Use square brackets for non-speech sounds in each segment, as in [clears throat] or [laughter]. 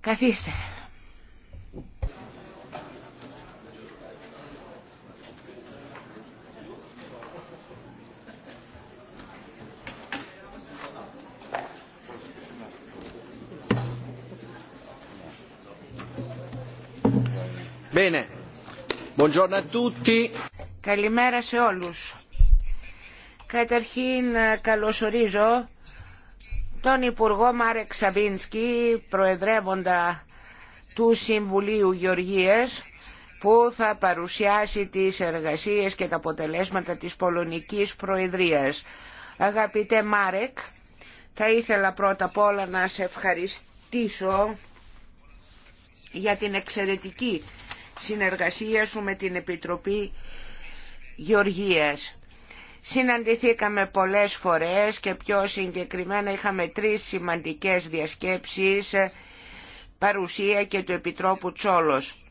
Καθίστε. Καλημέρα σε όλους. Καταρχήν καλωσορίζω τον Υπουργό Μάρεκ Σαβίνσκι, προεδρεύοντα του Συμβουλίου Γεωργίας, που θα παρουσιάσει τις εργασίες και τα αποτελέσματα της Πολωνικής Προεδρίας. Αγαπητέ Μάρεκ, θα ήθελα πρώτα απ' όλα να σε ευχαριστήσω για την εξαιρετική συνεργασία σου με την Επιτροπή Γεωργίας. Συναντηθήκαμε πολλές φορές και πιο συγκεκριμένα είχαμε τρεις σημαντικές διασκέψεις, παρουσία και του Επιτρόπου Τσόλος.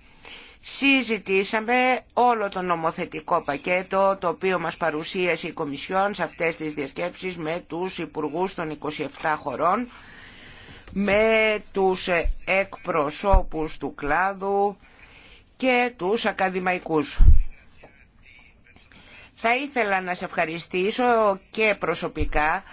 Συζητήσαμε όλο το νομοθετικό πακέτο το οποίο μας παρουσίασε η Κομισιόν σε αυτές τις διασκέψεις με τους υπουργούς των 27 χωρών, με τους εκπροσώπους του κλάδου και τους ακαδημαϊκούς. Θα ήθελα να σε ευχαριστήσω και προσωπικά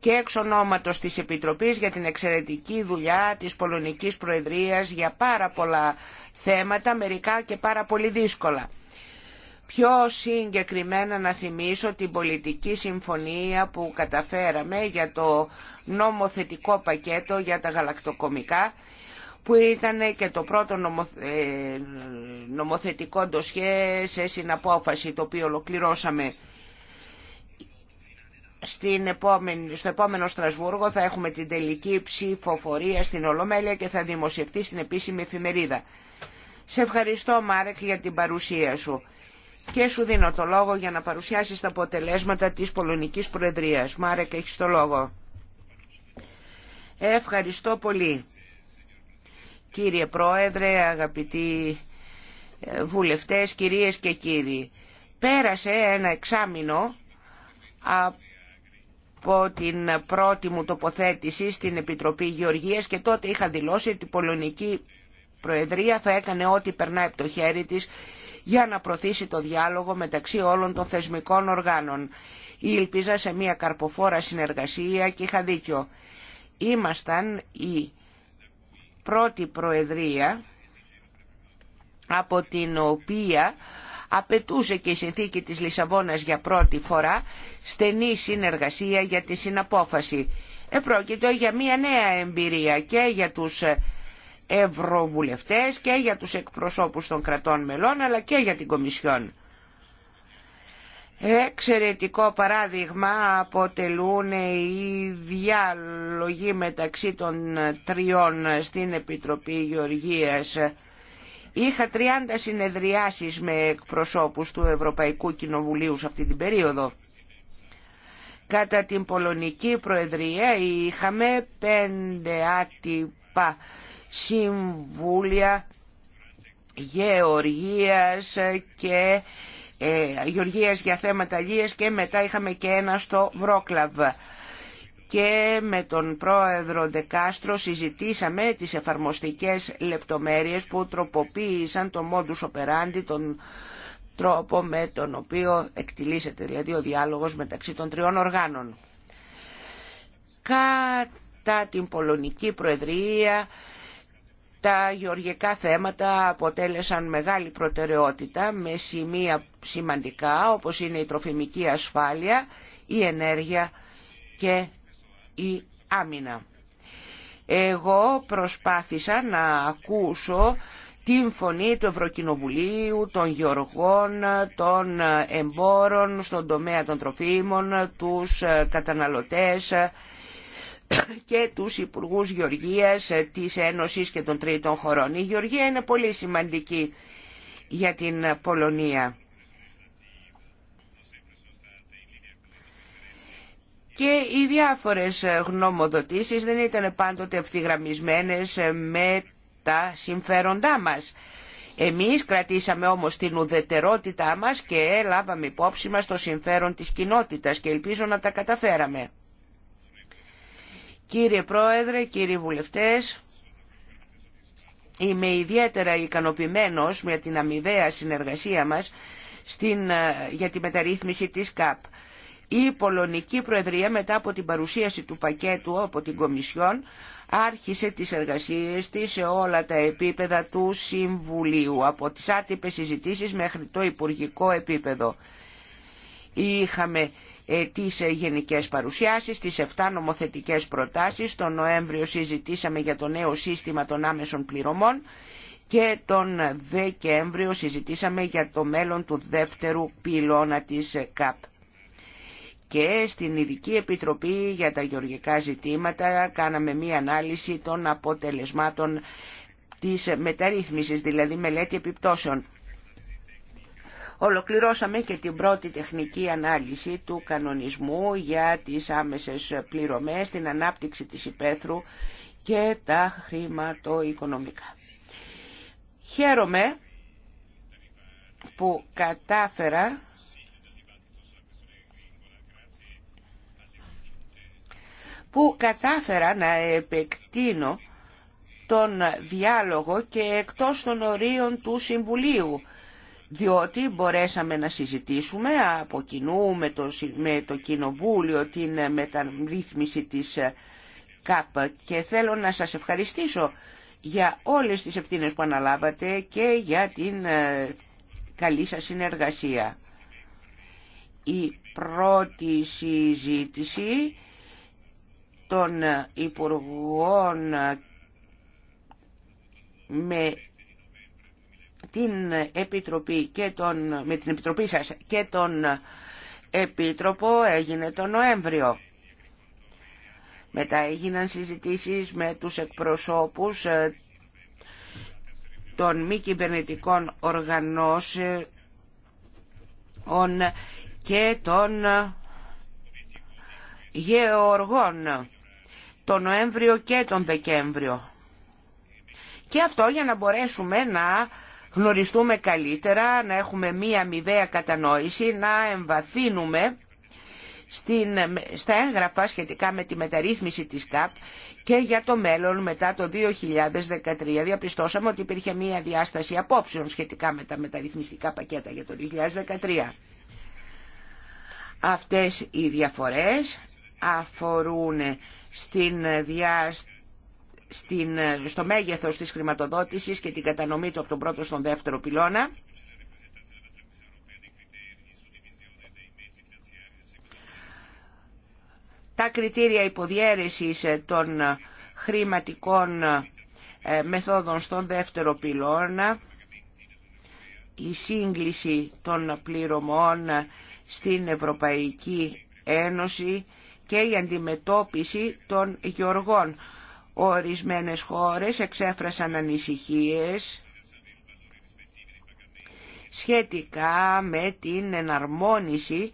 και εξ ονόματος της Επιτροπής για την εξαιρετική δουλειά της Πολωνικής Προεδρίας για πάρα πολλά θέματα, μερικά και πάρα πολύ δύσκολα. Πιο συγκεκριμένα να θυμίσω την πολιτική συμφωνία που καταφέραμε για το νομοθετικό πακέτο για τα γαλακτοκομικά που ήταν και το πρώτο ε, νομοθετικό ντοσιέ σε συναπόφαση το οποίο ολοκληρώσαμε. Στην επόμενη, στο επόμενο Στρασβούργο θα έχουμε την τελική ψηφοφορία στην Ολομέλεια και θα δημοσιευτεί στην επίσημη εφημερίδα. Σε ευχαριστώ Μάρεκ για την παρουσία σου και σου δίνω το λόγο για να παρουσιάσεις τα αποτελέσματα της Πολωνικής Προεδρίας. Μάρεκ, έχεις το λόγο. Ευχαριστώ πολύ. Κύριε Πρόεδρε, αγαπητοί ε, βουλευτές, κυρίες και κύριοι, πέρασε ένα εξάμεινο από την πρώτη μου τοποθέτηση στην Επιτροπή Γεωργίας και τότε είχα δηλώσει ότι η Πολωνική Προεδρία θα έκανε ό,τι περνάει από το χέρι της για να προωθήσει το διάλογο μεταξύ όλων των θεσμικών οργάνων. Ήλπιζα σε μια καρποφόρα συνεργασία και είχα δίκιο. Ήμασταν οι πρώτη προεδρία από την οποία απαιτούσε και η συνθήκη της Λισαβόνας για πρώτη φορά στενή συνεργασία για τη συναπόφαση. Επρόκειτο για μια νέα εμπειρία και για τους ευρωβουλευτές και για τους εκπροσώπους των κρατών μελών αλλά και για την Κομισιόν. Εξαιρετικό παράδειγμα αποτελούν οι διάλογοι μεταξύ των τριών στην Επιτροπή Γεωργίας. Είχα 30 συνεδριάσεις με εκπροσώπους του Ευρωπαϊκού Κοινοβουλίου σε αυτή την περίοδο. Κατά την Πολωνική Προεδρία είχαμε πέντε άτυπα συμβούλια γεωργίας και ε, γεωργίας για θέματα αλλίες και μετά είχαμε και ένα στο Βρόκλαβ. Και με τον πρόεδρο Ντεκάστρο συζητήσαμε τις εφαρμοστικές λεπτομέρειες που τροποποίησαν το modus operandi, τον τρόπο με τον οποίο εκτιλήσεται δηλαδή ο διάλογος μεταξύ των τριών οργάνων. Κατά την Πολωνική Προεδρία τα γεωργικά θέματα αποτέλεσαν μεγάλη προτεραιότητα με σημεία σημαντικά όπως είναι η τροφιμική ασφάλεια, η ενέργεια και η άμυνα. Εγώ προσπάθησα να ακούσω την φωνή του Ευρωκοινοβουλίου, των γεωργών, των εμπόρων στον τομέα των τροφίμων, τους καταναλωτές, και τους Υπουργούς Γεωργίας ε, της Ένωσης και των Τρίτων Χωρών. Η Γεωργία είναι πολύ σημαντική για την Πολωνία. Και οι διάφορες γνωμοδοτήσεις δεν ήταν πάντοτε ευθυγραμμισμένες ε, με τα συμφέροντά μας. Εμείς κρατήσαμε όμως την ουδετερότητά μας και λάβαμε υπόψη μας το συμφέρον της κοινότητας και ελπίζω να τα καταφέραμε. Κύριε Πρόεδρε, κύριοι βουλευτές, είμαι ιδιαίτερα ικανοποιημένος με την αμοιβαία συνεργασία μας στην, ε, για τη μεταρρύθμιση της ΚΑΠ. Η Πολωνική Προεδρία μετά από την παρουσίαση του πακέτου από την Κομισιόν άρχισε τις εργασίες της σε όλα τα επίπεδα του Συμβουλίου, από τις άτυπες συζητήσεις μέχρι το Υπουργικό επίπεδο. Είχαμε ε, τις ε, γενικές παρουσιάσεις, τις 7 νομοθετικές προτάσεις. Τον Νοέμβριο συζητήσαμε για το νέο σύστημα των άμεσων πληρωμών και τον Δεκέμβριο συζητήσαμε για το μέλλον του δεύτερου πυλώνα της ΚΑΠ. Και στην Ειδική Επιτροπή για τα Γεωργικά Ζητήματα κάναμε μία ανάλυση των αποτελεσμάτων της μεταρρύθμισης, δηλαδή μελέτη επιπτώσεων. Ολοκληρώσαμε και την πρώτη τεχνική ανάλυση του κανονισμού για τις άμεσες πληρωμές, την ανάπτυξη της υπαίθρου και τα χρηματοοικονομικά. Χαίρομαι που κατάφερα που κατάφερα να επεκτείνω τον διάλογο και εκτός των ορίων του Συμβουλίου διότι μπορέσαμε να συζητήσουμε από κοινού με το, Κοινοβούλιο την ε, μεταρρύθμιση της ε, ΚΑΠ και θέλω να σας ευχαριστήσω για όλες τις ευθύνες που αναλάβατε και για την ε, καλή σας συνεργασία. Η πρώτη συζήτηση των Υπουργών με την Επιτροπή και τον, με την Επιτροπή σας και τον Επίτροπο έγινε το Νοέμβριο. Μετά έγιναν συζητήσεις με τους εκπροσώπους ε, των μη κυβερνητικών οργανώσεων και των γεωργών τον Νοέμβριο και τον Δεκέμβριο. Και αυτό για να μπορέσουμε να γνωριστούμε καλύτερα, να έχουμε μία αμοιβαία κατανόηση, να εμβαθύνουμε στην, στα έγγραφα σχετικά με τη μεταρρύθμιση της ΚΑΠ και για το μέλλον μετά το 2013. Διαπιστώσαμε ότι υπήρχε μία διάσταση απόψεων σχετικά με τα μεταρρυθμιστικά πακέτα για το 2013. Αυτές οι διαφορές αφορούν στην διάσταση στην, ε, στο μέγεθος της χρηματοδότησης και την κατανομή του από τον πρώτο στον δεύτερο πυλώνα. Τα κριτήρια υποδιέρεσης ε, των ε, χρηματικών μεθόδων στον δεύτερο πυλώνα, η σύγκληση των πληρωμών στην Ευρωπαϊκή Ένωση και η αντιμετώπιση των γεωργών Ορισμένες χώρες εξέφρασαν ανησυχίες σχετικά με την εναρμόνιση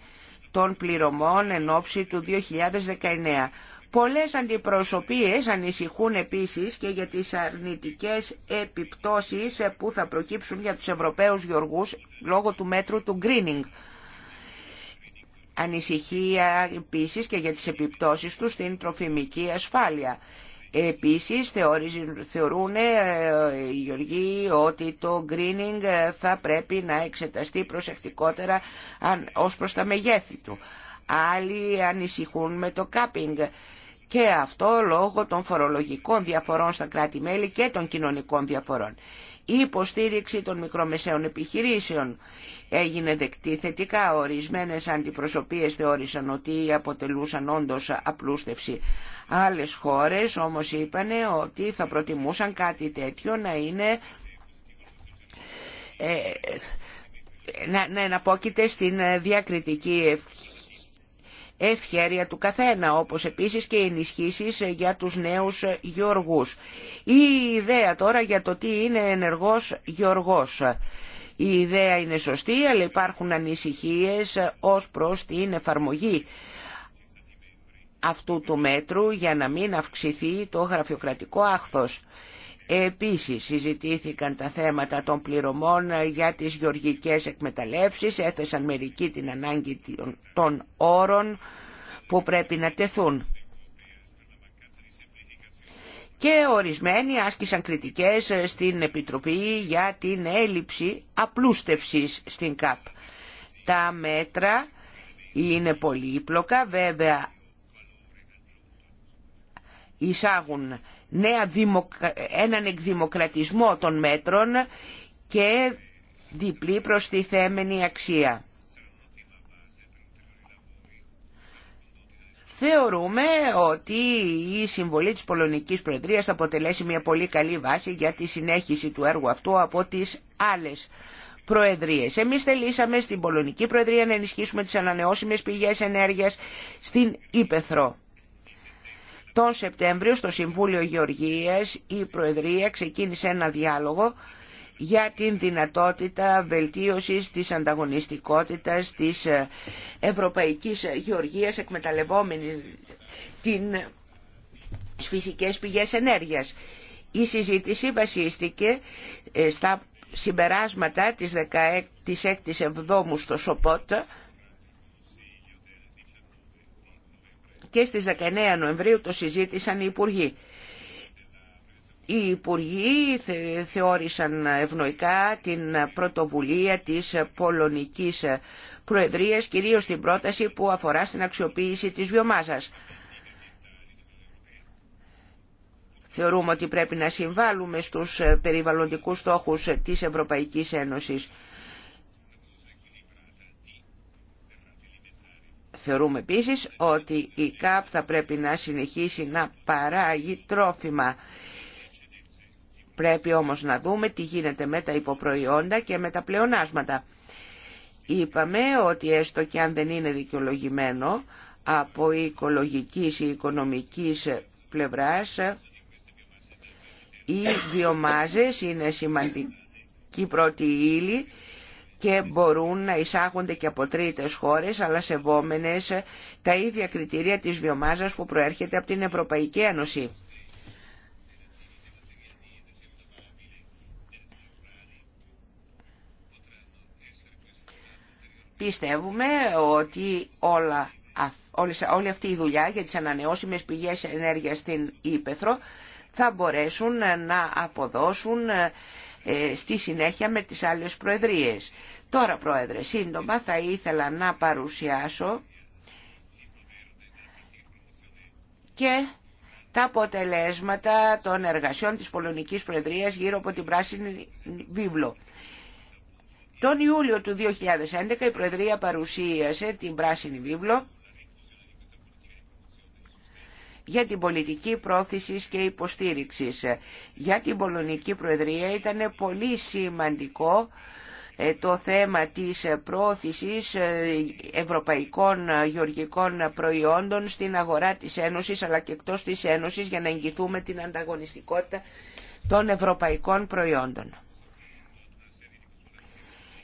των πληρωμών εν ώψη του 2019. Πολλές αντιπροσωπείες ανησυχούν επίσης και για τις αρνητικές επιπτώσεις που θα προκύψουν για τους Ευρωπαίους γεωργούς λόγω του μέτρου του greening. Ανησυχία επίσης και για τις επιπτώσεις του στην τροφιμική ασφάλεια. Επίσης θεωρούν ε, οι Γεωργοί ότι το greening ε, θα πρέπει να εξεταστεί προσεκτικότερα ως προς τα μεγέθη του. Άλλοι ανησυχούν με το capping και αυτό λόγω των φορολογικών διαφορών στα κράτη-μέλη και των κοινωνικών διαφορών. Η υποστήριξη των μικρομεσαίων επιχειρήσεων έγινε δεκτή θετικά. Ορισμένες αντιπροσωπείες θεώρησαν ότι αποτελούσαν όντως απλούστευση. Άλλες χώρες όμως είπαν ότι θα προτιμούσαν κάτι τέτοιο να είναι... Ε, να, να εναπόκειται στην διακριτική ευχή ευχέρεια του καθένα, όπως επίσης και ενισχύσεις για τους νέους γεωργούς. Η ιδέα τώρα για το τι είναι ενεργός γιοργός. Η ιδέα είναι σωστή, αλλά υπάρχουν ανησυχίες ως προς την εφαρμογή αυτού του μέτρου για να μην αυξηθεί το γραφειοκρατικό άχθος. Επίσης συζητήθηκαν τα θέματα των πληρωμών για τις γεωργικές εκμεταλλεύσεις, έθεσαν μερικοί την ανάγκη των όρων που πρέπει να τεθούν. Και ορισμένοι άσκησαν κριτικές στην Επιτροπή για την έλλειψη απλούστευσης στην ΚΑΠ. Τα μέτρα είναι πολύπλοκα, βέβαια εισάγουν νέα έναν εκδημοκρατισμό των μέτρων και διπλή προς τη θέμενη αξία. Θεωρούμε ότι η συμβολή της Πολωνικής Προεδρίας θα αποτελέσει μια πολύ καλή βάση για τη συνέχιση του έργου αυτού από τις άλλες προεδρίες. Εμείς θελήσαμε στην Πολωνική Προεδρία να ενισχύσουμε τις ανανεώσιμες πηγές ενέργειας στην Ήπεθρο. Τον Σεπτέμβριο στο Συμβούλιο Γεωργίας η Προεδρία ξεκίνησε ένα διάλογο για την δυνατότητα βελτίωσης της ανταγωνιστικότητας της ε, Ευρωπαϊκής Γεωργίας εκμεταλλευόμενη την φυσικές πηγές ενέργειας. Η συζήτηση βασίστηκε ε, στα συμπεράσματα της 16ης Εβδόμου στο ΣΟΠΟΤ και στις 19 Νοεμβρίου το συζήτησαν οι Υπουργοί. Οι Υπουργοί θεώρησαν ευνοϊκά την πρωτοβουλία της Πολωνικής Προεδρίας, κυρίως την πρόταση που αφορά στην αξιοποίηση της βιομάζας. Θεωρούμε ότι πρέπει να συμβάλλουμε στους περιβαλλοντικούς στόχους της Ευρωπαϊκής Ένωσης. Θεωρούμε επίσης ότι η ΚΑΠ θα πρέπει να συνεχίσει να παράγει τρόφιμα. Πρέπει όμως να δούμε τι γίνεται με τα υποπροϊόντα και με τα πλεονάσματα. Είπαμε ότι έστω και αν δεν είναι δικαιολογημένο από οικολογικής ή οικονομικής πλευράς οι βιομάζες είναι σημαντική πρώτη ύλη και μπορούν να εισάγονται και από τρίτες χώρες αλλά σεβόμενες τα ίδια κριτήρια της βιομάζας που προέρχεται από την Ευρωπαϊκή Ένωση. Πιστεύουμε ότι όλα, όλη αυτή η δουλειά για τις ανανεώσιμες πηγές ενέργειας στην Ήπεθρο θα μπορέσουν να αποδώσουν ε, ε, στη συνέχεια με τις άλλες προεδρίες. Τώρα, Πρόεδρε, σύντομα θα ήθελα να παρουσιάσω και τα αποτελέσματα των εργασιών της Πολωνικής Προεδρίας γύρω από την Πράσινη Βίβλο. Τον Ιούλιο του 2011 η Προεδρία παρουσίασε την Πράσινη Βίβλο για την πολιτική πρόθεση και υποστήριξη. Για την Πολωνική Προεδρία ήταν πολύ σημαντικό ε, το θέμα της πρόθεσης ε, ευρωπαϊκών ε, γεωργικών προϊόντων στην αγορά της Ένωσης αλλά και εκτός της Ένωσης για να εγγυθούμε την ανταγωνιστικότητα των ευρωπαϊκών προϊόντων.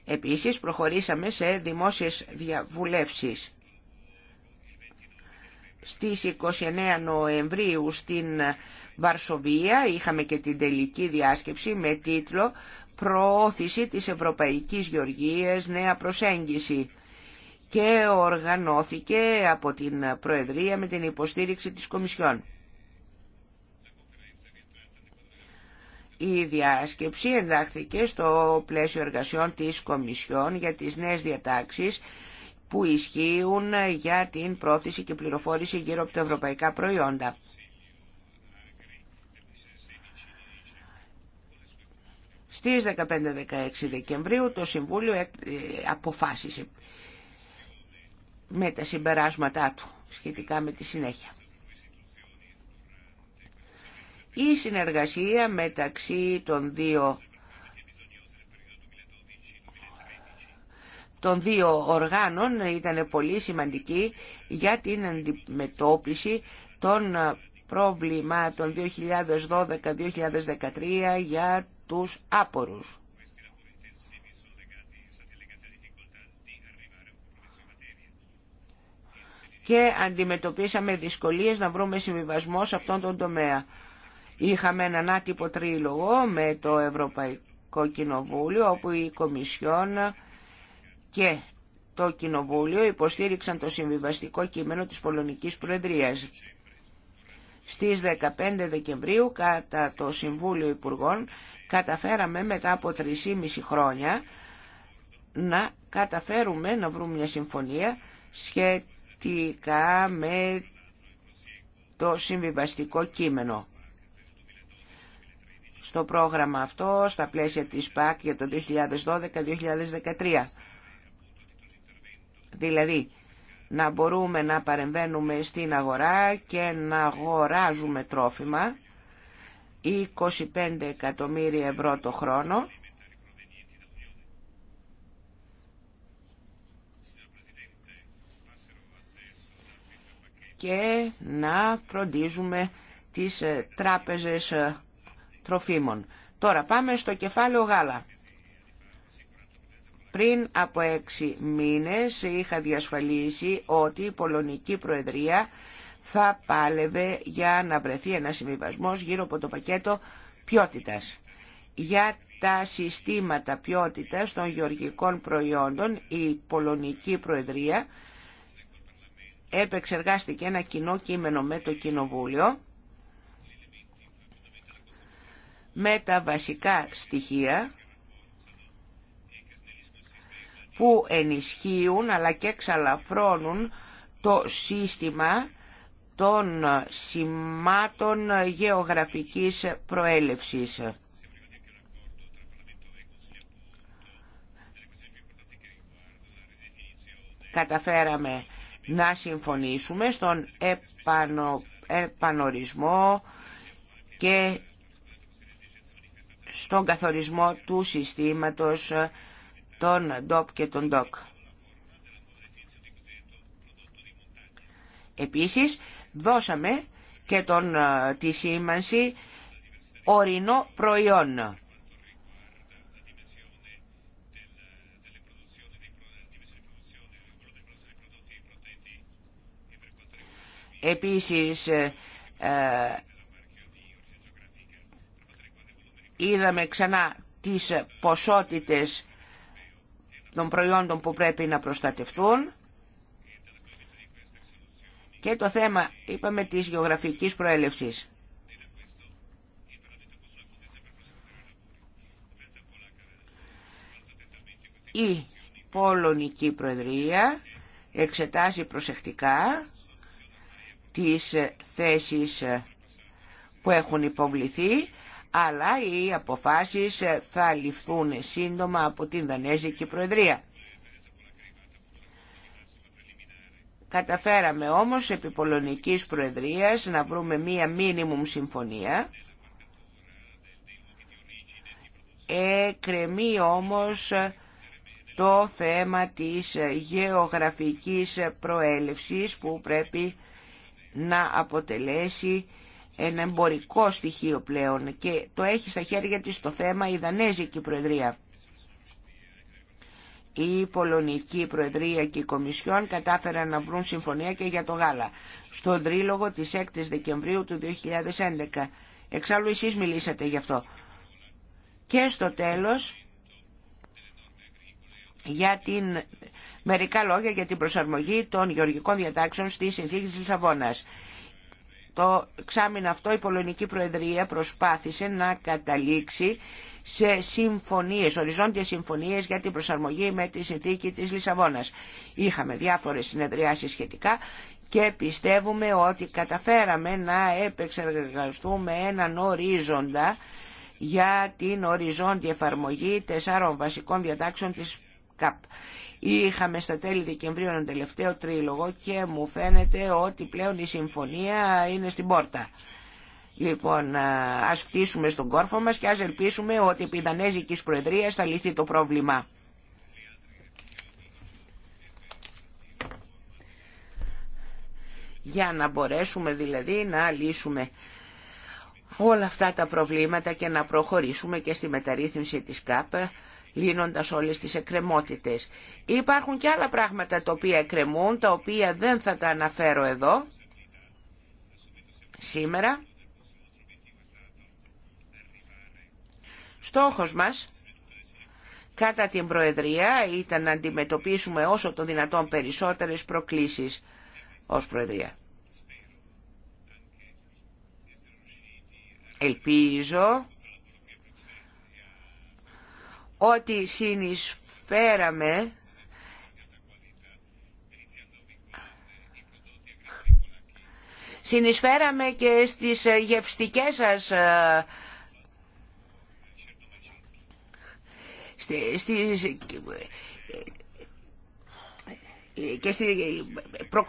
Επίσης προχωρήσαμε σε δημόσιες διαβουλεύσεις στις 29 Νοεμβρίου στην Βαρσοβία είχαμε και την τελική διάσκεψη με τίτλο «Προώθηση της Ευρωπαϊκής Γεωργίας Νέα Προσέγγιση» και οργανώθηκε από την Προεδρία με την υποστήριξη της Κομισιόν. Η διάσκεψη εντάχθηκε στο πλαίσιο εργασιών της Κομισιόν για τις νέες διατάξεις που ισχύουν για την πρόθεση και πληροφόρηση γύρω από τα ευρωπαϊκά προϊόντα. Στις 15-16 Δεκεμβρίου το Συμβούλιο ε, αποφάσισε με τα συμπεράσματά του σχετικά με τη συνέχεια. Η συνεργασία μεταξύ των δύο των δύο οργάνων ήταν πολύ σημαντική για την αντιμετώπιση των προβλημάτων 2012-2013 για τους άπορους. Και αντιμετωπίσαμε δυσκολίες να βρούμε συμβιβασμό σε αυτόν τον τομέα. Είχαμε έναν άτυπο τρίλογο με το Ευρωπαϊκό Κοινοβούλιο, όπου η Κομισιόν και το Κοινοβούλιο υποστήριξαν το συμβιβαστικό κείμενο της Πολωνικής Προεδρίας. Στις 15 Δεκεμβρίου κατά το Συμβούλιο Υπουργών καταφέραμε μετά από 3,5 χρόνια να καταφέρουμε να βρούμε μια συμφωνία σχετικά με το συμβιβαστικό κείμενο. Στο πρόγραμμα αυτό, στα πλαίσια της ΠΑΚ για το 2012-2013 Δηλαδή να μπορούμε να παρεμβαίνουμε στην αγορά και να αγοράζουμε τρόφιμα 25 εκατομμύρια ευρώ το χρόνο και να φροντίζουμε τις ε, τράπεζες ε, τροφίμων. Τώρα πάμε στο κεφάλαιο γάλα. Πριν από έξι μήνες είχα διασφαλίσει ότι η Πολωνική Προεδρία θα πάλευε για να βρεθεί ένα συμβιβασμό γύρω από το πακέτο ποιότητας. Για τα συστήματα ποιότητας των γεωργικών προϊόντων η Πολωνική Προεδρία επεξεργάστηκε ένα κοινό κείμενο με το Κοινοβούλιο με τα βασικά στοιχεία που ενισχύουν αλλά και εξαλαφρώνουν το σύστημα των σημάτων γεωγραφικής προέλευσης. Καταφέραμε να συμφωνήσουμε στον επανο, επανορισμό και στον καθορισμό του συστήματος τον ντοπ και τον ΔΟΚ. Επίσης, δώσαμε και τον, τη σήμανση ορεινό προϊόν. Επίσης, ε, ε, είδαμε ξανά τις ποσότητες των προϊόντων που πρέπει να προστατευτούν και το θέμα, είπαμε, της γεωγραφικής προέλευσης. Η Πολωνική Προεδρία εξετάζει προσεκτικά τις θέσεις που έχουν υποβληθεί αλλά οι αποφάσεις ε, θα ληφθούν σύντομα από την Δανέζικη Προεδρία. Καταφέραμε όμως επί Πολωνικής Προεδρίας να βρούμε μία μίνιμουμ συμφωνία. Εκρεμεί όμως ε, το θέμα της ε, γεωγραφικής προέλευσης που πρέπει να αποτελέσει ένα εμπορικό στοιχείο πλέον και το έχει στα χέρια της το θέμα η Δανέζικη Προεδρία. Η Πολωνική Προεδρία και η Κομισιόν κατάφεραν να βρουν συμφωνία και για το γάλα στον τρίλογο της 6 Δεκεμβρίου του 2011. Εξάλλου εσείς μιλήσατε γι' αυτό. Και στο τέλος για την μερικά λόγια για την προσαρμογή των γεωργικών διατάξεων στη Συνθήκη της Λισαβόνας το Ξάμιν αυτό η Πολωνική Προεδρία προσπάθησε να καταλήξει σε συμφωνίες, οριζόντιες συμφωνίες για την προσαρμογή με τη συνθήκη της Λισαβόνας. Είχαμε διάφορες συνεδριάσεις σχετικά και πιστεύουμε ότι καταφέραμε να επεξεργαστούμε έναν ορίζοντα για την οριζόντια εφαρμογή τεσσάρων βασικών διατάξεων της ΚΑΠ. Είχαμε στα τέλη Δεκεμβρίου έναν τελευταίο τρίλογο και μου φαίνεται ότι πλέον η συμφωνία είναι στην πόρτα. Λοιπόν, ας φτύσουμε στον κόρφο μας και ας ελπίσουμε ότι επί η Προεδρία θα λυθεί το πρόβλημα. Για να μπορέσουμε δηλαδή να λύσουμε όλα αυτά τα προβλήματα και να προχωρήσουμε και στη μεταρρύθμιση της ΚΑΠ λύνοντας όλες τις εκκρεμότητες. Υπάρχουν και άλλα πράγματα τα οποία εκκρεμούν, τα οποία δεν θα τα αναφέρω εδώ σήμερα. Στόχος μας κατά την Προεδρία ήταν να αντιμετωπίσουμε όσο το δυνατόν περισσότερες προκλήσεις ως Προεδρία. Ελπίζω ότι συνεισφέραμε συνεισφέραμε και στις γευστικές σας ε, στις, και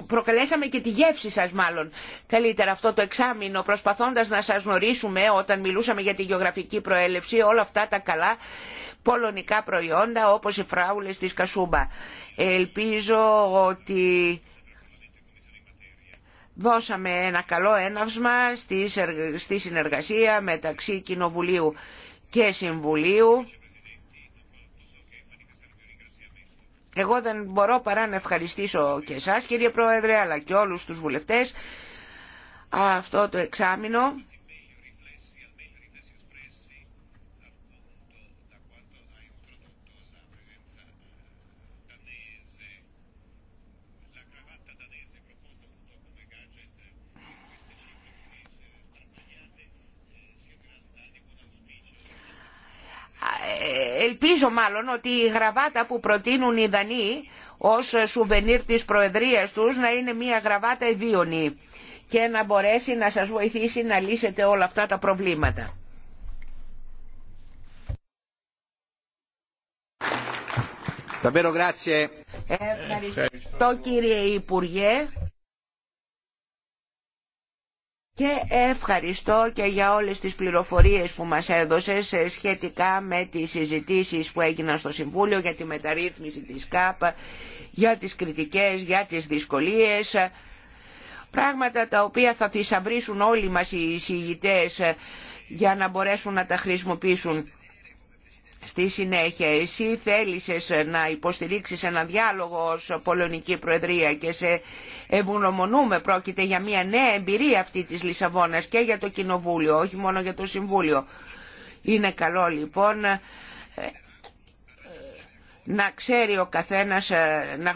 προκαλέσαμε και τη γεύση σας μάλλον καλύτερα αυτό το εξάμεινο προσπαθώντας να σας γνωρίσουμε όταν μιλούσαμε για τη γεωγραφική προέλευση όλα αυτά τα καλά πολωνικά προϊόντα όπως οι φράουλες της Κασούμπα. Ελπίζω ότι δώσαμε ένα καλό έναυσμα στη συνεργασία μεταξύ Κοινοβουλίου και Συμβουλίου. Εγώ δεν μπορώ παρά να ευχαριστήσω και εσάς κύριε Πρόεδρε αλλά και όλους τους βουλευτές αυτό το εξάμεινο ελπίζω μάλλον ότι η γραβάτα που προτείνουν οι Δανείοι ως σουβενίρ της προεδρίας τους να είναι μια γραβάτα ευίωνη και να μπορέσει να σας βοηθήσει να λύσετε όλα αυτά τα προβλήματα. Ευχαριστώ κύριε Υπουργέ και ευχαριστώ και για όλες τις πληροφορίες που μας έδωσες σχετικά με τις συζητήσεις που έγιναν στο Συμβούλιο για τη μεταρρύθμιση της ΚΑΠ, για τις κριτικές, για τις δυσκολίες, πράγματα τα οποία θα θησαυρίσουν όλοι μας οι εισηγητές για να μπορέσουν να τα χρησιμοποιήσουν Στη συνέχεια εσύ θέλησες να υποστηρίξεις ένα διάλογο ως Πολωνική Προεδρία και σε ευγνωμονούμε πρόκειται για μια νέα εμπειρία αυτή της Λισαβόνας και για το Κοινοβούλιο, όχι μόνο για το Συμβούλιο. Είναι καλό λοιπόν ε, να ξέρει ο καθένας ε, να,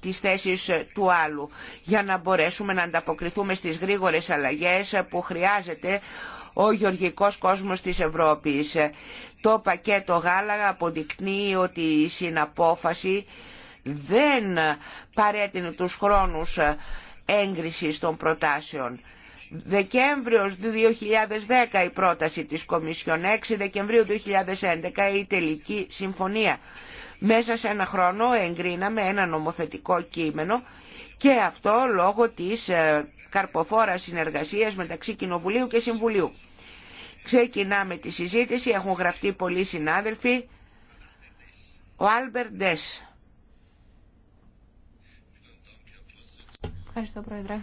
τις θέσεις ε, του άλλου για να μπορέσουμε να ανταποκριθούμε στις γρήγορες αλλαγές που χρειάζεται ο γεωργικός κόσμος της Ευρώπης. Το πακέτο γάλαγα αποδεικνύει ότι η συναπόφαση δεν παρέτεινε τους χρόνους έγκρισης των προτάσεων. Δεκέμβριος 2010 η πρόταση της Κομισιόν 6 Δεκεμβρίου 2011 η τελική συμφωνία. Μέσα σε ένα χρόνο εγκρίναμε ένα νομοθετικό κείμενο και αυτό λόγω της ε, καρποφόρα συνεργασίας μεταξύ Κοινοβουλίου και Συμβουλίου. Ξεκινάμε τη συζήτηση, έχουν γραφτεί πολλοί συνάδελφοι. Ο Άλμπερ Ντες. Ευχαριστώ Πρόεδρε.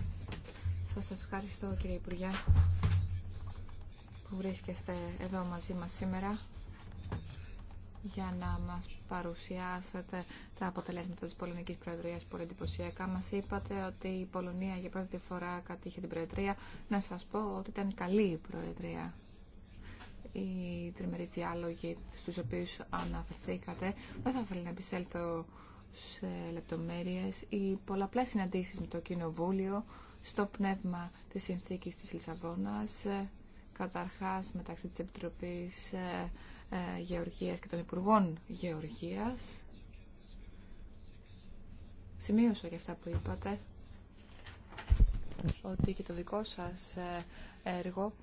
Σας ευχαριστώ κύριε Υπουργέ που βρίσκεστε εδώ μαζί μας σήμερα για να μας παρουσιάσετε τα αποτελέσματα της Πολωνικής Προεδρίας που εντυπωσιακά. Μας είπατε ότι η Πολωνία για πρώτη φορά κατήχε την Προεδρία. Να σας πω ότι ήταν καλή η Προεδρία. Οι τριμερείς διάλογοι στους οποίους αναφερθήκατε δεν θα ήθελα να επισέλθω σε λεπτομέρειες. Οι πολλαπλές συναντήσεις με το Κοινοβούλιο στο πνεύμα της συνθήκης της Λισαβόνας, καταρχάς μεταξύ της Επιτροπής ε, ε, Γεωργίας και των Υπουργών Γεωργίας. Σημείωσα και αυτά που είπατε, ότι και το δικό σας ε, έργο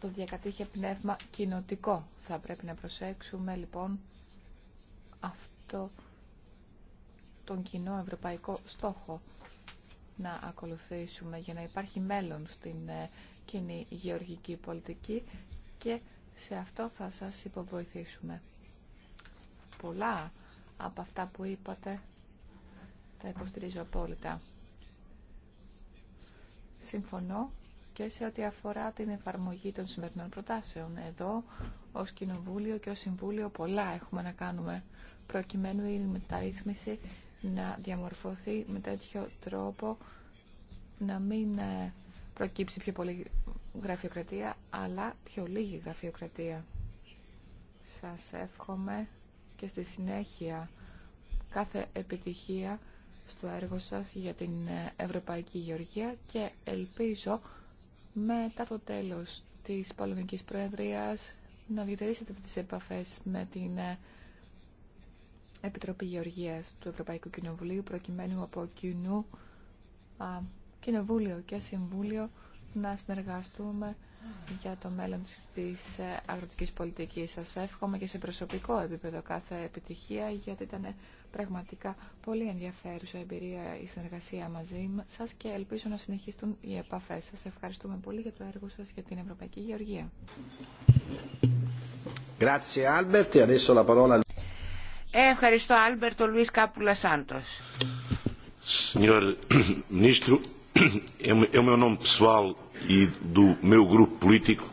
το διακατήχε πνεύμα κοινοτικό. Θα πρέπει να προσέξουμε λοιπόν αυτό τον κοινό ευρωπαϊκό στόχο να ακολουθήσουμε για να υπάρχει μέλλον στην ε, κοινή γεωργική πολιτική και σε αυτό θα σας υποβοηθήσουμε. Πολλά από αυτά που είπατε τα υποστηρίζω απόλυτα. Συμφωνώ και σε ό,τι αφορά την εφαρμογή των σημερινών προτάσεων. Εδώ, ως Κοινοβούλιο και ως Συμβούλιο, πολλά έχουμε να κάνουμε προκειμένου η μεταρρύθμιση να διαμορφωθεί με τέτοιο τρόπο να μην ε, προκύψει πιο πολύ γραφειοκρατία, αλλά πιο λίγη γραφειοκρατία. Σας εύχομαι και στη συνέχεια κάθε επιτυχία στο έργο σας για την Ευρωπαϊκή Γεωργία και ελπίζω μετά το τέλος της Πολωνικής Προεδρίας να διατηρήσετε τις επαφές με την Επιτροπή Γεωργίας του Ευρωπαϊκού Κοινοβουλίου προκειμένου από κοινού Κοινοβούλιο και Συμβούλιο να συνεργαστούμε για το μέλλον της ε, αγροτικής πολιτικής. Σας εύχομαι και σε προσωπικό επίπεδο κάθε επιτυχία γιατί ήταν πραγματικά πολύ ενδιαφέρουσα εμπειρία η συνεργασία μαζί σας και ελπίζω να συνεχίσουν οι επαφές σας. Ευχαριστούμε πολύ για το έργο σας για την Ευρωπαϊκή Γεωργία. E ε, ευχαριστώ Ο Λουίς Κάπουλα Σάντος. [coughs] e do meu grupo político,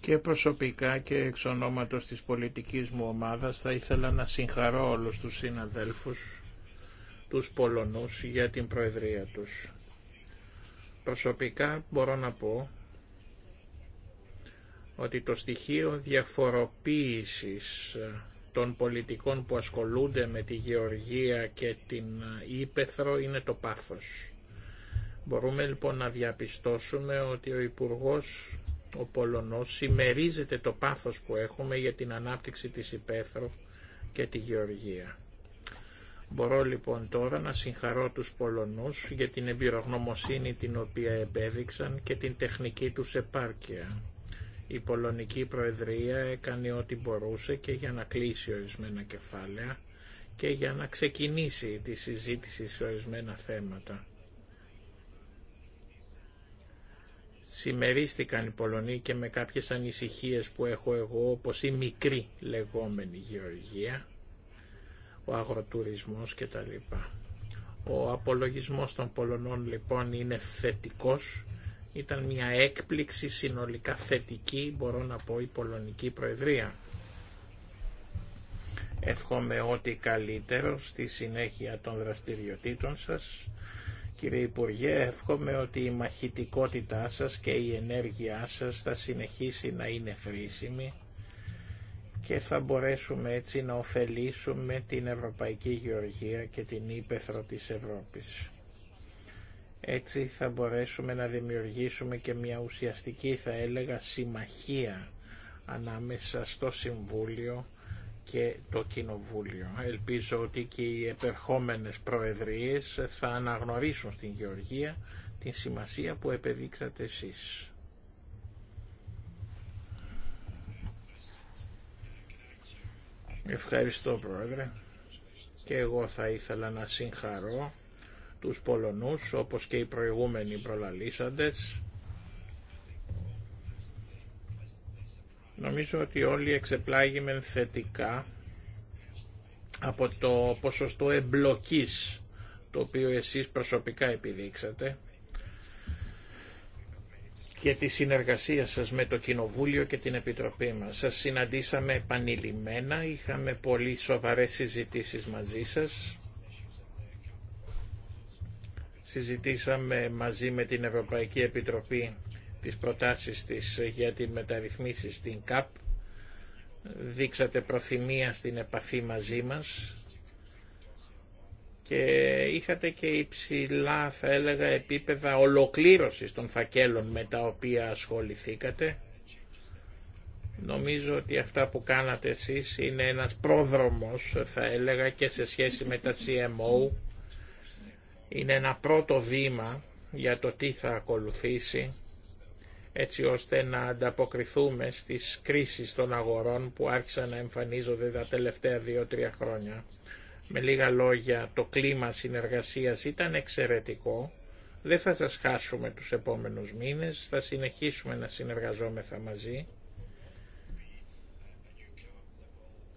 Και προσωπικά και εξ ονόματος της πολιτικής μου ομάδας θα ήθελα να συγχαρώ όλους τους συναδέλφους, τους Πολωνούς, για την προεδρία τους. Προσωπικά μπορώ να πω ότι το στοιχείο διαφοροποίησης των πολιτικών που ασχολούνται με τη γεωργία και την Ήπεθρο είναι το πάθος. Μπορούμε λοιπόν να διαπιστώσουμε ότι ο Υπουργός ο Πολωνός συμμερίζεται το πάθος που έχουμε για την ανάπτυξη της υπαίθρου και τη γεωργία. Μπορώ λοιπόν τώρα να συγχαρώ τους Πολωνούς για την εμπειρογνωμοσύνη την οποία επέδειξαν και την τεχνική τους επάρκεια. Η Πολωνική Προεδρία έκανε ό,τι μπορούσε και για να κλείσει ορισμένα κεφάλαια και για να ξεκινήσει τη συζήτηση σε ορισμένα θέματα. συμμερίστηκαν οι Πολωνοί και με κάποιες ανησυχίες που έχω εγώ όπως η μικρή λεγόμενη γεωργία, ο αγροτουρισμός κτλ. Ο απολογισμός των Πολωνών λοιπόν είναι θετικός. Ήταν μια έκπληξη συνολικά θετική, μπορώ να πω, η Πολωνική Προεδρία. Εύχομαι ό,τι καλύτερο στη συνέχεια των δραστηριοτήτων σας Κύριε Υπουργέ, εύχομαι ότι η μαχητικότητά σας και η ενέργειά σας θα συνεχίσει να είναι χρήσιμη και θα μπορέσουμε έτσι να ωφελήσουμε την Ευρωπαϊκή Γεωργία και την Ήπεθρο της Ευρώπης. Έτσι θα μπορέσουμε να δημιουργήσουμε και μια ουσιαστική, θα έλεγα, συμμαχία ανάμεσα στο Συμβούλιο και το Κοινοβούλιο. Ελπίζω ότι και οι επερχόμενες προεδρίες θα αναγνωρίσουν στην Γεωργία την σημασία που επεδείξατε εσείς. Ευχαριστώ Πρόεδρε και εγώ θα ήθελα να συγχαρώ τους Πολωνούς όπως και οι προηγούμενοι προλαλήσαντες Νομίζω ότι όλοι εξεπλάγημεν θετικά από το ποσοστό εμπλοκής το οποίο εσείς προσωπικά επιδείξατε και τη συνεργασία σας με το Κοινοβούλιο και την Επιτροπή μας. Σας συναντήσαμε επανειλημμένα, είχαμε πολύ σοβαρές συζητήσεις μαζί σας. Συζητήσαμε μαζί με την Ευρωπαϊκή Επιτροπή τις προτάσεις της για την μεταρρυθμίσεις στην ΚΑΠ. Δείξατε προθυμία στην επαφή μαζί μας και είχατε και υψηλά θα έλεγα επίπεδα ολοκλήρωσης των φακέλων με τα οποία ασχοληθήκατε. Νομίζω ότι αυτά που κάνατε εσείς είναι ένας πρόδρομος θα έλεγα και σε σχέση με τα CMO. Είναι ένα πρώτο βήμα για το τι θα ακολουθήσει έτσι ώστε να ανταποκριθούμε στις κρίσεις των αγορών που άρχισαν να εμφανίζονται τα τελευταία δύο-τρία χρόνια. Με λίγα λόγια, το κλίμα συνεργασίας ήταν εξαιρετικό. Δεν θα σας χάσουμε τους επόμενους μήνες, θα συνεχίσουμε να συνεργαζόμεθα μαζί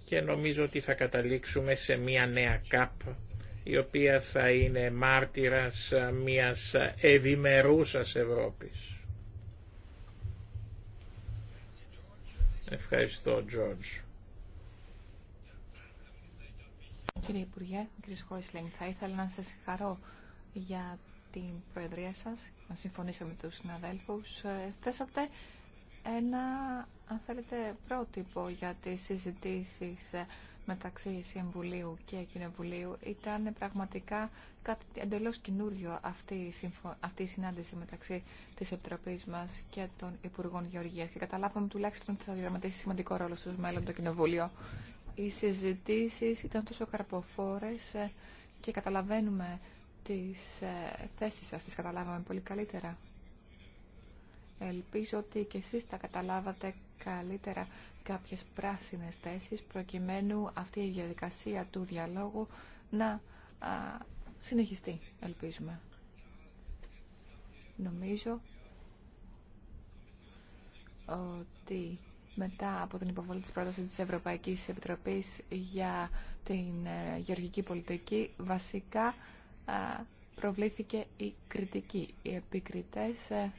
και νομίζω ότι θα καταλήξουμε σε μια νέα ΚΑΠ η οποία θα είναι μάρτυρας μιας ευημερούσας Ευρώπης. Ευχαριστώ, Τζόρτζ. Κύριε Υπουργέ, κύριε Χοισλέν, θα ήθελα να σας χαρώ για την Προεδρία σας, να συμφωνήσω με τους συναδέλφους. Ε, θέσατε ένα, αν θέλετε, πρότυπο για τις συζητήσεις ε, μεταξύ Συμβουλίου και Κοινοβουλίου. Ήταν πραγματικά κάτι εντελώς καινούριο αυτή, η συνάντηση μεταξύ της Επιτροπής μας και των Υπουργών Γεωργίας και καταλάβαμε τουλάχιστον ότι θα διαδραματίσει σημαντικό ρόλο στο μέλλον το Κοινοβούλιο. Οι συζητήσει ήταν τόσο καρποφόρες ε, και καταλαβαίνουμε τις ε, θέσεις σας, τις καταλάβαμε πολύ καλύτερα. Ελπίζω ότι και εσείς τα καταλάβατε καλύτερα κάποιες πράσινες θέσεις προκειμένου αυτή η διαδικασία του διαλόγου να συνεχιστεί, ελπίζουμε. Νομίζω ότι μετά από την υποβολή της πρότασης της Ευρωπαϊκής Επιτροπής για την ε, γεωργική πολιτική, βασικά προβλήθηκε η κριτική. Οι επικριτές ε,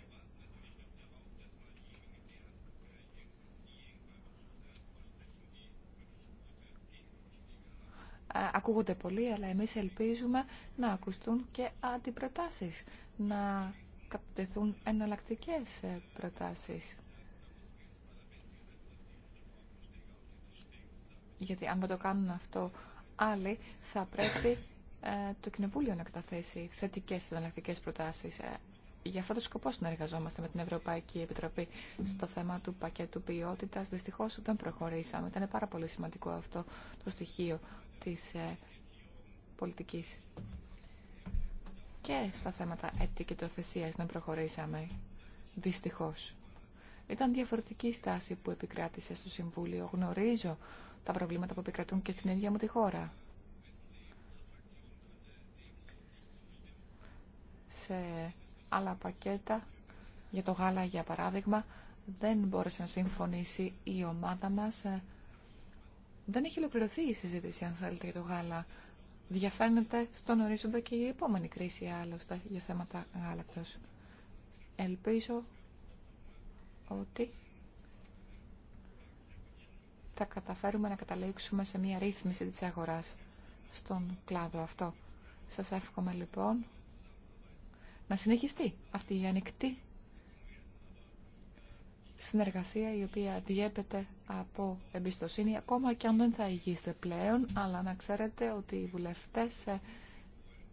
ακούγονται πολλοί, αλλά εμείς ελπίζουμε να ακουστούν και αντιπροτάσεις, να κατατεθούν εναλλακτικέ ε, προτάσεις. Γιατί αν δεν το κάνουν αυτό άλλοι, θα πρέπει ε, το Κοινοβούλιο να καταθέσει θετικές εναλλακτικέ προτάσεις. Ε, Για αυτό το σκοπό συνεργαζόμαστε με την Ευρωπαϊκή Επιτροπή στο θέμα του πακέτου ποιότητα. Δυστυχώ δεν προχωρήσαμε. Ήταν πάρα πολύ σημαντικό αυτό το στοιχείο της ε, πολιτικής και στα θέματα και ετικετοθεσίας να προχωρήσαμε, δυστυχώς. Ήταν διαφορετική στάση που επικράτησε στο Συμβούλιο. Γνωρίζω τα προβλήματα που επικρατούν και στην ίδια μου τη χώρα. Σε άλλα πακέτα, για το γάλα για παράδειγμα, δεν μπόρεσε να συμφωνήσει η ομάδα μας ε, δεν έχει ολοκληρωθεί η συζήτηση, αν θέλετε, για το γάλα. Διαφαίνεται στον ορίζοντα και η επόμενη κρίση, άλλωστε, για θέματα γάλακτος. Ελπίζω ότι θα καταφέρουμε να καταλήξουμε σε μια ρύθμιση της αγοράς στον κλάδο αυτό. Σας εύχομαι λοιπόν να συνεχιστεί αυτή η ανοιχτή συνεργασία η οποία διέπεται από εμπιστοσύνη ακόμα και αν δεν θα ηγείστε πλέον αλλά να ξέρετε ότι οι βουλευτές ε,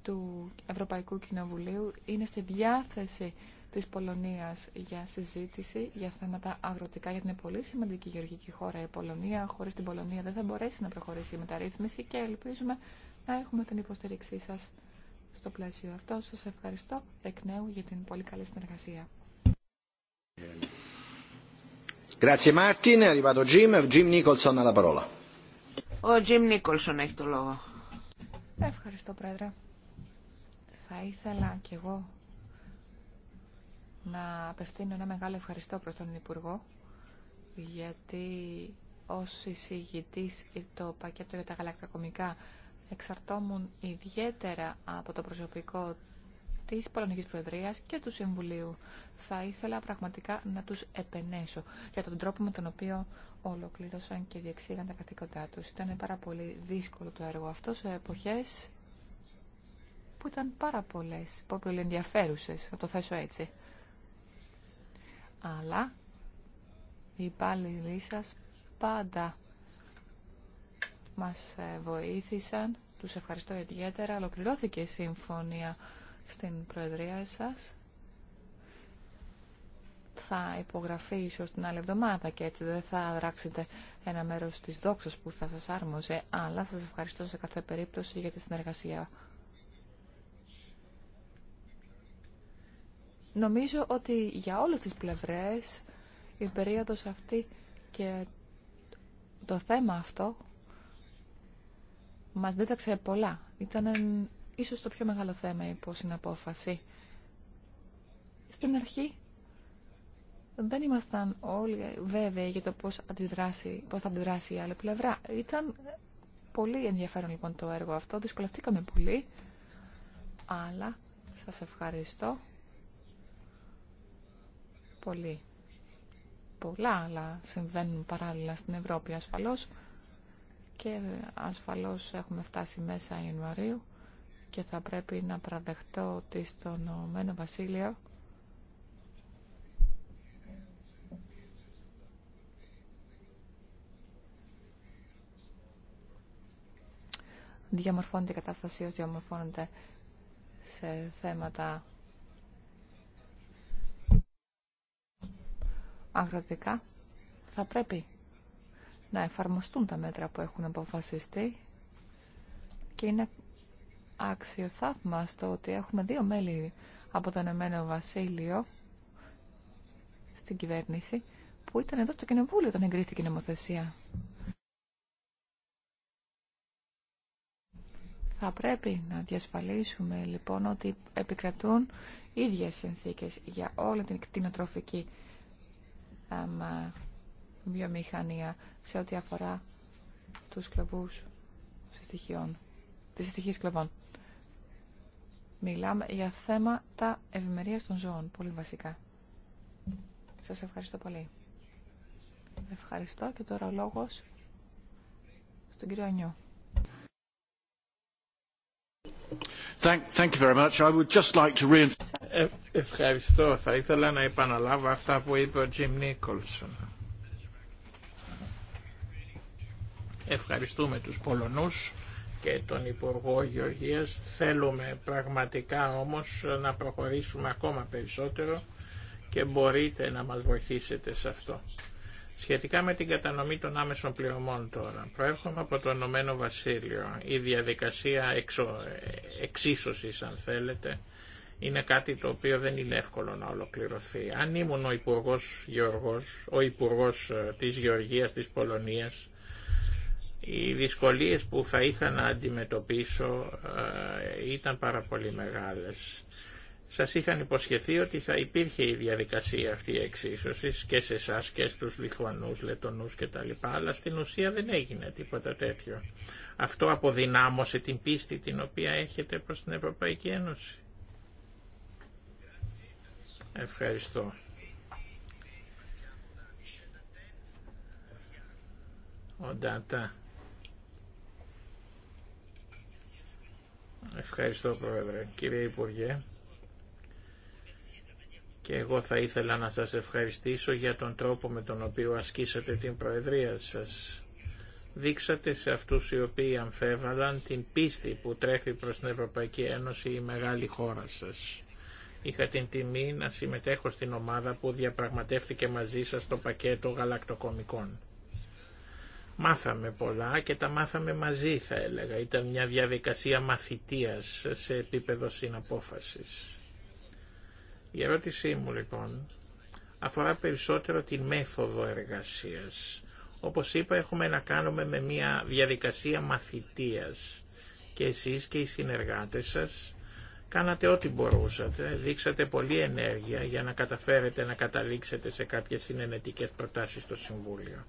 του Ευρωπαϊκού Κοινοβουλίου είναι στη διάθεση της Πολωνίας για συζήτηση για θέματα αγροτικά γιατί είναι πολύ σημαντική γεωργική χώρα η Πολωνία χωρίς την Πολωνία δεν θα μπορέσει να προχωρήσει η μεταρρύθμιση και ελπίζουμε να έχουμε την υποστήριξή σας στο πλαίσιο αυτό. Σας ευχαριστώ εκ νέου για την πολύ καλή συνεργασία. Grazie Martin, è arrivato Jim. Jim Nicholson alla parola. Ο Jim Nicholson έχει το λόγο. Ευχαριστώ Πρόεδρε. Θα ήθελα κι εγώ να απευθύνω ένα μεγάλο ευχαριστώ προς τον Υπουργό γιατί ως εισηγητής το πακέτο για τα γαλακτοκομικά εξαρτώμουν ιδιαίτερα από το προσωπικό της Πολωνικής Προεδρίας και του Συμβουλίου. Θα ήθελα πραγματικά να τους επενέσω για τον τρόπο με τον οποίο ολοκλήρωσαν και διεξήγαν τα καθήκοντά τους. Ήταν πάρα πολύ δύσκολο το έργο αυτό σε εποχές που ήταν πάρα πολλέ πολύ ενδιαφέρουσε να το θέσω έτσι. Αλλά οι υπάλληλοι σα πάντα μας ε, βοήθησαν. Τους ευχαριστώ ιδιαίτερα. Ολοκληρώθηκε η συμφωνία στην Προεδρία σας. Θα υπογραφεί ίσως την άλλη εβδομάδα και έτσι δεν θα δράξετε ένα μέρος της δόξας που θα σας άρμοζε, αλλά θα σας ευχαριστώ σε κάθε περίπτωση για τη συνεργασία. Νομίζω ότι για όλες τις πλευρές η περίοδος αυτή και το θέμα αυτό μας δίταξε πολλά. Ήταν ίσως το πιο μεγάλο θέμα υπό συναπόφαση. Στην αρχή δεν ήμασταν όλοι βέβαιοι για το πώς, αντιδράσει, πώς θα αντιδράσει η άλλη πλευρά. Ήταν πολύ ενδιαφέρον λοιπόν το έργο αυτό, δυσκολευτήκαμε πολύ, αλλά σας ευχαριστώ πολύ. Πολλά άλλα συμβαίνουν παράλληλα στην Ευρώπη ασφαλώς και ασφαλώς έχουμε φτάσει μέσα Ιανουαρίου και θα πρέπει να παραδεχτώ ότι στο Ηνωμένο Βασίλειο διαμορφώνεται η κατάσταση ως διαμορφώνεται σε θέματα αγροτικά θα πρέπει να εφαρμοστούν τα μέτρα που έχουν αποφασιστεί και είναι αξιοθαύμαστο ότι έχουμε δύο μέλη από τον Εμένο Βασίλειο στην κυβέρνηση που ήταν εδώ στο Κοινοβούλιο όταν εγκρίθηκε η νομοθεσία. Θα πρέπει να διασφαλίσουμε λοιπόν ότι επικρατούν ίδιες συνθήκες για όλη την κτηνοτροφική βιομηχανία σε ό,τι αφορά τους κλωβούς στοιχείων, τις στοιχείες κλωβών. Μιλάμε για θέματα ευημερίας των ζώων, πολύ βασικά. Σας ευχαριστώ πολύ. Ευχαριστώ και τώρα ο λόγος στον κύριο Ανιώ. Ευχαριστώ. Θα ήθελα να επαναλάβω αυτά που είπε ο Τζιμ Νίκολσον. Ευχαριστούμε τους Πολωνούς και τον Υπουργό Γεωργίας. Θέλουμε πραγματικά όμως να προχωρήσουμε ακόμα περισσότερο και μπορείτε να μας βοηθήσετε σε αυτό. Σχετικά με την κατανομή των άμεσων πληρωμών τώρα, προέρχομαι από το Ηνωμένο Βασίλειο. Η διαδικασία εξο... αν θέλετε, είναι κάτι το οποίο δεν είναι εύκολο να ολοκληρωθεί. Αν ήμουν ο Υπουργός Γεωργός, ο Υπουργός ε, της Γεωργίας της Πολωνίας, οι δυσκολίες που θα είχα να αντιμετωπίσω ε, ήταν πάρα πολύ μεγάλες. Σας είχαν υποσχεθεί ότι θα υπήρχε η διαδικασία αυτή εξίσωσης και σε εσά και στους Λιθουανούς, Λετονούς κτλ. Αλλά στην ουσία δεν έγινε τίποτα τέτοιο. Αυτό αποδυνάμωσε την πίστη την οποία έχετε προς την Ευρωπαϊκή Ένωση. Ευχαριστώ. Ευχαριστώ Πρόεδρε. Κύριε Υπουργέ, και εγώ θα ήθελα να σας ευχαριστήσω για τον τρόπο με τον οποίο ασκήσατε την Προεδρία σας. Δείξατε σε αυτούς οι οποίοι αμφέβαλαν την πίστη που τρέφει προς την Ευρωπαϊκή Ένωση η μεγάλη χώρα σας. Είχα την τιμή να συμμετέχω στην ομάδα που διαπραγματεύτηκε μαζί σας το πακέτο γαλακτοκομικών. Μάθαμε πολλά και τα μάθαμε μαζί θα έλεγα. Ήταν μια διαδικασία μαθητείας σε επίπεδο συναπόφασης. Η ερώτησή μου λοιπόν αφορά περισσότερο τη μέθοδο εργασίας. Όπως είπα έχουμε να κάνουμε με μια διαδικασία μαθητείας και εσείς και οι συνεργάτες σας κάνατε ό,τι μπορούσατε, δείξατε πολλή ενέργεια για να καταφέρετε να καταλήξετε σε κάποιες συνενετικές προτάσεις στο Συμβούλιο.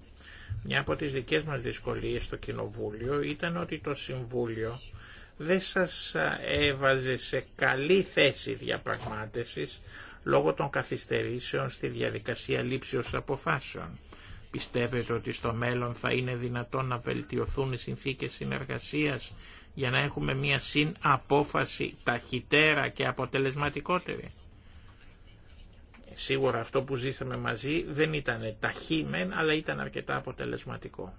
Μια από τις δικές μας δυσκολίες στο Κοινοβούλιο ήταν ότι το Συμβούλιο δεν σας έβαζε σε καλή θέση διαπραγμάτευσης λόγω των καθυστερήσεων στη διαδικασία λήψεως αποφάσεων. Πιστεύετε ότι στο μέλλον θα είναι δυνατόν να βελτιωθούν οι συνθήκες συνεργασίας για να έχουμε μια συναπόφαση ταχυτέρα και αποτελεσματικότερη. Σίγουρα αυτό που ζήσαμε μαζί δεν ήταν ταχύ μεν, αλλά ήταν αρκετά αποτελεσματικό.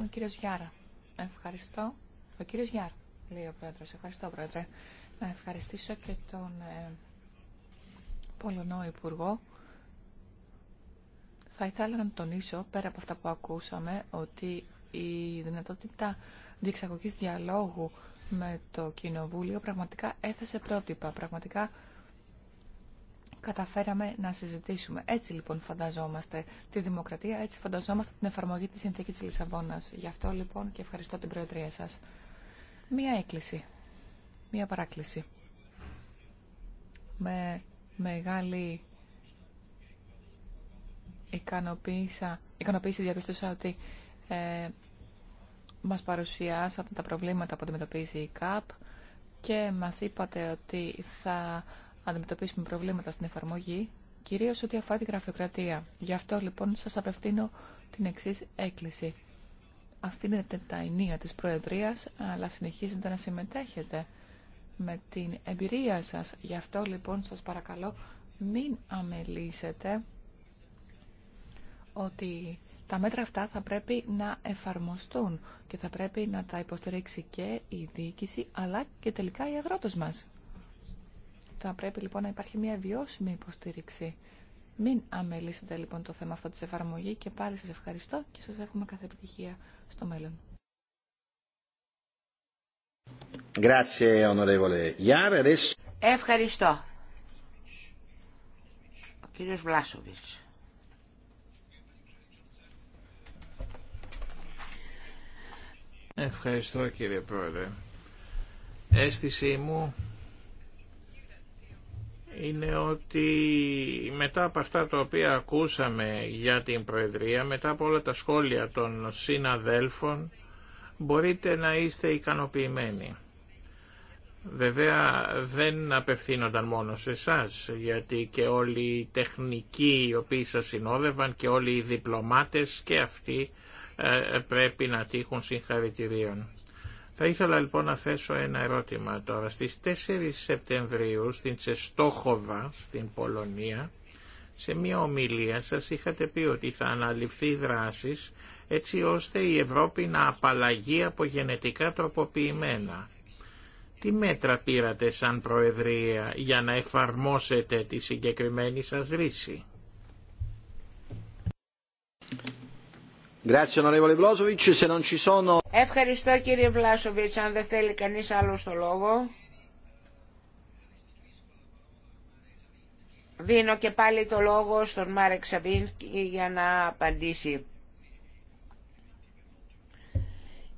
Ο κύριος Γιάρα. Ευχαριστώ. Ο κύριος Γιάρα, λέει ο πρόεδρος. Ευχαριστώ, πρόεδρε. Να ευχαριστήσω και τον ε, Πολωνό Υπουργό. Θα ήθελα να τονίσω, πέρα από αυτά που ακούσαμε, ότι η δυνατότητα διεξαγωγής διαλόγου με το Κοινοβούλιο πραγματικά έθεσε πρότυπα, πραγματικά καταφέραμε να συζητήσουμε. Έτσι λοιπόν φανταζόμαστε τη δημοκρατία, έτσι φανταζόμαστε την εφαρμογή της συνθήκης της Λισαβόνας. Γι' αυτό λοιπόν και ευχαριστώ την Προεδρία σας. Μία έκκληση, μία παράκληση. Με μεγάλη ικανοποίηση διαπίστωσα ότι ε, μας παρουσιάσατε τα προβλήματα που αντιμετωπίζει η ΚΑΠ και μας είπατε ότι θα αντιμετωπίσουμε προβλήματα στην εφαρμογή, κυρίως ό,τι αφορά τη γραφειοκρατία. Γι' αυτό λοιπόν σας απευθύνω την εξής έκκληση. Αφήνετε τα ενία της Προεδρίας, αλλά συνεχίζετε να συμμετέχετε με την εμπειρία σας. Γι' αυτό λοιπόν σας παρακαλώ μην αμελήσετε ότι τα μέτρα αυτά θα πρέπει να εφαρμοστούν και θα πρέπει να τα υποστηρίξει και η διοίκηση αλλά και τελικά οι αγρότες μας. Θα πρέπει λοιπόν να υπάρχει μια βιώσιμη υποστήριξη. Μην αμελήσετε λοιπόν το θέμα αυτό της εφαρμογή και πάλι σας ευχαριστώ και σας εύχομαι κάθε επιτυχία στο μέλλον. Ευχαριστώ. Ο κύριος Βλάσοβιτς. Ευχαριστώ κύριε Πρόεδρε. Αίσθησή μου είναι ότι μετά από αυτά τα οποία ακούσαμε για την Προεδρία, μετά από όλα τα σχόλια των συναδέλφων, μπορείτε να είστε ικανοποιημένοι. Βέβαια δεν απευθύνονταν μόνο σε εσά, γιατί και όλοι οι τεχνικοί οι οποίοι σας συνόδευαν και όλοι οι διπλωμάτες και αυτοί ε, ε, πρέπει να τύχουν συγχαρητηρίων. Θα ήθελα λοιπόν να θέσω ένα ερώτημα τώρα. Στις 4 Σεπτεμβρίου στην Τσεστόχοβα, στην Πολωνία, σε μια ομιλία σας είχατε πει ότι θα αναλυφθεί δράσεις έτσι ώστε η Ευρώπη να απαλλαγεί από γενετικά τροποποιημένα. Τι μέτρα πήρατε σαν Προεδρία για να εφαρμόσετε τη συγκεκριμένη σας ρίση. Ευχαριστώ κύριε Βλάσοβιτς, αν δεν θέλει κανείς άλλο το λόγο. Δίνω και πάλι το λόγο στον Μάρεκ Σαβίνσκι για να απαντήσει.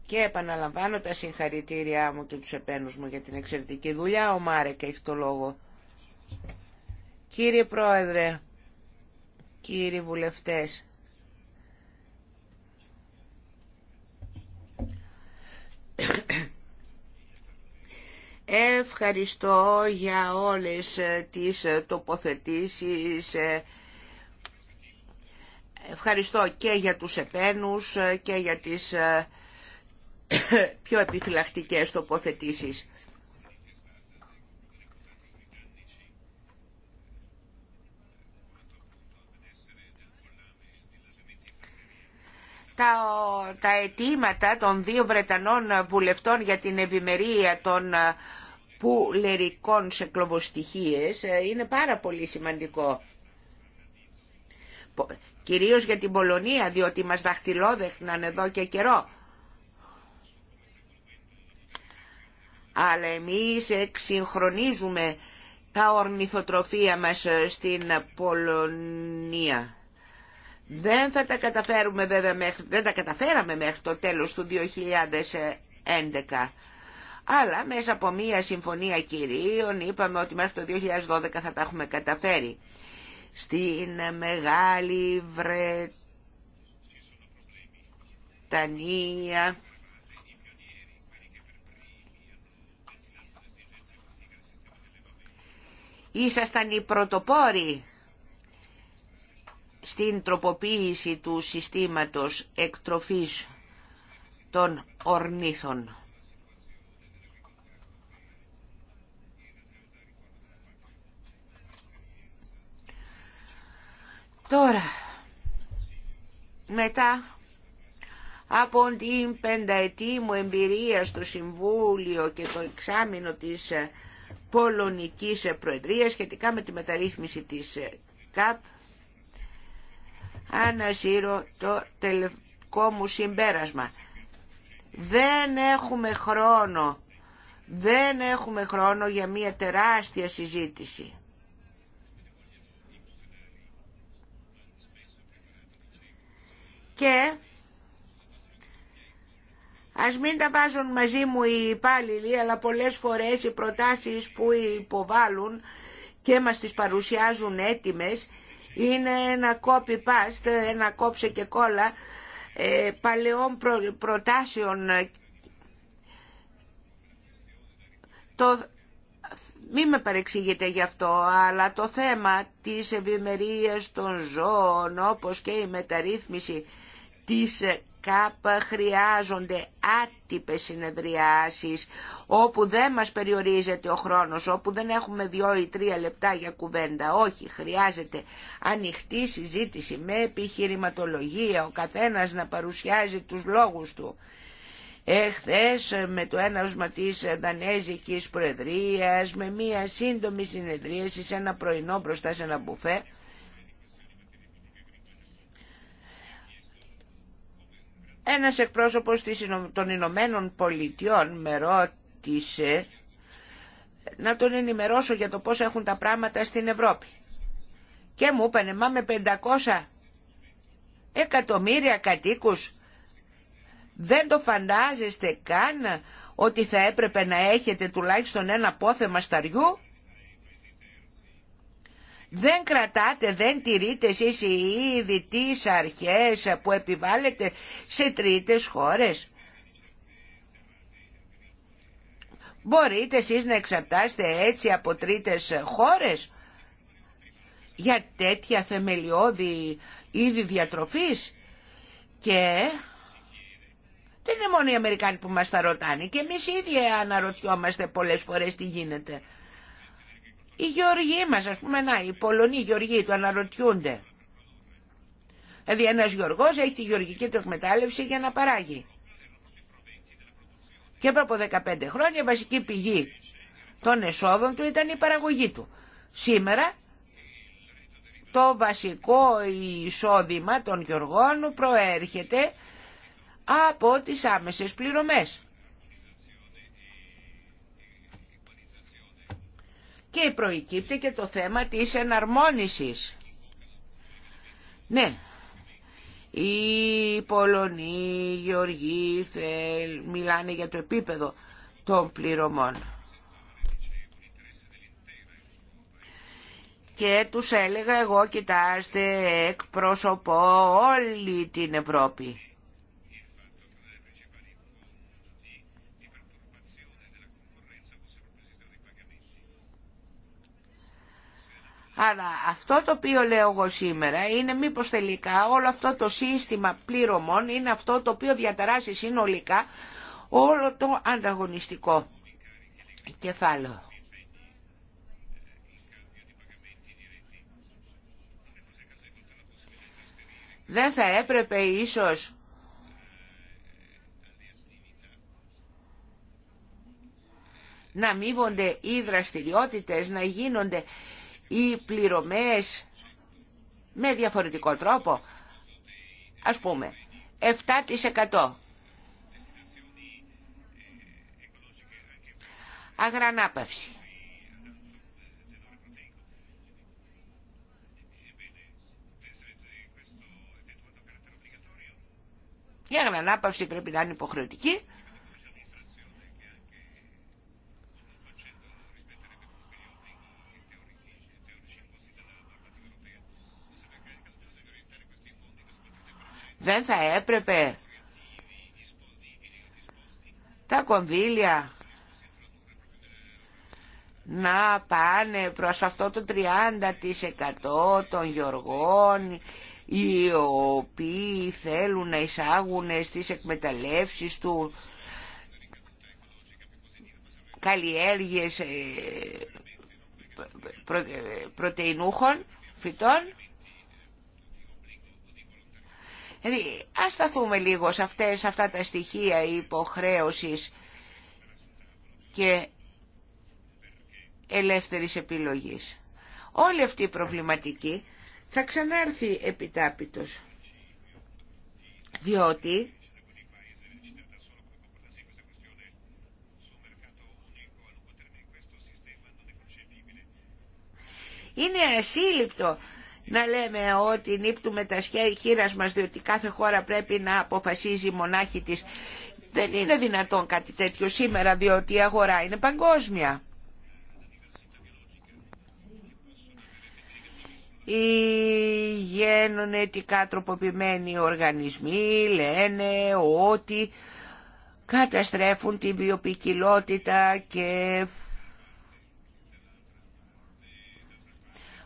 Και επαναλαμβάνω τα συγχαρητήριά μου και τους επένους μου για την εξαιρετική δουλειά. Ο Μάρεκ έχει το λόγο. Κύριε Πρόεδρε, κύριοι βουλευτές, Ευχαριστώ για όλες τις τοποθετήσεις. Ευχαριστώ και για τους επένους και για τις πιο επιφυλακτικές τοποθετήσεις. τα, τα αιτήματα των δύο Βρετανών βουλευτών για την ευημερία των ε, πουλερικών σε κλωβοστοιχίες ε, είναι πάρα πολύ σημαντικό. Κυρίως για την Πολωνία, διότι μας δαχτυλόδεχναν εδώ και καιρό. Αλλά εμείς εξυγχρονίζουμε τα ορνηθοτροφία μας ε, στην Πολωνία. Δεν θα τα καταφέρουμε βέβαια μέχρι, δεν τα καταφέραμε μέχρι το τέλος του 2011. Αλλά μέσα από μία συμφωνία κυρίων είπαμε ότι μέχρι το 2012 θα τα έχουμε καταφέρει. Στην Μεγάλη Βρετανία... Ήσασταν οι πρωτοπόροι στην τροποποίηση του συστήματος εκτροφής των ορνήθων. Τώρα, μετά από την πενταετή μου εμπειρία στο Συμβούλιο και το εξάμεινο της Πολωνικής Προεδρίας σχετικά με τη μεταρρύθμιση της ΚΑΠ, αναζήρω το τελευταίο μου συμπέρασμα. Δεν έχουμε χρόνο, δεν έχουμε χρόνο για μια τεράστια συζήτηση. Και ας μην τα βάζουν μαζί μου οι υπάλληλοι, αλλά πολλές φορές οι προτάσεις που υποβάλλουν και μας τις παρουσιάζουν έτοιμες, είναι ένα copy-paste, ένα κόψε και κόλλα ε, παλαιών προτάσεων. Το, μη με παρεξηγείτε γι' αυτό, αλλά το θέμα της ευημερίας των ζώων, όπως και η μεταρρύθμιση της χρειάζονται άτυπες συνεδριάσεις όπου δεν μας περιορίζεται ο χρόνος, όπου δεν έχουμε δύο ή τρία λεπτά για κουβέντα. Όχι, χρειάζεται ανοιχτή συζήτηση με επιχειρηματολογία, ο καθένας να παρουσιάζει τους λόγους του. Εχθές με το έναυσμα της Δανέζικης Προεδρίας, με μία σύντομη συνεδρίαση σε ένα πρωινό μπροστά σε ένα μπουφέ, Ένας εκπρόσωπος των Ηνωμένων Πολιτειών με ρώτησε να τον ενημερώσω για το πώς έχουν τα πράγματα στην Ευρώπη. Και μου είπανε, μα με 500 εκατομμύρια κατοίκους δεν το φαντάζεστε καν ότι θα έπρεπε να έχετε τουλάχιστον ένα πόθεμα σταριού. Δεν κρατάτε, δεν τηρείτε εσείς οι ήδη τις αρχές που επιβάλλετε σε τρίτες χώρες. Μπορείτε εσείς να εξαρτάστε έτσι από τρίτες χώρες για τέτοια θεμελιώδη είδη διατροφής και δεν είναι μόνο οι Αμερικάνοι που μας τα ρωτάνε και εμείς ίδιοι αναρωτιόμαστε πολλές φορές τι γίνεται. Οι γεωργοί μας, ας πούμε, να, οι Πολωνοί γεωργοί του αναρωτιούνται. Δηλαδή ένας γεωργός έχει τη γεωργική του εκμετάλλευση για να παράγει. Και από 15 χρόνια η βασική πηγή των εσόδων του ήταν η παραγωγή του. Σήμερα το βασικό εισόδημα των γεωργών προέρχεται από τις άμεσες πληρωμές. και προηγείται και το θέμα της εναρμόνισης. Ναι, οι Πολωνοί, οι Γεωργοί μιλάνε για το επίπεδο των πληρωμών. Και τους έλεγα εγώ, κοιτάστε, εκπροσωπώ όλη την Ευρώπη. Αλλά αυτό το οποίο λέω εγώ σήμερα είναι μήπως τελικά όλο αυτό το σύστημα πληρωμών είναι αυτό το οποίο διαταράσσει συνολικά όλο το ανταγωνιστικό κεφάλαιο. Δεν θα έπρεπε ίσως να μείβονται οι δραστηριότητες, να γίνονται ή πληρωμαίες με διαφορετικό τρόπο. Ας πούμε, 7% αγρανάπευση. Η πληρωμές με διαφορετικό τρόπο, ας πούμε, 7% αγρανάπαυση. Η αγρανάπαυση πρέπει να είναι υποχρεωτική Δεν θα έπρεπε τα κονδύλια να πάνε προς αυτό το 30% των γιοργών οι οποίοι θέλουν να εισάγουν στις εκμεταλλεύσεις του καλλιέργειες ε, ε, ε, πρωτεϊνούχων φυτών Δηλαδή, ας σταθούμε λίγο σε, αυτές, σε αυτά τα στοιχεία υποχρέωσης και ελεύθερης επιλογής. Όλη αυτή η προβληματική θα ξανάρθει επιτάπητος, διότι είναι ασύλληπτο να λέμε ότι νύπτουμε τα χείρα μας διότι κάθε χώρα πρέπει να αποφασίζει μονάχη της. Δεν είναι δυνατόν κάτι τέτοιο σήμερα διότι η αγορά είναι παγκόσμια. οι γενονετικά τροποποιημένοι οργανισμοί λένε ότι καταστρέφουν τη βιοπικιλότητα και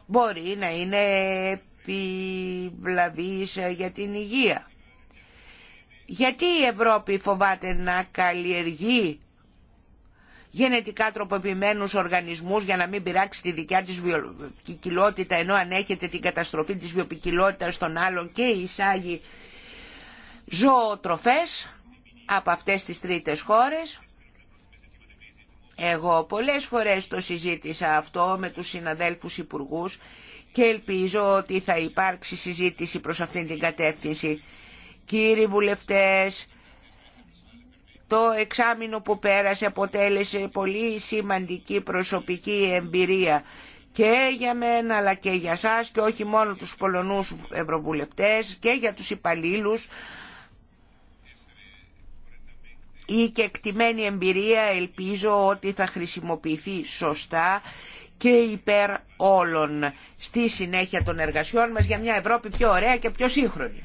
μπορεί να είναι επιβλαβής ε, για την υγεία. Γιατί η Ευρώπη φοβάται να καλλιεργεί γενετικά τροποποιημένους οργανισμούς για να μην πειράξει τη δικιά της βιοπικιλότητα ενώ ανέχεται την καταστροφή της βιοπικιλότητας των άλλων και εισάγει ζωοτροφές από αυτές τις τρίτες χώρες εγώ πολλές φορές το συζήτησα αυτό με τους συναδέλφους υπουργούς και ελπίζω ότι θα υπάρξει συζήτηση προς αυτήν την κατεύθυνση. Κύριοι βουλευτές, το εξάμεινο που πέρασε αποτέλεσε πολύ σημαντική προσωπική εμπειρία και για μένα αλλά και για σας και όχι μόνο τους Πολωνούς Ευρωβουλευτές και για τους υπαλλήλους η κεκτημένη εμπειρία ελπίζω ότι θα χρησιμοποιηθεί σωστά και υπέρ όλων στη συνέχεια των εργασιών μας για μια Ευρώπη πιο ωραία και πιο σύγχρονη.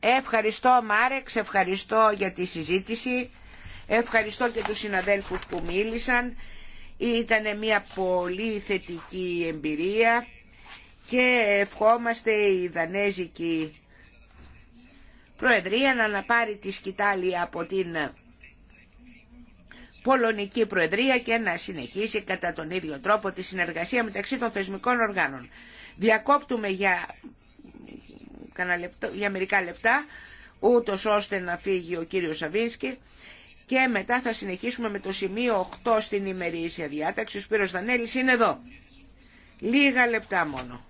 Ευχαριστώ Μάρεξ, ευχαριστώ για τη συζήτηση, ευχαριστώ και τους συναδέλφους που μίλησαν. Ήταν μια πολύ θετική εμπειρία και ευχόμαστε η Δανέζικοι Προεδρία να αναπάρει τη σκητάλη από την Πολωνική Προεδρία και να συνεχίσει κατά τον ίδιο τρόπο τη συνεργασία μεταξύ των θεσμικών οργάνων. Διακόπτουμε για, για μερικά λεπτά, ούτω ώστε να φύγει ο κύριος Σαβίνσκι και μετά θα συνεχίσουμε με το σημείο 8 στην ημερήσια διάταξη. Ο Σπύρος Δανέλης είναι εδώ. Λίγα λεπτά μόνο.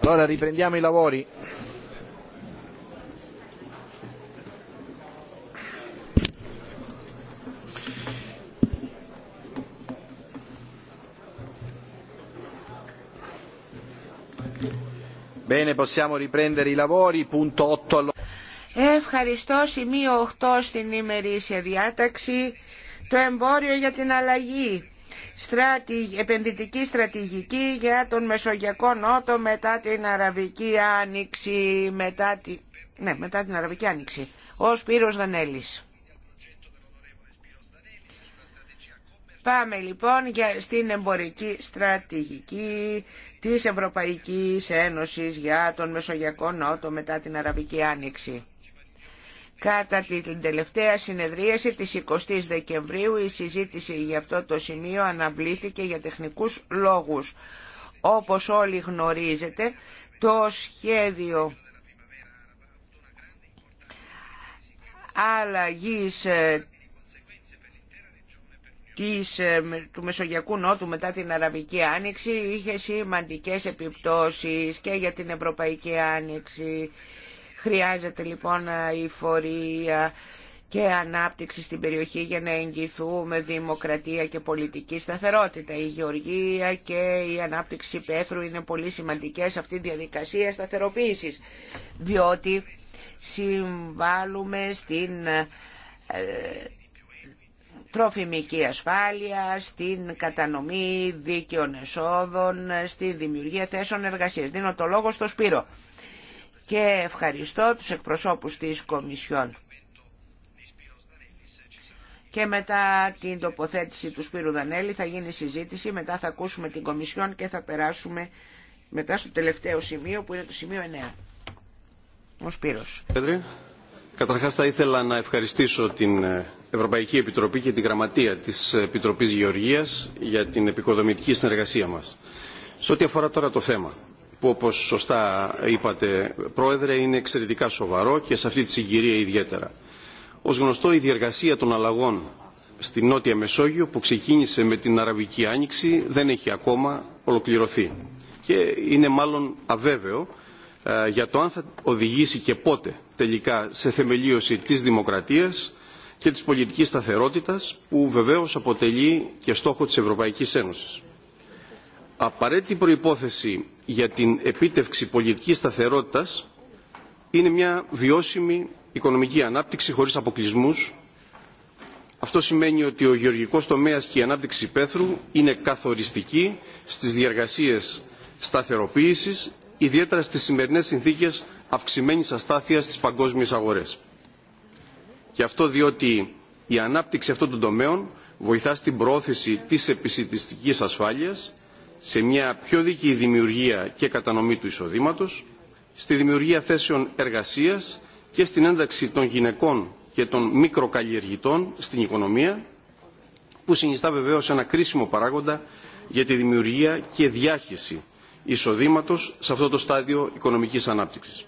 Allora riprendiamo i lavori. Bene, possiamo riprendere i lavori. Punto 8 all... Ευχαριστώ. Σημείο 8 στην ημερήσια διάταξη. Το εμπόριο για την αλλαγή επενδυτική στρατηγική για τον Μεσογειακό Νότο μετά την Αραβική Άνοιξη, μετά, τη... ναι, μετά την Αραβική Άνοιξη, ο Σπύρος Δανέλης. Πάμε λοιπόν για, στην εμπορική στρατηγική της Ευρωπαϊκής Ένωσης για τον Μεσογειακό Νότο μετά την Αραβική Άνοιξη. Κατά την τελευταία συνεδρίαση της 20ης Δεκεμβρίου η συζήτηση για αυτό το σημείο αναβλήθηκε για τεχνικούς λόγους. Όπως όλοι γνωρίζετε, το σχέδιο αλλαγής ε, της, ε, του Μεσογειακού Νότου μετά την Αραβική Άνοιξη είχε σημαντικές επιπτώσεις και για την Ευρωπαϊκή Άνοιξη Χρειάζεται λοιπόν ε, η φορεία και ανάπτυξη στην περιοχή για να εγγυθούμε δημοκρατία και πολιτική σταθερότητα. Η γεωργία και η ανάπτυξη πέθρου είναι πολύ σημαντικές σε αυτή τη διαδικασία σταθεροποίησης, διότι συμβάλλουμε στην ε, τροφιμική ασφάλεια, στην κατανομή δίκαιων εσόδων, στη δημιουργία θέσεων εργασίας. Δίνω το λόγο στο Σπύρο και ευχαριστώ τους εκπροσώπους της Κομισιόν. Και μετά την τοποθέτηση του Σπύρου Δανέλη θα γίνει συζήτηση, μετά θα ακούσουμε την Κομισιόν και θα περάσουμε μετά στο τελευταίο σημείο που είναι το σημείο 9. Ο Σπύρος. Καταρχάς θα ήθελα να ευχαριστήσω την Ευρωπαϊκή Επιτροπή και την Γραμματεία της Επιτροπής Γεωργίας για την επικοδομητική συνεργασία μας. Σε ό,τι αφορά τώρα το θέμα, που όπως σωστά είπατε πρόεδρε είναι εξαιρετικά σοβαρό και σε αυτή τη συγκυρία ιδιαίτερα. Ως γνωστό η διεργασία των αλλαγών στη Νότια Μεσόγειο που ξεκίνησε με την Αραβική Άνοιξη δεν έχει ακόμα ολοκληρωθεί και είναι μάλλον αβέβαιο ε, για το αν θα οδηγήσει και πότε τελικά σε θεμελίωση της δημοκρατίας και της πολιτικής σταθερότητας που βεβαίως αποτελεί και στόχο της Ευρωπαϊκής Ένωσης. Απαραίτητη προϋπόθεση για την επίτευξη πολιτικής σταθερότητας είναι μια βιώσιμη οικονομική ανάπτυξη χωρίς αποκλεισμούς. Αυτό σημαίνει ότι ο γεωργικός τομέας και η ανάπτυξη πέθρου είναι καθοριστική στις διεργασίες σταθεροποίησης, ιδιαίτερα στις σημερινές συνθήκες αυξημένης αστάθειας στις παγκόσμιες αγορές. Και αυτό διότι η ανάπτυξη αυτών των τομέων βοηθά στην προώθηση της επισητιστικής ασφάλειας, σε μια πιο δίκαιη δημιουργία και κατανομή του εισοδήματος, στη δημιουργία θέσεων εργασίας και στην ένταξη των γυναικών και των μικροκαλλιεργητών στην οικονομία, που συνιστά βεβαίως ένα κρίσιμο παράγοντα για τη δημιουργία και διάχυση εισοδήματος σε αυτό το στάδιο οικονομικής ανάπτυξης.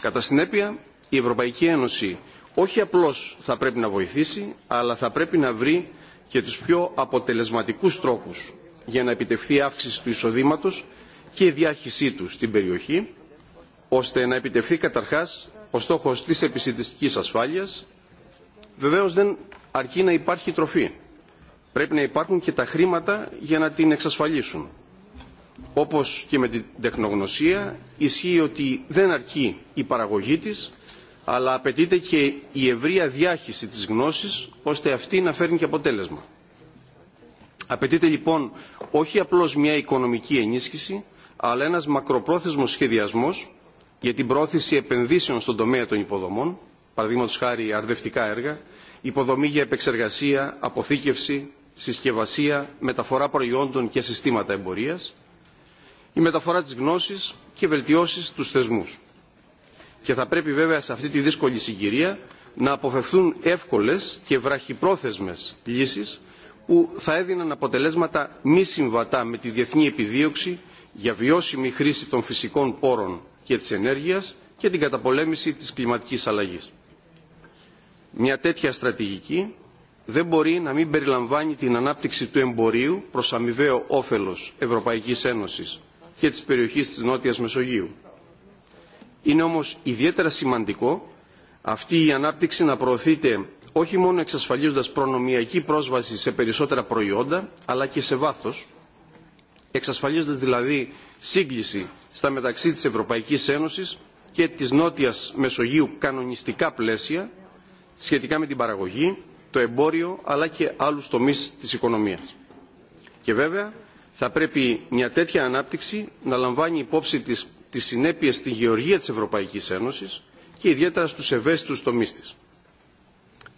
Κατά συνέπεια, η Ευρωπαϊκή Ένωση όχι απλώς θα πρέπει να βοηθήσει, αλλά θα πρέπει να βρει και τους πιο αποτελεσματικούς τρόπους για να επιτευχθεί αύξηση του εισοδήματος και η διάχυσή του στην περιοχή, ώστε να επιτευχθεί καταρχάς ο στόχος της επισητιστικής ασφάλειας. Βεβαίως δεν αρκεί να υπάρχει τροφή. Πρέπει να υπάρχουν και τα χρήματα για να την εξασφαλίσουν. Όπως και με την τεχνογνωσία, ισχύει ότι δεν αρκεί η παραγωγή της, αλλά απαιτείται και η ευρεία διάχυση της γνώσης, ώστε αυτή να φέρνει και αποτέλεσμα. Απαιτείται λοιπόν όχι απλώς μια οικονομική ενίσχυση, αλλά ένας μακροπρόθεσμος σχεδιασμός για την πρόθεση επενδύσεων στον τομέα των υποδομών, παραδείγματος χάρη αρδευτικά έργα, υποδομή για επεξεργασία, αποθήκευση, συσκευασία, μεταφορά προϊόντων και συστήματα εμπορίας, η μεταφορά της γνώσης και βελτιώσεις τους θεσμούς. Και θα πρέπει βέβαια σε αυτή τη δύσκολη συγκυρία να αποφευθούν εύκολες και βραχυπρόθεσμες λύσεις που θα έδιναν αποτελέσματα μη συμβατά με τη διεθνή επιδίωξη για βιώσιμη χρήση των φυσικών πόρων και της ενέργειας και την καταπολέμηση της κλιματικής αλλαγής. Μια τέτοια στρατηγική δεν μπορεί να μην περιλαμβάνει την ανάπτυξη του εμπορίου προς αμοιβαίο όφελος Ευρωπαϊκής Ένωσης και της περιοχής της Νότιας Μεσογείου. Είναι όμως ιδιαίτερα σημαντικό αυτή η ανάπτυξη να προωθείται όχι μόνο εξασφαλίζοντας προνομιακή πρόσβαση σε περισσότερα προϊόντα, αλλά και σε βάθος, εξασφαλίζοντας δηλαδή σύγκληση στα μεταξύ της Ευρωπαϊκής Ένωσης και της Νότιας Μεσογείου κανονιστικά πλαίσια σχετικά με την παραγωγή, το εμπόριο αλλά και άλλους τομείς της οικονομίας. Και βέβαια θα πρέπει μια τέτοια ανάπτυξη να λαμβάνει υπόψη τις, συνέπειες στη γεωργία της Ευρωπαϊκής Ένωσης και ιδιαίτερα στους ευαίσθητους τομείς της.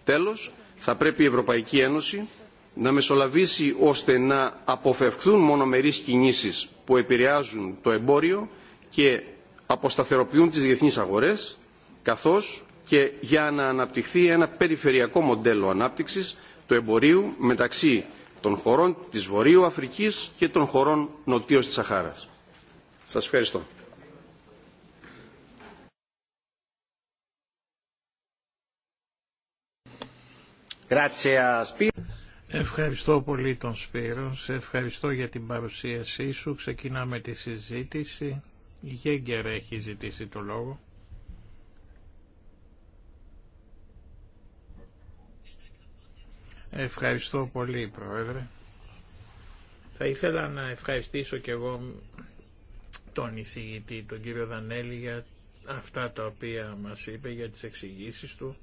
Τέλος, θα πρέπει η Ευρωπαϊκή Ένωση να μεσολαβήσει ώστε να αποφευχθούν μονομερείς κινήσεις που επηρεάζουν το εμπόριο και αποσταθεροποιούν τις διεθνείς αγορές, καθώς και για να αναπτυχθεί ένα περιφερειακό μοντέλο ανάπτυξης του εμπορίου μεταξύ των χωρών της Βορείου Αφρικής και των χωρών νοτίως της Σαχάρας. Σας ευχαριστώ. Ευχαριστώ πολύ τον Σπύρο. Σε ευχαριστώ για την παρουσίασή σου. Ξεκινάμε τη συζήτηση. Η Γέγκερ έχει ζητήσει το λόγο. Ευχαριστώ πολύ, Πρόεδρε. Θα ήθελα να ευχαριστήσω και εγώ τον εισηγητή, τον κύριο Δανέλη, για αυτά τα οποία μας είπε, για τις εξηγήσεις του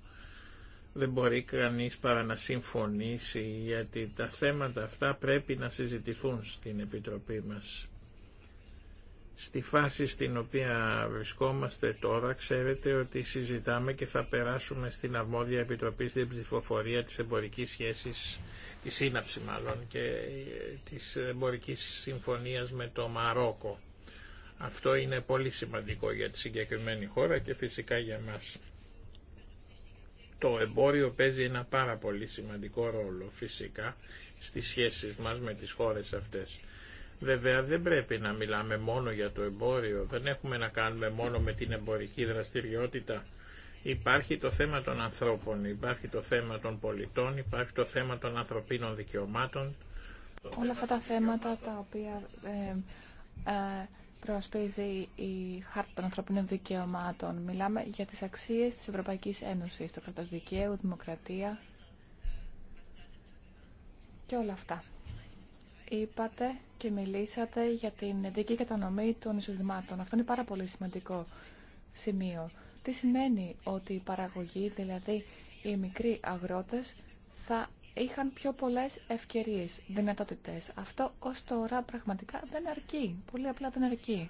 δεν μπορεί κανείς παρά να συμφωνήσει γιατί τα θέματα αυτά πρέπει να συζητηθούν στην Επιτροπή μας. Στη φάση στην οποία βρισκόμαστε τώρα ξέρετε ότι συζητάμε και θα περάσουμε στην αρμόδια Επιτροπή στην ψηφοφορία της εμπορικής σχέσης, τη σύναψη μάλλον και ε, της εμπορικής συμφωνίας με το Μαρόκο. Αυτό είναι πολύ σημαντικό για τη συγκεκριμένη χώρα και φυσικά για μας το εμπόριο παίζει ένα πάρα πολύ σημαντικό ρόλο φυσικά στις σχέσεις μας με τις χώρες αυτές. Βέβαια δεν πρέπει να μιλάμε μόνο για το εμπόριο, δεν έχουμε να κάνουμε μόνο με την εμπορική δραστηριότητα. Υπάρχει το θέμα των ανθρώπων, υπάρχει το θέμα των πολιτών, υπάρχει το θέμα των ανθρωπίνων δικαιωμάτων. Όλα αυτά τα θέματα τα οποία ε, ε, προασπίζει η Χάρτη των Ανθρωπίνων Δικαιωμάτων. Μιλάμε για τις αξίες της Ευρωπαϊκής Ένωσης, το κρατος δικαίου, δημοκρατία και όλα αυτά. Είπατε και μιλήσατε για την δική κατανομή των εισοδημάτων. Αυτό είναι πάρα πολύ σημαντικό σημείο. Τι σημαίνει ότι η παραγωγή, δηλαδή οι μικροί αγρότες, θα είχαν πιο πολλές ευκαιρίες, δυνατότητες. Αυτό ως τώρα πραγματικά δεν αρκεί, πολύ απλά δεν αρκεί.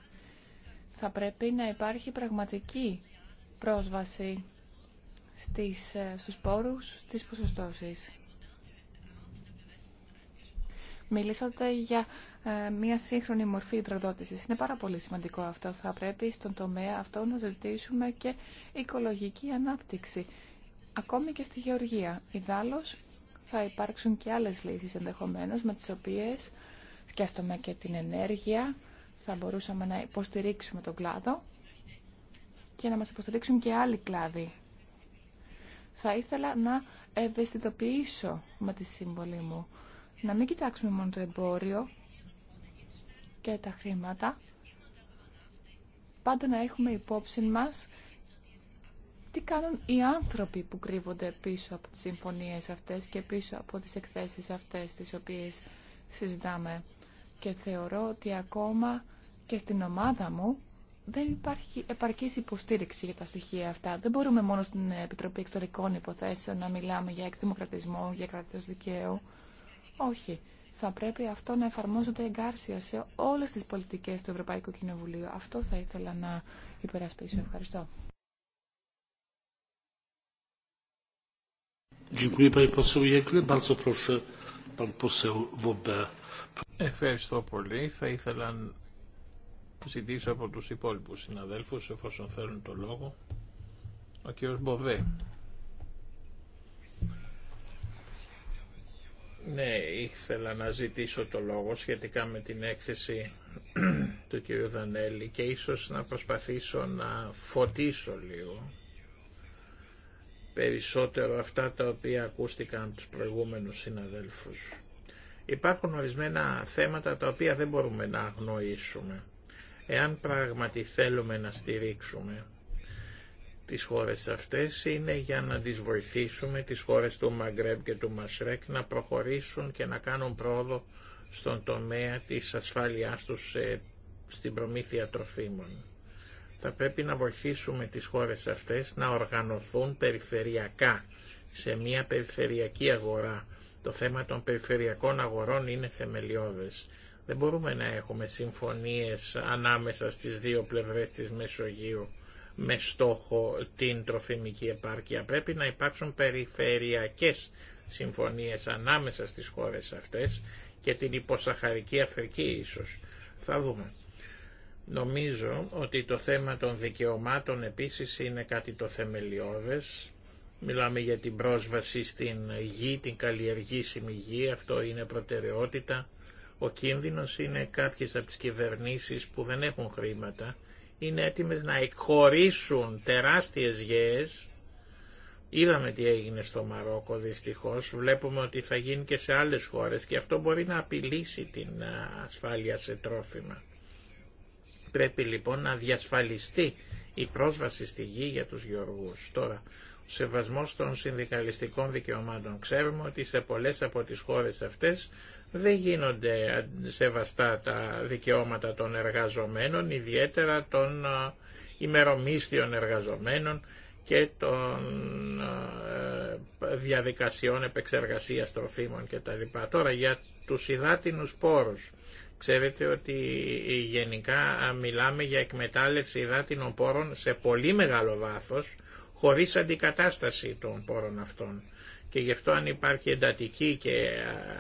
Θα πρέπει να υπάρχει πραγματική πρόσβαση στις, ε, στους πόρους, στις ποσοστώσεις. Μιλήσατε για ε, μια σύγχρονη μορφή υδροδότησης. Είναι πάρα πολύ σημαντικό αυτό. Θα πρέπει στον τομέα αυτό να ζητήσουμε και οικολογική ανάπτυξη. Ακόμη και στη γεωργία. Ιδάλλως θα υπάρξουν και άλλες λύσεις ενδεχομένως με τις οποίες σκέφτομαι και την ενέργεια θα μπορούσαμε να υποστηρίξουμε τον κλάδο και να μας υποστηρίξουν και άλλοι κλάδοι. Θα ήθελα να ευαισθητοποιήσω με τη σύμβολή μου να μην κοιτάξουμε μόνο το εμπόριο και τα χρήματα πάντα να έχουμε υπόψη μας τι κάνουν οι άνθρωποι που κρύβονται πίσω από τις συμφωνίες αυτές και πίσω από τις εκθέσεις αυτές τις οποίες συζητάμε. Και θεωρώ ότι ακόμα και στην ομάδα μου δεν υπάρχει επαρκής υποστήριξη για τα στοιχεία αυτά. Δεν μπορούμε μόνο στην Επιτροπή Εξωτερικών Υποθέσεων να μιλάμε για εκδημοκρατισμό, για κρατικό δικαίου. Όχι. Θα πρέπει αυτό να εφαρμόζεται εγκάρσια σε όλες τις πολιτικές του Ευρωπαϊκού Κοινοβουλίου. Αυτό θα ήθελα να υπερασπίσω. Ευχαριστώ. Ευχαριστώ πολύ. Θα ήθελα να ζητήσω από τους υπόλοιπους συναδέλφους, εφόσον θέλουν το λόγο, ο κύριος Μποβέ. Ναι, ήθελα να ζητήσω το λόγο σχετικά με την έκθεση [clears throat] του κύριου Δανέλη και ίσως να προσπαθήσω να φωτίσω λίγο περισσότερο αυτά τα οποία ακούστηκαν τους προηγούμενους συναδέλφους. Υπάρχουν ορισμένα θέματα τα οποία δεν μπορούμε να αγνοήσουμε. Εάν πράγματι θέλουμε να στηρίξουμε τις χώρες αυτές είναι για να τις βοηθήσουμε, τις χώρες του Μαγκρέμπ και του Μασρέκ, να προχωρήσουν και να κάνουν πρόοδο στον τομέα της ασφάλειάς τους στην προμήθεια τροφίμων. Θα πρέπει να βοηθήσουμε τις χώρες αυτές να οργανωθούν περιφερειακά, σε μια περιφερειακή αγορά. Το θέμα των περιφερειακών αγορών είναι θεμελιώδες. Δεν μπορούμε να έχουμε συμφωνίες ανάμεσα στις δύο πλευρές της Μεσογείου με στόχο την τροφιμική επάρκεια. Πρέπει να υπάρξουν περιφερειακές συμφωνίες ανάμεσα στις χώρες αυτές και την υποσαχαρική Αφρική ίσως. Θα δούμε. Νομίζω ότι το θέμα των δικαιωμάτων επίσης είναι κάτι το θεμελιώδες. Μιλάμε για την πρόσβαση στην γη, την καλλιεργήσιμη γη, αυτό είναι προτεραιότητα. Ο κίνδυνος είναι κάποιες από τις κυβερνήσεις που δεν έχουν χρήματα, είναι έτοιμες να εκχωρήσουν τεράστιες γέες. Είδαμε τι έγινε στο Μαρόκο δυστυχώς, βλέπουμε ότι θα γίνει και σε άλλες χώρες και αυτό μπορεί να απειλήσει την ασφάλεια σε τρόφιμα. Πρέπει λοιπόν να διασφαλιστεί η πρόσβαση στη γη για τους γεωργούς. Τώρα, ο σεβασμός των συνδικαλιστικών δικαιωμάτων. Ξέρουμε ότι σε πολλές από τις χώρες αυτές δεν γίνονται σεβαστά τα δικαιώματα των εργαζομένων, ιδιαίτερα των ημερομίσθιων εργαζομένων και των ε, διαδικασιών επεξεργασίας τροφίμων κτλ. Τώρα για τους υδάτινους πόρους. Ξέρετε ότι γενικά μιλάμε για εκμετάλλευση υδάτινων πόρων σε πολύ μεγάλο βάθος, χωρίς αντικατάσταση των πόρων αυτών. Και γι' αυτό αν υπάρχει εντατική και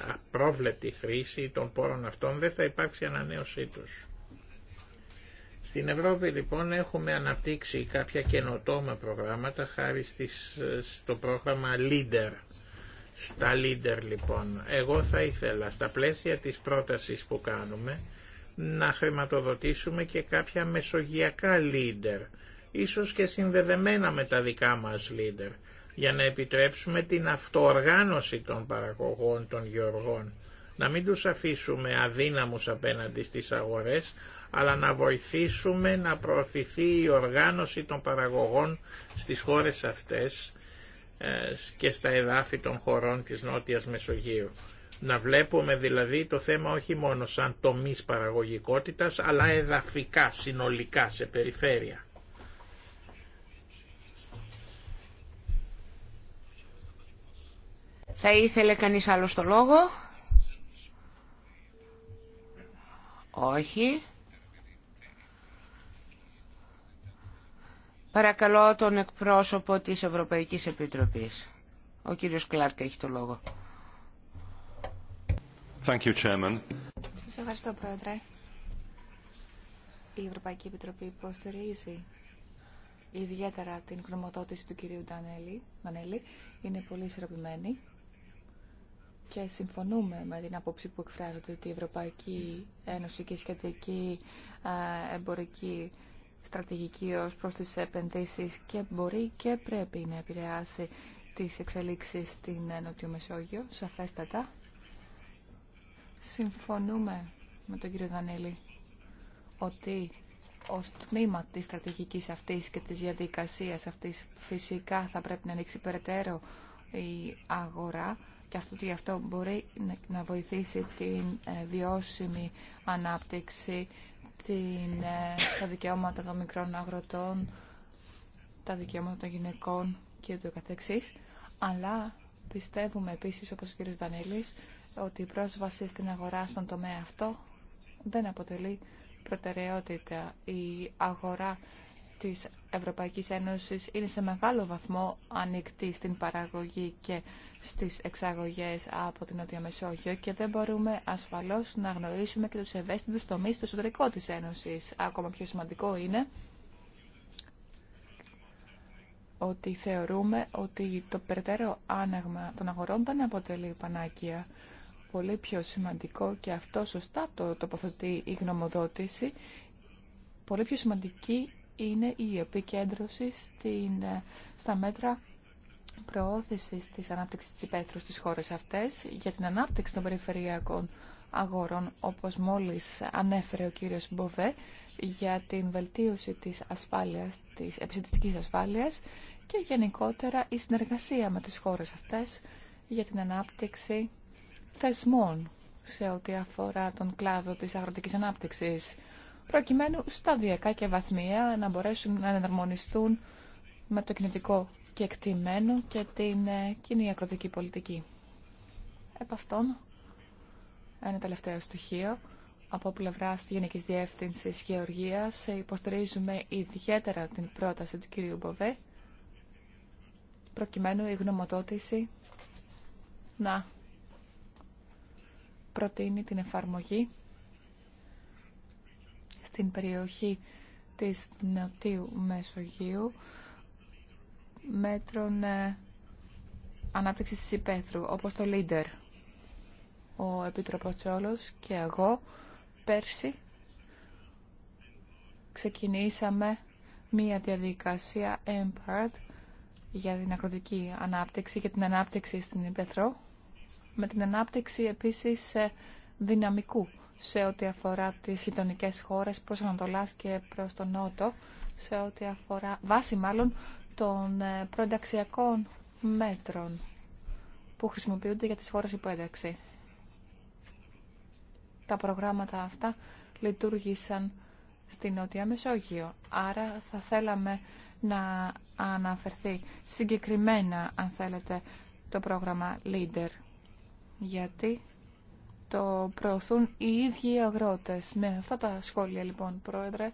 απρόβλεπτη χρήση των πόρων αυτών δεν θα υπάρξει ανανέωσή τους. Στην Ευρώπη λοιπόν έχουμε αναπτύξει κάποια καινοτόμα προγράμματα χάρη στο πρόγραμμα LEADER στα leader λοιπόν, εγώ θα ήθελα στα πλαίσια της πρότασης που κάνουμε να χρηματοδοτήσουμε και κάποια μεσογειακά leader, ίσως και συνδεδεμένα με τα δικά μας leader, για να επιτρέψουμε την αυτοοργάνωση των παραγωγών των γεωργών, να μην τους αφήσουμε αδύναμους απέναντι στις αγορές, αλλά να βοηθήσουμε να προωθηθεί η οργάνωση των παραγωγών στις χώρες αυτές, ε, και στα εδάφη των χωρών της Νότιας Μεσογείου. Να βλέπουμε δηλαδή το θέμα όχι μόνο σαν τομής παραγωγικότητας, αλλά εδαφικά, συνολικά, σε περιφέρεια. Θα ήθελε κανείς άλλο το λόγο. Όχι. Παρακαλώ τον εκπρόσωπο της Ευρωπαϊκής Επιτροπής. Ο κύριος Κλάρκ έχει το λόγο. Thank Σας ευχαριστώ, Πρόεδρε. Η Ευρωπαϊκή Επιτροπή υποστηρίζει ιδιαίτερα την γνωμοδότηση του κυρίου Ντανέλη. Είναι πολύ ισορροπημένη και συμφωνούμε με την απόψη που εκφράζεται ότι η Ευρωπαϊκή Ένωση και η σχετική ε, εμπορική στρατηγική ως προς τις επενδύσεις και μπορεί και πρέπει να επηρεάσει τις εξελίξεις στην Νότιο Μεσόγειο, σαφέστατα. Συμφωνούμε με τον κύριο Δανίλη ότι ως τμήμα της στρατηγικής αυτής και της διαδικασίας αυτής φυσικά θα πρέπει να ανοίξει περαιτέρω η αγορά και αυτό ότι αυτό μπορεί να βοηθήσει την ε, βιώσιμη ανάπτυξη την, ε, τα δικαιώματα των μικρών αγροτών, τα δικαιώματα των γυναικών και του καθεξής. Αλλά πιστεύουμε επίσης, όπως ο κ. Δανέλης, ότι η πρόσβαση στην αγορά στον τομέα αυτό δεν αποτελεί προτεραιότητα. Η αγορά της Ευρωπαϊκής Ένωσης είναι σε μεγάλο βαθμό ανοιχτή στην παραγωγή και στις εξαγωγές από την Νότια Μεσόγειο και δεν μπορούμε ασφαλώς να γνωρίσουμε και τους ευαίσθητους τομείς στο εσωτερικό της Ένωσης. Ακόμα πιο σημαντικό είναι ότι θεωρούμε ότι το περαιτέρω άναγμα των αγορών δεν αποτελεί πανάκια. Πολύ πιο σημαντικό και αυτό σωστά το τοποθετεί η γνωμοδότηση. Πολύ πιο σημαντική είναι η επικέντρωση ε, στα μέτρα προώθηση της ανάπτυξης της υπαίθρου στις χώρες αυτές για την ανάπτυξη των περιφερειακών αγορών, όπως μόλις ανέφερε ο κύριος Μποβέ, για την βελτίωση της ασφάλειας, της επιστημιστικής ασφάλειας και γενικότερα η συνεργασία με τις χώρες αυτές για την ανάπτυξη θεσμών σε ό,τι αφορά τον κλάδο της αγροτικής ανάπτυξης προκειμένου σταδιακά και βαθμία να μπορέσουν να εναρμονιστούν με το κινητικό και εκτιμένο και την ε, κοινή ακροτική πολιτική. Επ' αυτόν, ένα τελευταίο στοιχείο, από πλευρά τη Γενική Διεύθυνση Γεωργία ε, υποστηρίζουμε ιδιαίτερα την πρόταση του κυρίου Μποβέ, προκειμένου η γνωμοδότηση να προτείνει την εφαρμογή στην περιοχή της Νοτίου Μεσογείου μέτρων ε, ανάπτυξης της Υπέθρου, όπως το Λίντερ. Ο Επίτροπος Τσόλος και εγώ πέρσι ξεκινήσαμε μία διαδικασία EMPART για την ακροτική ανάπτυξη και την ανάπτυξη στην υπαίθρο, με την ανάπτυξη επίσης ε, δυναμικού σε ό,τι αφορά τις γειτονικέ χώρες προς Ανατολάς και προς τον Νότο, σε ό,τι αφορά βάση μάλλον των ε, προενταξιακών μέτρων που χρησιμοποιούνται για τις χώρες υποένταξη. Τα προγράμματα αυτά λειτουργήσαν στην Νότια Μεσόγειο, άρα θα θέλαμε να αναφερθεί συγκεκριμένα, αν θέλετε, το πρόγραμμα LEADER, γιατί το προωθούν οι ίδιοι οι αγρότες. Με αυτά τα σχόλια λοιπόν, Πρόεδρε,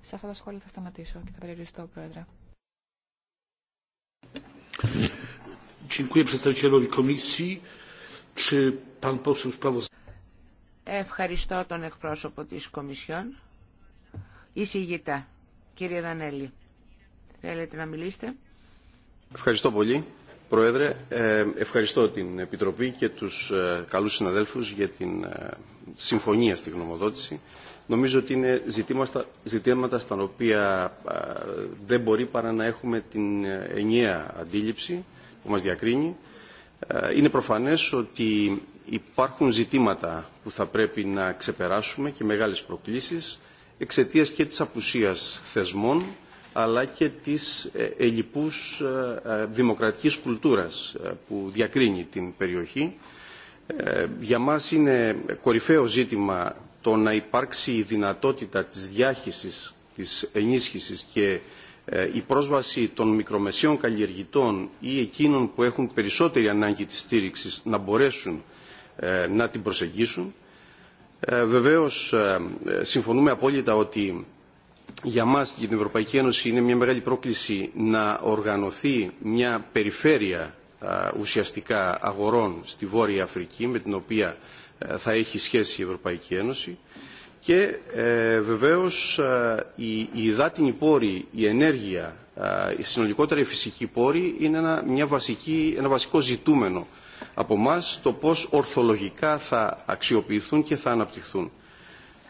σε αυτά τα σχόλια θα σταματήσω και θα περιοριστώ, Πρόεδρε. Ευχαριστώ τον εκπρόσωπο της Κομισιόν. Εισηγητά, κύριε Δανέλη, θέλετε να μιλήσετε. Ευχαριστώ πολύ. Πρόεδρε, ε, ευχαριστώ την Επιτροπή και τους ε, καλούς συναδέλφους για την ε, συμφωνία στη γνωμοδότηση. Νομίζω ότι είναι ζητήματα, στα οποία δεν μπορεί παρά να έχουμε την ενιαία αντίληψη που μας διακρίνει. Είναι προφανές ότι υπάρχουν ζητήματα που θα πρέπει να ξεπεράσουμε και μεγάλες προκλήσεις εξαιτίας και της απουσίας θεσμών αλλά και της ε, ελλειπούς ε, ε, δημοκρατικής κουλτούρας που διακρίνει την περιοχή. Για μας είναι κορυφαίο ζήτημα το να υπάρξει η δυνατότητα της διάχυσης, της ενίσχυσης και η πρόσβαση των μικρομεσαίων καλλιεργητών ή εκείνων που έχουν περισσότερη ανάγκη της στήριξης να μπορέσουν να την προσεγγίσουν. Βεβαίως συμφωνούμε απόλυτα ότι για μας, για την Ευρωπαϊκή Ένωση, είναι μια μεγάλη πρόκληση να οργανωθεί μια περιφέρεια ουσιαστικά αγορών στη Βόρεια Αφρική, με την οποία ε, θα έχει σχέση η Ευρωπαϊκή Ένωση. Και ε, βεβαίως η, η υδάτινη πόρη, η ενέργεια, η συνολικότερα η φυσική πόρη είναι ένα, μια βασική, ένα βασικό ζητούμενο από μας το πώς ορθολογικά θα αξιοποιηθούν και θα αναπτυχθούν.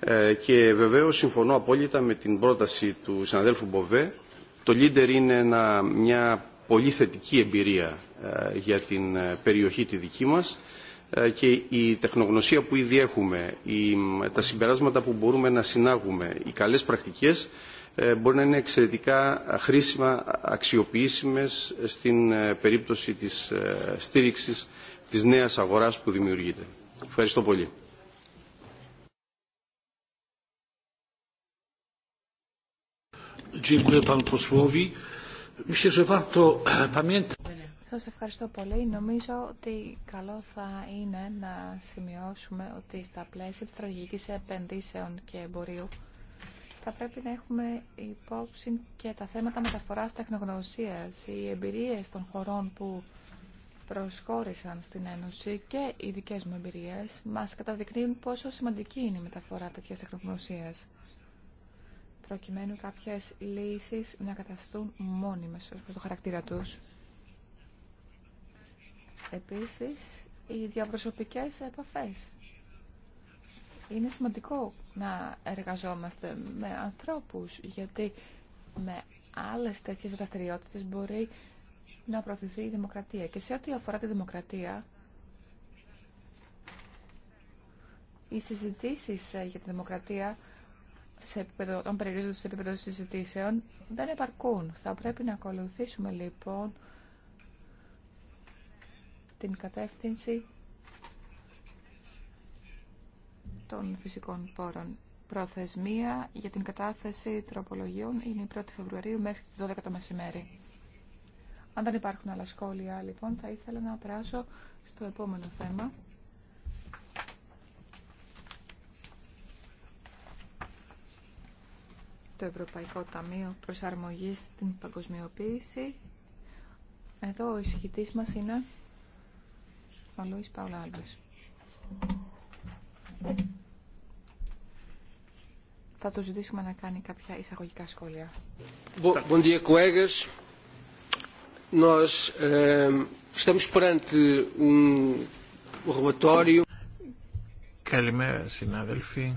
Ε, και βεβαίως συμφωνώ απόλυτα με την πρόταση του συναδέλφου Μποβέ. Το Λίντερ είναι μια πολύ θετική εμπειρία ε, για την ε, περιοχή τη δική μας και η τεχνογνωσία που ήδη έχουμε, τα συμπεράσματα που μπορούμε να συνάγουμε, οι καλές πρακτικές μπορεί να είναι εξαιρετικά χρήσιμα, αξιοποιήσιμες στην περίπτωση της στήριξης της νέας αγοράς που δημιουργείται. Ευχαριστώ πολύ. E, Σας ευχαριστώ πολύ. Νομίζω ότι καλό θα είναι να σημειώσουμε ότι στα πλαίσια της στρατηγικής επενδύσεων και εμπορίου θα πρέπει να έχουμε υπόψη και τα θέματα μεταφοράς τεχνογνωσίας, οι εμπειρίες των χωρών που προσχώρησαν στην Ένωση και οι δικές μου εμπειρίες μας καταδεικνύουν πόσο σημαντική είναι η μεταφορά τέτοιας τεχνογνωσίας προκειμένου κάποιες λύσεις να καταστούν μόνιμες ως το χαρακτήρα τους. Επίσης, οι διαπροσωπικές επαφές. Είναι σημαντικό να εργαζόμαστε με ανθρώπους, γιατί με άλλες τέτοιες δραστηριότητες μπορεί να προωθηθεί η δημοκρατία. Και σε ό,τι αφορά τη δημοκρατία, οι συζητήσεις ε, για τη δημοκρατία σε επίπεδο, όταν σε επίπεδο συζητήσεων, δεν επαρκούν. Θα πρέπει να ακολουθήσουμε λοιπόν την κατεύθυνση των φυσικών πόρων. Προθεσμία για την κατάθεση τροπολογιών είναι η 1η Φεβρουαρίου μέχρι τις 12 το μεσημέρι. Αν δεν υπάρχουν άλλα σχόλια, λοιπόν, θα ήθελα να περάσω στο επόμενο θέμα. το Ευρωπαϊκό Ταμείο Προσαρμογής στην Παγκοσμιοποίηση. Εδώ ο εισηγητής μας είναι ο Λούις Άλβες. Θα του ζητήσουμε να κάνει κάποια εισαγωγικά σχόλια. Bom dia, colegas. Nós ε, estamos perante um relatório. Καλημέρα, συνάδελφοι.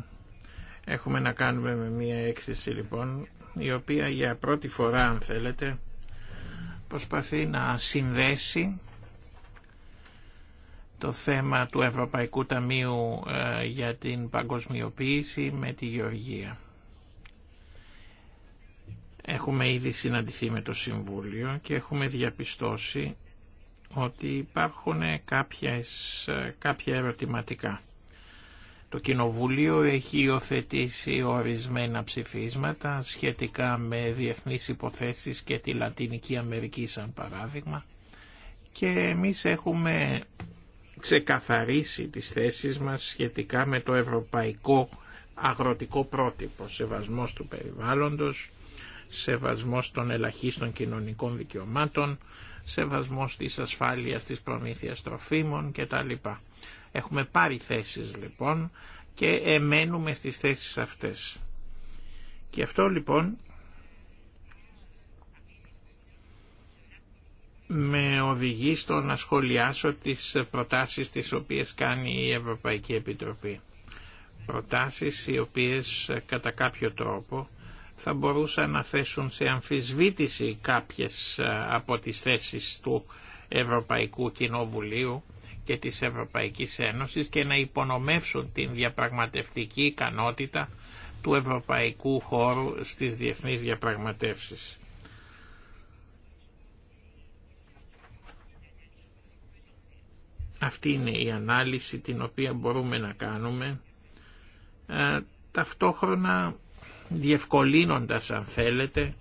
Έχουμε να κάνουμε με μία έκθεση λοιπόν, η οποία για πρώτη φορά αν θέλετε προσπαθεί να συνδέσει το θέμα του Ευρωπαϊκού Ταμείου ε, για την παγκοσμιοποίηση με τη Γεωργία. Έχουμε ήδη συναντηθεί με το Συμβούλιο και έχουμε διαπιστώσει ότι υπάρχουν ε, κάποια ερωτηματικά. Το Κοινοβουλίο έχει υιοθετήσει ορισμένα ψηφίσματα σχετικά με διεθνείς υποθέσεις και τη Λατινική Αμερική σαν παράδειγμα και εμείς έχουμε ξεκαθαρίσει τις θέσεις μας σχετικά με το ευρωπαϊκό αγροτικό πρότυπο, σεβασμός του περιβάλλοντος, σεβασμός των ελαχίστων κοινωνικών δικαιωμάτων, σεβασμός της ασφάλειας της προμήθειας τροφίμων κτλ. Έχουμε πάρει θέσεις λοιπόν και εμένουμε στις θέσεις αυτές. Και αυτό λοιπόν με οδηγεί στο να σχολιάσω τις προτάσεις τις οποίες κάνει η Ευρωπαϊκή Επιτροπή. Προτάσεις οι οποίες κατά κάποιο τρόπο θα μπορούσαν να θέσουν σε αμφισβήτηση κάποιες ε, από τις θέσεις του Ευρωπαϊκού Κοινοβουλίου και της Ευρωπαϊκής Ένωσης και να υπονομεύσουν την διαπραγματευτική ικανότητα του ευρωπαϊκού χώρου στις διεθνείς διαπραγματεύσεις. Αυτή είναι η ανάλυση την οποία μπορούμε να κάνουμε. Ε, ταυτόχρονα διευκολύνοντας αν θέλετε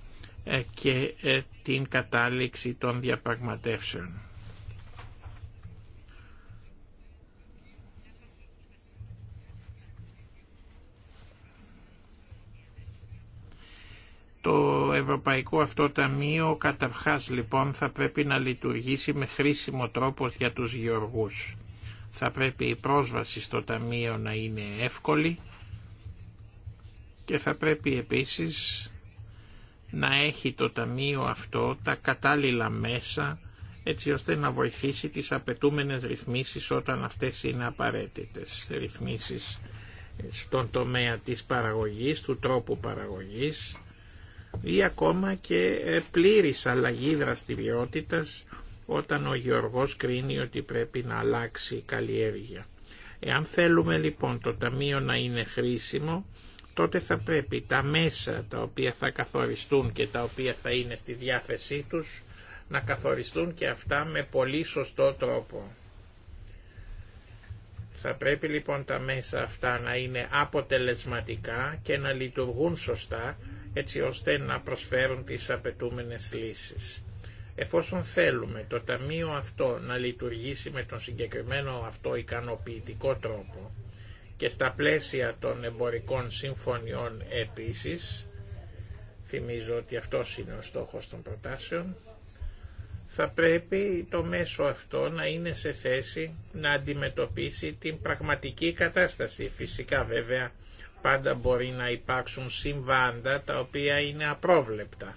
ε, και ε, την κατάληξη των διαπραγματεύσεων. Το Ευρωπαϊκό αυτό Ταμείο καταρχάς λοιπόν θα πρέπει να λειτουργήσει με χρήσιμο τρόπο για τους γεωργούς. Θα πρέπει η πρόσβαση στο Ταμείο να είναι εύκολη και θα πρέπει επίσης να έχει το ταμείο αυτό τα κατάλληλα μέσα έτσι ώστε να βοηθήσει τις απαιτούμενες ρυθμίσεις όταν αυτές είναι απαραίτητες ρυθμίσεις στον τομέα της παραγωγής, του τρόπου παραγωγής ή ακόμα και ε, πλήρης αλλαγή δραστηριότητας όταν ο Γεωργός κρίνει ότι πρέπει να αλλάξει η καλλιέργεια. Εάν θέλουμε λοιπόν το Ταμείο να είναι χρήσιμο, τότε θα πρέπει τα μέσα τα οποία θα καθοριστούν και τα οποία θα είναι στη διάθεσή τους να καθοριστούν και αυτά με πολύ σωστό τρόπο. Θα πρέπει λοιπόν τα μέσα αυτά να είναι αποτελεσματικά και να λειτουργούν σωστά έτσι ώστε να προσφέρουν τις απαιτούμενες λύσεις. Εφόσον θέλουμε το Ταμείο αυτό να λειτουργήσει με τον συγκεκριμένο αυτό ικανοποιητικό τρόπο, και στα πλαίσια των εμπορικών συμφωνιών επίσης, θυμίζω ότι αυτό είναι ο στόχος των προτάσεων, θα πρέπει το μέσο αυτό να είναι σε θέση να αντιμετωπίσει την πραγματική κατάσταση. Φυσικά βέβαια πάντα μπορεί να υπάρξουν συμβάντα τα οποία είναι απρόβλεπτα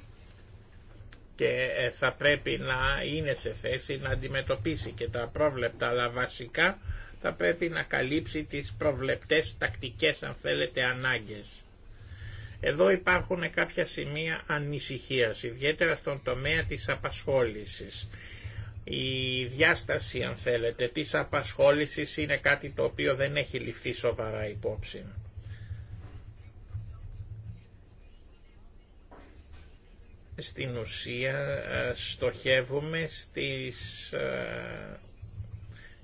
και ε, θα πρέπει να είναι σε θέση να αντιμετωπίσει και τα απρόβλεπτα αλλά βασικά θα πρέπει να καλύψει τις προβλεπτές τακτικές αν θέλετε ανάγκες. Εδώ υπάρχουν κάποια σημεία ανησυχίας, ιδιαίτερα στον τομέα της απασχόλησης. Η διάσταση, αν θέλετε, της απασχόλησης είναι κάτι το οποίο δεν έχει ληφθεί σοβαρά υπόψη. Στην ουσία ε, στοχεύουμε στις ε,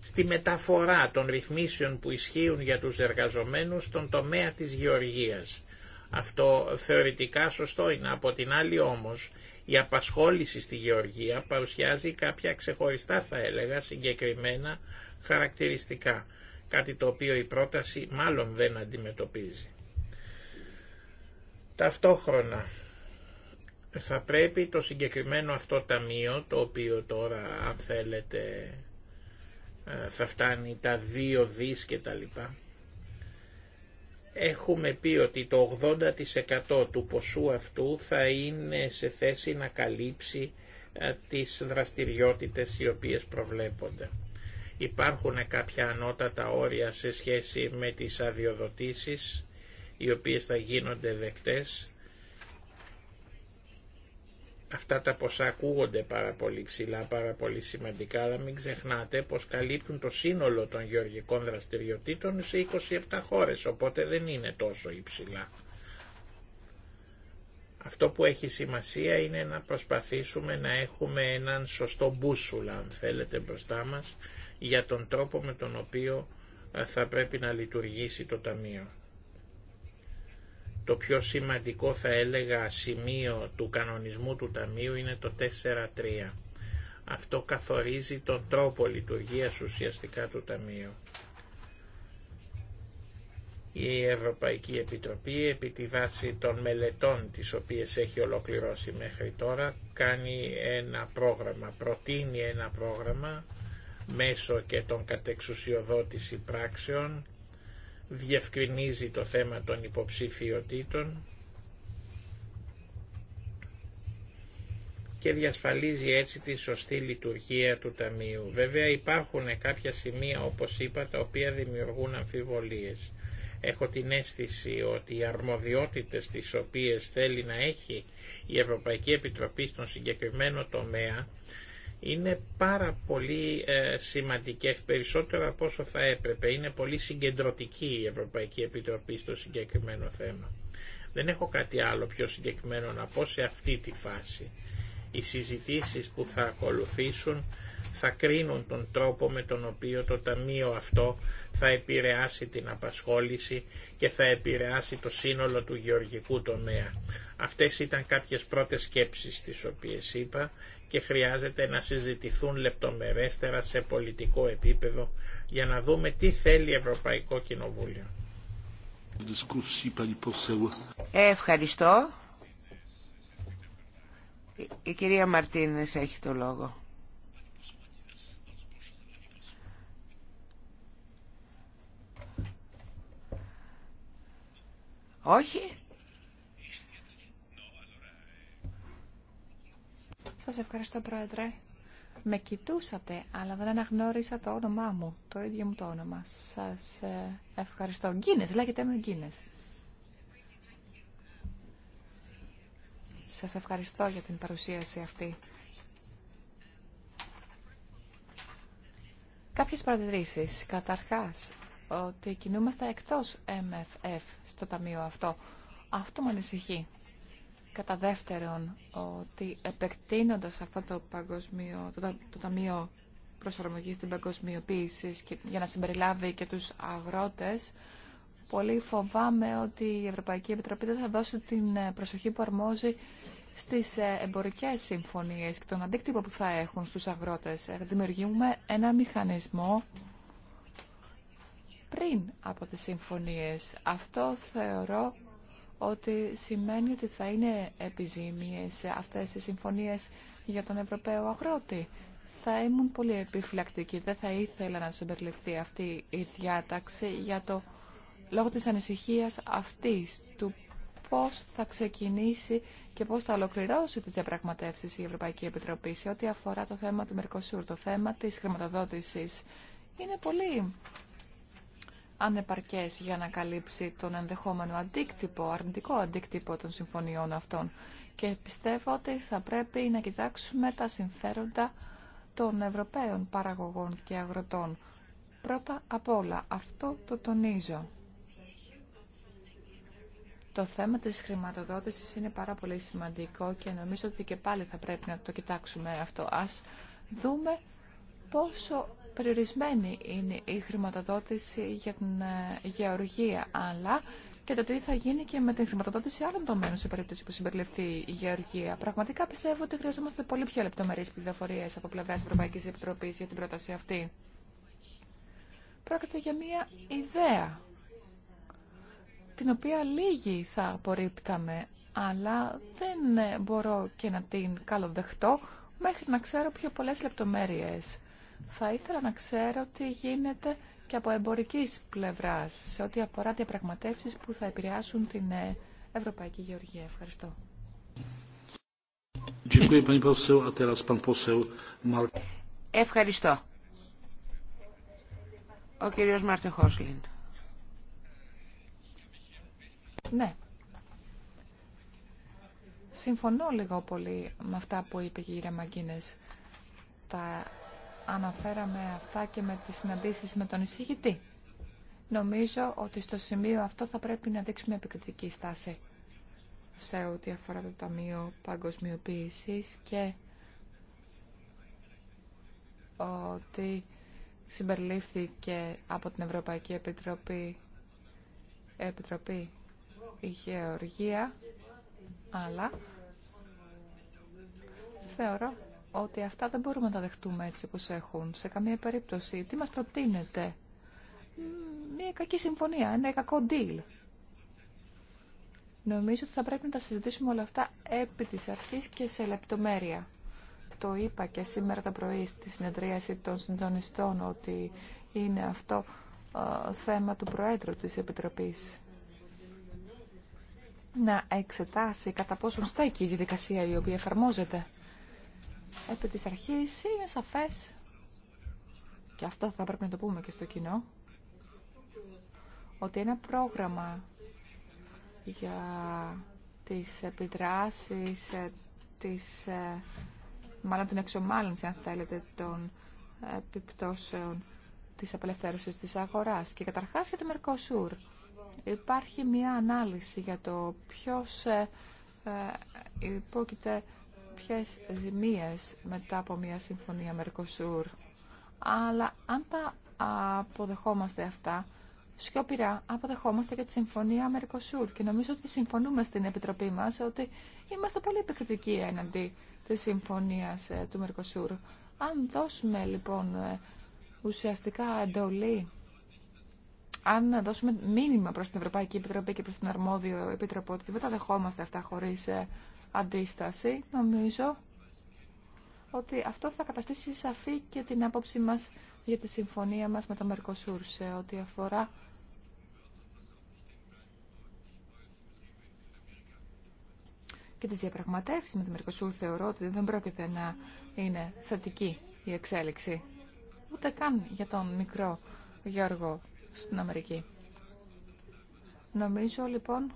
στη μεταφορά των ρυθμίσεων που ισχύουν για τους εργαζομένους στον τομέα της γεωργίας. Αυτό θεωρητικά σωστό είναι. Από την άλλη όμως η απασχόληση στη γεωργία παρουσιάζει κάποια ξεχωριστά θα έλεγα συγκεκριμένα χαρακτηριστικά. Κάτι το οποίο η πρόταση μάλλον δεν αντιμετωπίζει. Ταυτόχρονα θα πρέπει το συγκεκριμένο αυτό ταμείο το οποίο τώρα αν θέλετε ε, θα φτάνει τα δύο δις και τα λοιπά. Έχουμε πει ότι το 80% του ποσού αυτού θα είναι σε θέση να καλύψει ε, τις δραστηριότητες οι οποίες προβλέπονται. Υπάρχουν κάποια ανώτατα όρια σε σχέση με τις αδειοδοτήσεις οι οποίες θα γίνονται δεκτές Αυτά τα ποσά ακούγονται πάρα πολύ ψηλά, πάρα πολύ σημαντικά, αλλά μην ξεχνάτε πως καλύπτουν το σύνολο των γεωργικών δραστηριοτήτων σε 27 χώρες, οπότε δεν είναι τόσο υψηλά. Αυτό που έχει σημασία είναι να προσπαθήσουμε να έχουμε έναν σωστό μπούσουλα, αν θέλετε, μπροστά μας, για τον τρόπο με τον οποίο ε, θα πρέπει να λειτουργήσει το Ταμείο. Το πιο σημαντικό θα έλεγα σημείο του κανονισμού του Ταμείου είναι το 4-3. Αυτό καθορίζει τον τρόπο λειτουργίας ουσιαστικά του Ταμείου. Η Ευρωπαϊκή Επιτροπή, επί τη βάση των μελετών τις οποίες έχει ολοκληρώσει μέχρι τώρα, κάνει ένα πρόγραμμα, προτείνει ένα πρόγραμμα μέσω και των κατεξουσιοδότηση πράξεων διευκρινίζει το θέμα των υποψηφιωτήτων και διασφαλίζει έτσι τη σωστή λειτουργία του Ταμείου. Βέβαια υπάρχουν κάποια σημεία όπως είπα τα οποία δημιουργούν αμφιβολίες. Έχω την αίσθηση ότι οι αρμοδιότητες τις οποίες θέλει να έχει η Ευρωπαϊκή Επιτροπή στον συγκεκριμένο τομέα είναι πάρα πολύ ε, σημαντικές, περισσότερο από όσο θα έπρεπε. Είναι πολύ συγκεντρωτική η Ευρωπαϊκή Επιτροπή στο συγκεκριμένο θέμα. Δεν έχω κάτι άλλο πιο συγκεκριμένο να πω σε αυτή τη φάση. Οι συζητήσεις που θα ακολουθήσουν θα κρίνουν τον τρόπο με τον οποίο το Ταμείο αυτό θα επηρεάσει την απασχόληση και θα επηρεάσει το σύνολο του γεωργικού τομέα. Αυτές ήταν κάποιες πρώτες σκέψεις τις οποίες είπα και χρειάζεται να συζητηθούν λεπτομερέστερα σε πολιτικό επίπεδο για να δούμε τι θέλει Ευρωπαϊκό Κοινοβούλιο. Ευχαριστώ. Η κυρία Μαρτίνες έχει το λόγο. Όχι. Σας ευχαριστώ Πρόεδρε. Με κοιτούσατε, αλλά δεν αναγνώρισα το όνομά μου, το ίδιο μου το όνομα. Σας ε, ευχαριστώ. Γκίνες, λέγεται με Γκίνες. Σας ευχαριστώ για την παρουσίαση αυτή. Κάποιες παρατηρήσεις. Καταρχάς, ότι κινούμαστε εκτός MFF στο ταμείο αυτό. Αυτό με ανησυχεί. Κατά δεύτερον, ότι επεκτείνοντας αυτό το, παγκοσμίο, το, το Ταμείο Προσαρμογής στην Παγκοσμιοποίηση και, για να συμπεριλάβει και τους αγρότες, πολύ φοβάμαι ότι η Ευρωπαϊκή Επιτροπή δεν θα δώσει την ε, προσοχή που αρμόζει στις ε, εμπορικές συμφωνίες και τον αντίκτυπο που θα έχουν στους αγρότες. Ε, δημιουργούμε ένα μηχανισμό πριν από τις συμφωνίες. Αυτό θεωρώ ότι σημαίνει ότι θα είναι επιζήμιες αυτές οι συμφωνίες για τον Ευρωπαίο αγρότη. Θα ήμουν πολύ επιφυλακτική. Δεν θα ήθελα να συμπεριληφθεί αυτή η διάταξη για το λόγω της ανησυχίας αυτής του πώς θα ξεκινήσει και πώς θα ολοκληρώσει τις διαπραγματεύσεις η Ευρωπαϊκή Επιτροπή σε ό,τι αφορά το θέμα του Μερκοσούρ, το θέμα της χρηματοδότησης. Είναι πολύ ανεπαρκές για να καλύψει τον ενδεχόμενο αντίκτυπο, αρνητικό αντίκτυπο των συμφωνιών αυτών. Και πιστεύω ότι θα πρέπει να κοιτάξουμε τα συμφέροντα των Ευρωπαίων παραγωγών και αγροτών. Πρώτα απ' όλα, αυτό το τονίζω. Το θέμα της χρηματοδότησης είναι πάρα πολύ σημαντικό και νομίζω ότι και πάλι θα πρέπει να το κοιτάξουμε αυτό. Ας δούμε πόσο περιορισμένη είναι η χρηματοδότηση για την ε, γεωργία, αλλά και το τι θα γίνει και με την χρηματοδότηση άλλων τομέων σε περίπτωση που συμπεριληφθεί η γεωργία. Πραγματικά πιστεύω ότι χρειαζόμαστε πολύ πιο λεπτομερείς πληροφορίε από πλευρά Ευρωπαϊκή Επιτροπή για την πρόταση αυτή. Πρόκειται για μία ιδέα την οποία λίγοι θα απορρίπταμε, αλλά δεν μπορώ και να την καλοδεχτώ μέχρι να ξέρω πιο πολλές λεπτομέρειες. Θα ήθελα να ξέρω τι γίνεται και από εμπορικής πλευράς σε ό,τι αφορά διαπραγματεύσει που θα επηρεάσουν την ε, Ευρωπαϊκή Γεωργία. Ευχαριστώ. Ευχαριστώ. Ο κύριος Μάρτιν Χόσλιν. Ναι. Συμφωνώ λίγο πολύ με αυτά που είπε η κυρία Μαγκίνες. Τα αναφέραμε αυτά και με τις συναντήσεις με τον εισηγητή. Νομίζω ότι στο σημείο αυτό θα πρέπει να δείξουμε επικριτική στάση σε ό,τι αφορά το Ταμείο Παγκοσμιοποίησης και ότι συμπεριλήφθηκε από την Ευρωπαϊκή Επιτροπή, Επιτροπή η Γεωργία, αλλά θεωρώ ότι αυτά δεν μπορούμε να τα δεχτούμε έτσι όπως έχουν, σε καμία περίπτωση. Τι μας προτείνετε; Μια κακή συμφωνία, ένα κακό deal. Νομίζω ότι θα πρέπει να τα συζητήσουμε όλα αυτά επί της αρχής και σε λεπτομέρεια. Το είπα και σήμερα το πρωί στη συνεδρίαση των συντονιστών ότι είναι αυτό θέμα του Προέδρου της Επιτροπής να εξετάσει κατά πόσον στέκει η διαδικασία η οποία εφαρμόζεται επί της αρχής είναι σαφές και αυτό θα πρέπει να το πούμε και στο κοινό ότι ένα πρόγραμμα για τις επιδράσεις ε, της, ε, μάλλον την εξομάλυνση αν θέλετε των επιπτώσεων της απελευθέρωσης της αγοράς και καταρχάς για το Μερκοσούρ υπάρχει μια ανάλυση για το ποιος ε, υπόκειται κάποιες ζημίες μετά από μια συμφωνία Μερκοσούρ. Αλλά αν τα αποδεχόμαστε αυτά, σιωπηρά αποδεχόμαστε και τη συμφωνία Μερκοσούρ. Και νομίζω ότι συμφωνούμε στην Επιτροπή μας ότι είμαστε πολύ επικριτικοί έναντι της συμφωνίας ε, του Μερκοσούρ. Αν δώσουμε λοιπόν ε, ουσιαστικά εντολή αν δώσουμε μήνυμα προς την Ευρωπαϊκή Επιτροπή και προς την αρμόδιο Επίτροπο ότι δεν τα δεχόμαστε αυτά χωρίς ε, αντίσταση, νομίζω ότι αυτό θα καταστήσει σαφή και την άποψή μας για τη συμφωνία μας με το Μερκοσούρ σε ό,τι αφορά και τις διαπραγματεύσεις με το Μερκοσούρ θεωρώ ότι δεν πρόκειται να είναι θετική η εξέλιξη ούτε καν για τον μικρό Γιώργο στην Αμερική. Νομίζω λοιπόν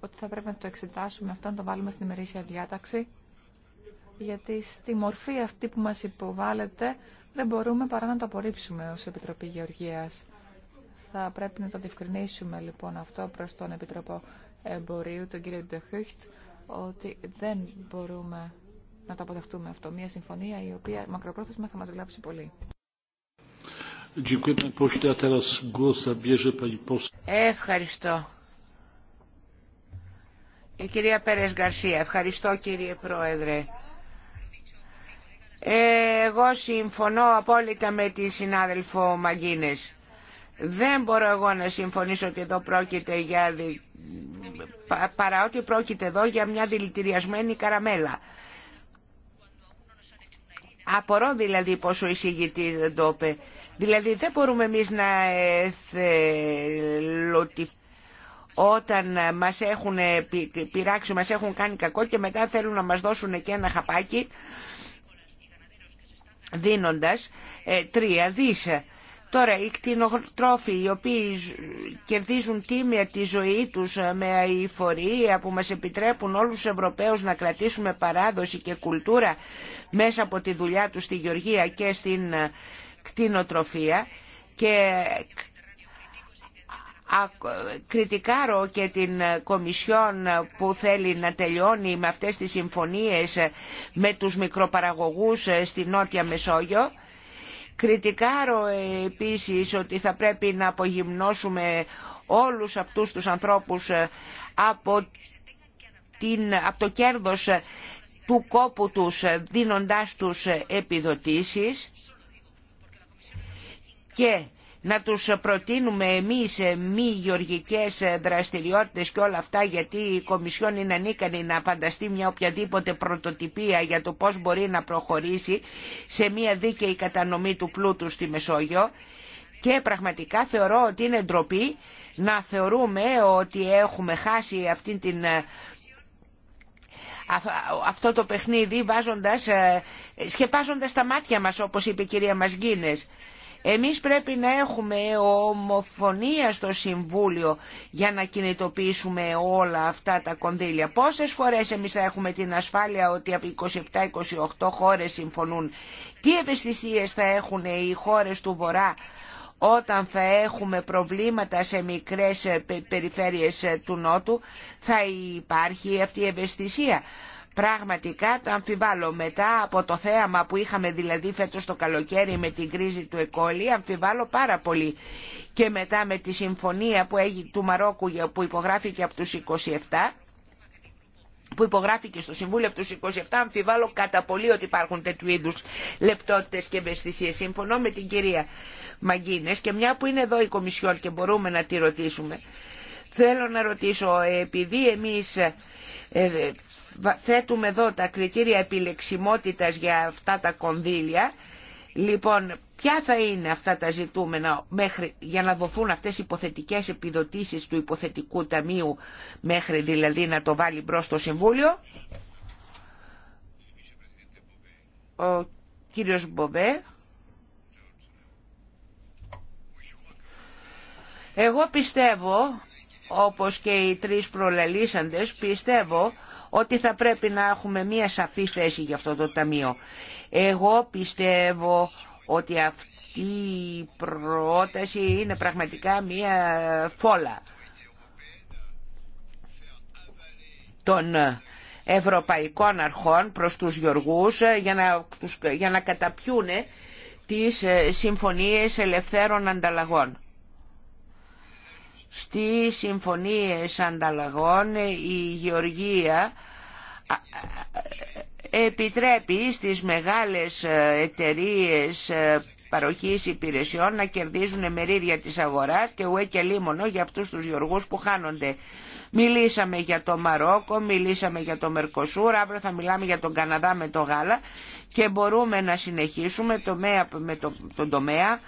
ότι θα πρέπει να το εξετάσουμε αυτό, να το βάλουμε στην ημερήσια διάταξη, γιατί στη μορφή αυτή που μας υποβάλλεται δεν μπορούμε παρά να το απορρίψουμε ως Επιτροπή Γεωργίας. Θα πρέπει να το διευκρινίσουμε λοιπόν αυτό προς τον Επιτροπό Εμπορίου, τον κύριο Ντεχούχτ, ότι δεν μπορούμε να το αποδεχτούμε αυτό. Μια συμφωνία η οποία μακροπρόθεσμα θα μας γλάψει πολύ. Ευχαριστώ. Η ε, κυρία Πέρες Γκαρσία. Ευχαριστώ κύριε Πρόεδρε. Ε, εγώ συμφωνώ απόλυτα με τη συνάδελφο Μαγκίνες. Δεν μπορώ εγώ να συμφωνήσω ότι εδώ πρόκειται για... παρά ότι πρόκειται εδώ για μια δηλητηριασμένη καραμέλα. Απορώ δηλαδή πόσο εισηγητή δεν το είπε. Δηλαδή δεν μπορούμε εμείς να εθελοτυφθούμε όταν μας έχουν πειράξει, μας έχουν κάνει κακό και μετά θέλουν να μας δώσουν και ένα χαπάκι δίνοντας ε, τρία δις. Τώρα οι κτηνοτρόφοι οι οποίοι κερδίζουν τίμια τη ζωή τους ε, με αηφορία που μας επιτρέπουν όλους τους Ευρωπαίους να κρατήσουμε παράδοση και κουλτούρα μέσα από τη δουλειά τους στη Γεωργία και στην ε, κτηνοτροφία και κριτικάρω και την Κομισιόν που θέλει να τελειώνει με αυτές τις συμφωνίες με τους μικροπαραγωγούς στη Νότια Μεσόγειο. Κριτικάρω ε, επίσης ότι θα πρέπει να απογυμνώσουμε όλους αυτούς τους ανθρώπους ε, από, την, από το κέρδος του κόπου τους ε, δίνοντάς τους επιδοτήσεις και να τους προτείνουμε εμείς μη γεωργικές δραστηριότητες και όλα αυτά γιατί η Κομισιόν είναι ανίκανη να φανταστεί μια οποιαδήποτε πρωτοτυπία για το πώς μπορεί να προχωρήσει σε μια δίκαιη κατανομή του πλούτου στη Μεσόγειο και πραγματικά θεωρώ ότι είναι ντροπή να θεωρούμε ότι έχουμε χάσει αυτή την ε, αυτό το παιχνίδι βάζοντας, ε, σκεπάζοντας τα μάτια μας όπως είπε η κυρία Μασγκίνες. Εμείς πρέπει να έχουμε ομοφωνία στο Συμβούλιο για να κινητοποιήσουμε όλα αυτά τα κονδύλια. Πόσες φορές εμείς θα έχουμε την ασφάλεια ότι από 27-28 χώρες συμφωνούν. Τι ευαισθησίες θα έχουν οι χώρες του Βορρά όταν θα έχουμε προβλήματα σε μικρές ε, περιφέρειες ε, του Νότου θα υπάρχει αυτή η ευαισθησία. Πραγματικά το αμφιβάλλω. Μετά από το θέαμα που είχαμε δηλαδή φέτος το καλοκαίρι με την κρίση του Εκόλη, αμφιβάλλω πάρα πολύ. Και μετά με τη συμφωνία που έγινε του Μαρόκου που υπογράφηκε από τους 27, που υπογράφηκε στο Συμβούλιο από τους 27, αμφιβάλλω κατά πολύ ότι υπάρχουν τέτοιου είδου λεπτότητες και ευαισθησίες. Συμφωνώ με την κυρία Μαγκίνες και μια που είναι εδώ η Κομισιόλ και μπορούμε να τη ρωτήσουμε. Θέλω να ρωτήσω, επειδή εμείς ε, θέτουμε εδώ τα κριτήρια επιλεξιμότητας για αυτά τα κονδύλια, λοιπόν ποια θα είναι αυτά τα ζητούμενα μέχρι, για να δοθούν αυτές οι υποθετικές επιδοτήσεις του υποθετικού ταμείου μέχρι δηλαδή να το βάλει μπρος στο Συμβούλιο. Ο κύριος Μποβέ. Εγώ πιστεύω, όπως και οι τρεις προλαλήσαντες, πιστεύω ότι θα πρέπει να έχουμε μία σαφή θέση για αυτό το ταμείο. Εγώ πιστεύω ότι αυτή η πρόταση είναι πραγματικά μία φόλα των ευρωπαϊκών αρχών προς τους Γιωργούς ε, για να, για να καταπιούνε τις ε, συμφωνίες ελευθέρων ανταλλαγών στις συμφωνίες ανταλλαγών η Γεωργία επιτρέπει στις μεγάλες εταιρείες παροχής υπηρεσιών να κερδίζουν μερίδια της αγοράς και ουέ και λίμωνο για αυτούς τους γεωργούς που χάνονται. Μιλήσαμε για το Μαρόκο, μιλήσαμε για το Μερκοσούρ, αύριο θα μιλάμε για τον Καναδά με το Γάλα και μπορούμε να συνεχίσουμε με τον τομέα.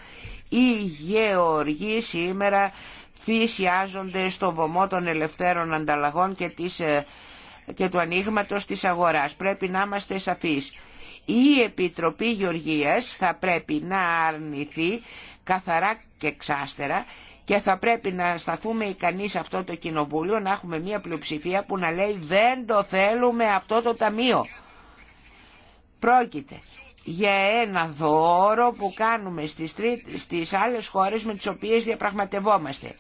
η γεωργή σήμερα θυσιάζονται στο βωμό των ελευθέρων ανταλλαγών και, ε, του ανοίγματο της αγοράς. Πρέπει να είμαστε σαφείς. Η Επιτροπή Γεωργίας θα πρέπει να αρνηθεί καθαρά και ξάστερα και θα πρέπει να σταθούμε ικανοί σε αυτό το κοινοβούλιο να έχουμε μια πλειοψηφία που να λέει δεν το θέλουμε αυτό το ταμείο. Πρόκειται για ένα δώρο που κάνουμε στις, τρί, στις άλλες χώρες με τις οποίες διαπραγματευόμαστε.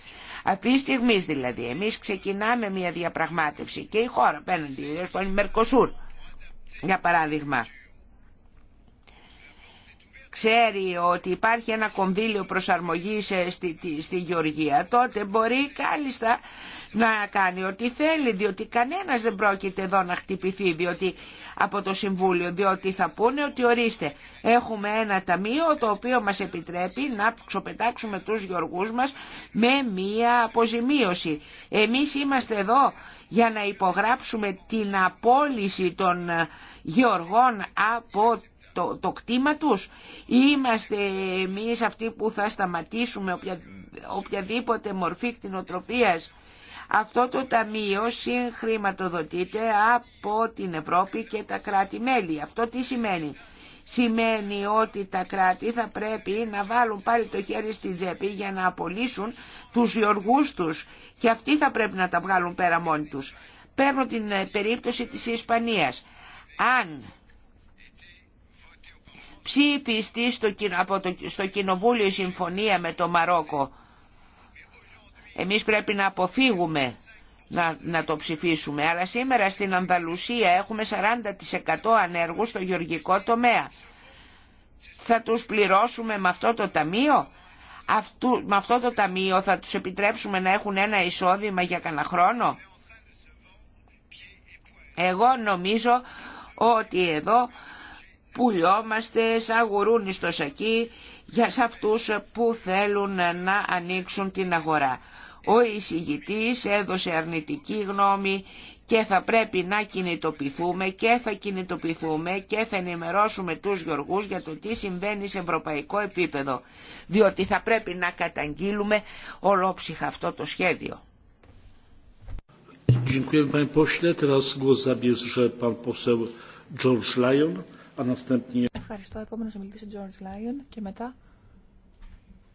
Αυτή τη στιγμή δηλαδή εμείς ξεκινάμε μια διαπραγμάτευση και η χώρα απέναντι, η Μερκοσούρ για παράδειγμα. Ξέρει ότι υπάρχει ένα κονδύλιο προσαρμογής ε, στη, στη, στη Γεωργία, τότε μπορεί κάλλιστα να κάνει ό,τι θέλει, διότι κανένας δεν πρόκειται εδώ να χτυπηθεί διότι, από το Συμβούλιο, διότι θα πούνε ότι ορίστε, έχουμε ένα ταμείο το οποίο μας επιτρέπει να ξοπετάξουμε τους γιοργούς μας με μία αποζημίωση. Εμείς είμαστε εδώ για να υπογράψουμε την απόλυση των γεωργών από το, το κτήμα τους. Είμαστε εμείς αυτοί που θα σταματήσουμε οποια, οποιαδήποτε μορφή κτηνοτροφίας αυτό το ταμείο συγχρηματοδοτείται από την Ευρώπη και τα κράτη-μέλη. Αυτό τι σημαίνει. Σημαίνει ότι τα κράτη θα πρέπει να βάλουν πάλι το χέρι στην τσέπη για να απολύσουν τους γεωργούς τους και αυτοί θα πρέπει να τα βγάλουν πέρα μόνοι τους. Παίρνω την ε, περίπτωση της Ισπανίας. Αν ψήφιστη στο, κοινοβούλιο η συμφωνία με το Μαρόκο εμείς πρέπει να αποφύγουμε να, να το ψηφίσουμε. Αλλά σήμερα στην Ανδαλουσία έχουμε 40% ανέργους στο γεωργικό τομέα. Θα τους πληρώσουμε με αυτό το ταμείο. με αυτό το ταμείο θα τους επιτρέψουμε να έχουν ένα εισόδημα για κανένα χρόνο. Εγώ νομίζω ότι εδώ πουλιόμαστε σαν γουρούνι στο σακί για σε αυτούς που θέλουν να ανοίξουν την αγορά. Ο εισηγητής έδωσε αρνητική γνώμη και θα πρέπει να κινητοποιηθούμε και θα κινητοποιηθούμε και θα ενημερώσουμε τους γεωργούς για το τι συμβαίνει σε ευρωπαϊκό επίπεδο. Διότι θα πρέπει να καταγγείλουμε ολόψυχα αυτό το σχέδιο. Ευχαριστώ. Επόμενος ομιλητής ο George Λάιον και μετά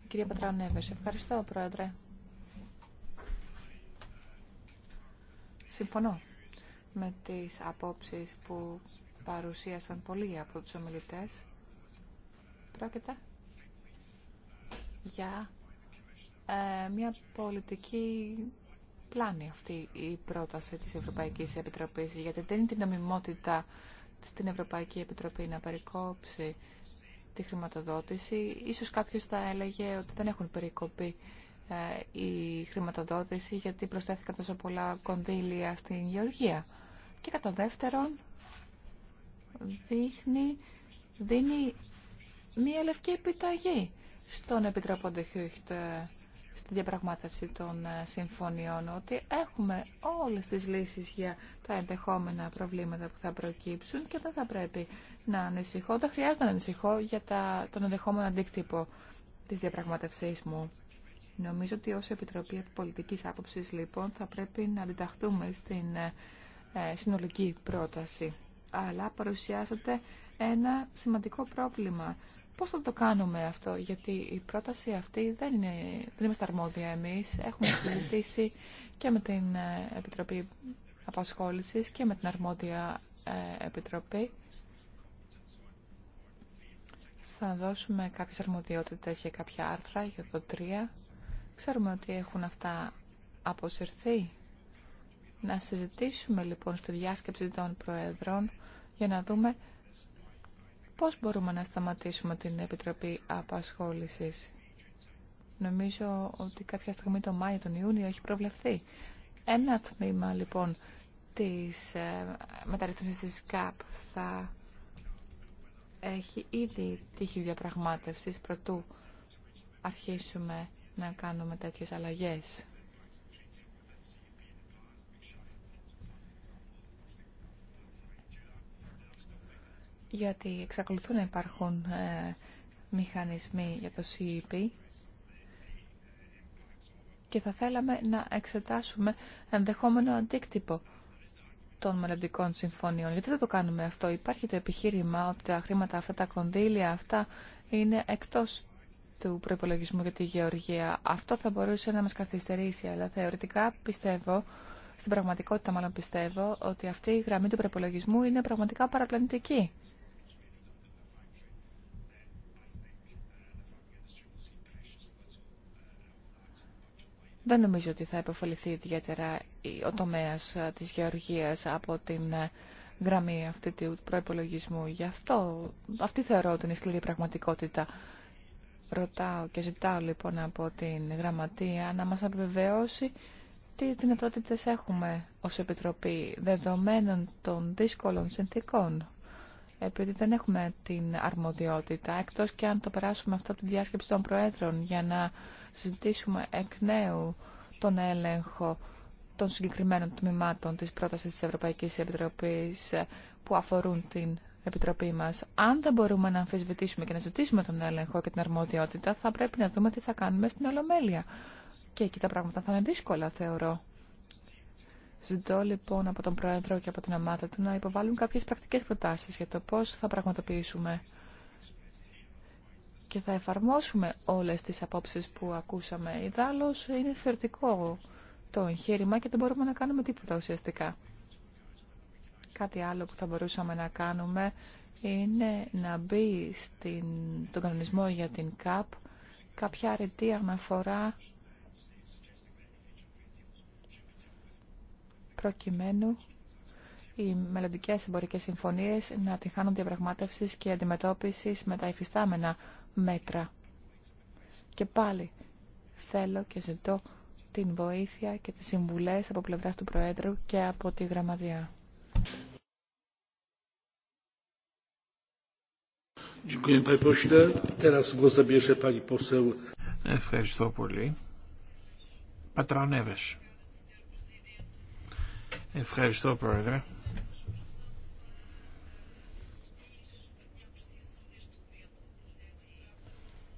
η κυρία Πατράου Νέβες. Ευχαριστώ, Πρόεδρε. Συμφωνώ με τις απόψεις που παρουσίασαν πολλοί από τους ομιλητές. Πρόκειται για ε, μια πολιτική πλάνη αυτή η πρόταση της Ευρωπαϊκής Επιτροπής, γιατί δεν είναι την νομιμότητα στην Ευρωπαϊκή Επιτροπή να περικόψει τη χρηματοδότηση. Ίσως κάποιος θα έλεγε ότι δεν έχουν περικοπεί ε, η χρηματοδότηση γιατί προσθέθηκαν τόσο πολλά κονδύλια στην γεωργία. Και κατά δεύτερον δείχνει, δίνει μία λευκή επιταγή στον Επιτροπό ε, στη διαπραγμάτευση των ε, συμφωνιών ότι έχουμε όλες τις λύσεις για τα ενδεχόμενα προβλήματα που θα προκύψουν και δεν θα πρέπει να ανησυχώ, δεν χρειάζεται να ανησυχώ για τα, τον ενδεχόμενο αντίκτυπο της διαπραγματευσής μου. Νομίζω ότι ως Επιτροπή Πολιτικής Άποψης, λοιπόν, θα πρέπει να αντιταχθούμε στην ε, συνολική πρόταση. Αλλά παρουσιάζεται ένα σημαντικό πρόβλημα. Πώς θα το κάνουμε αυτό, γιατί η πρόταση αυτή δεν, είναι, δεν είμαστε αρμόδια εμείς. Έχουμε συζητήσει και με την ε, Επιτροπή Απασχόλησης και με την αρμόδια ε, Επιτροπή. Θα δώσουμε κάποιες αρμοδιότητες για κάποια άρθρα, για το Ξέρουμε ότι έχουν αυτά αποσυρθεί. Να συζητήσουμε λοιπόν στη διάσκεψη των Προεδρών για να δούμε πώς μπορούμε να σταματήσουμε την Επιτροπή Απασχόλησης. Νομίζω ότι κάποια στιγμή το Μάιο, τον Ιούνιο έχει προβλεφθεί. Ένα τμήμα λοιπόν της ε, μεταρρύθμισης της ΚΑΠ θα έχει ήδη τύχη διαπραγμάτευσης προτού αρχίσουμε να κάνουμε τέτοιες αλλαγές. Γιατί εξακολουθούν να υπάρχουν ε, μηχανισμοί για το CEP και θα θέλαμε να εξετάσουμε ενδεχόμενο αντίκτυπο των μελλοντικών συμφωνιών. Γιατί δεν το κάνουμε αυτό. Υπάρχει το επιχείρημα ότι τα χρήματα αυτά, τα κονδύλια αυτά είναι εκτός του προπολογισμού για τη γεωργία. Αυτό θα μπορούσε να μας καθυστερήσει, αλλά θεωρητικά πιστεύω, στην πραγματικότητα μάλλον πιστεύω, ότι αυτή η γραμμή του προπολογισμού είναι πραγματικά παραπλανητική. Δεν νομίζω ότι θα υποφεληθεί ιδιαίτερα ο τομέας ε, της γεωργίας από την ε, γραμμή αυτή του προϋπολογισμού. Γι' αυτό, αυτή θεωρώ ότι είναι σκληρή πραγματικότητα Ρωτάω και ζητάω λοιπόν από την Γραμματεία να μας επιβεβαιώσει τι δυνατότητες έχουμε ως Επιτροπή δεδομένων των δύσκολων συνθήκων επειδή δεν έχουμε την αρμοδιότητα εκτός και αν το περάσουμε αυτό από τη διάσκεψη των Προέδρων για να ζητήσουμε εκ νέου τον έλεγχο των συγκεκριμένων τμήματων της πρότασης της Ευρωπαϊκής Επιτροπής που αφορούν την Επιτροπή μα, Αν δεν μπορούμε να αμφισβητήσουμε και να ζητήσουμε τον έλεγχο και την αρμοδιότητα, θα πρέπει να δούμε τι θα κάνουμε στην Ολομέλεια. Και εκεί τα πράγματα θα είναι δύσκολα, θεωρώ. Ζητώ λοιπόν από τον Πρόεδρο και από την ομάδα του να υποβάλουν κάποιε πρακτικέ προτάσει για το πώ θα πραγματοποιήσουμε και θα εφαρμόσουμε όλες τις απόψεις που ακούσαμε. Ιδάλλως είναι θεωρητικό το εγχείρημα και δεν μπορούμε να κάνουμε τίποτα ουσιαστικά. Κάτι άλλο που θα μπορούσαμε να κάνουμε είναι να μπει στην, τον κανονισμό για την ΚΑΠ κάποια αρετή αναφορά προκειμένου οι μελλοντικέ εμπορικέ συμφωνίε να τη χάνουν διαπραγμάτευση και αντιμετώπιση με τα υφιστάμενα μέτρα. Και πάλι θέλω και ζητώ την βοήθεια και τις συμβουλές από πλευράς του Προέδρου και από τη Γραμματεία. Ευχαριστώ πολύ. Πατρανέβες. Ευχαριστώ Πρόεδρε.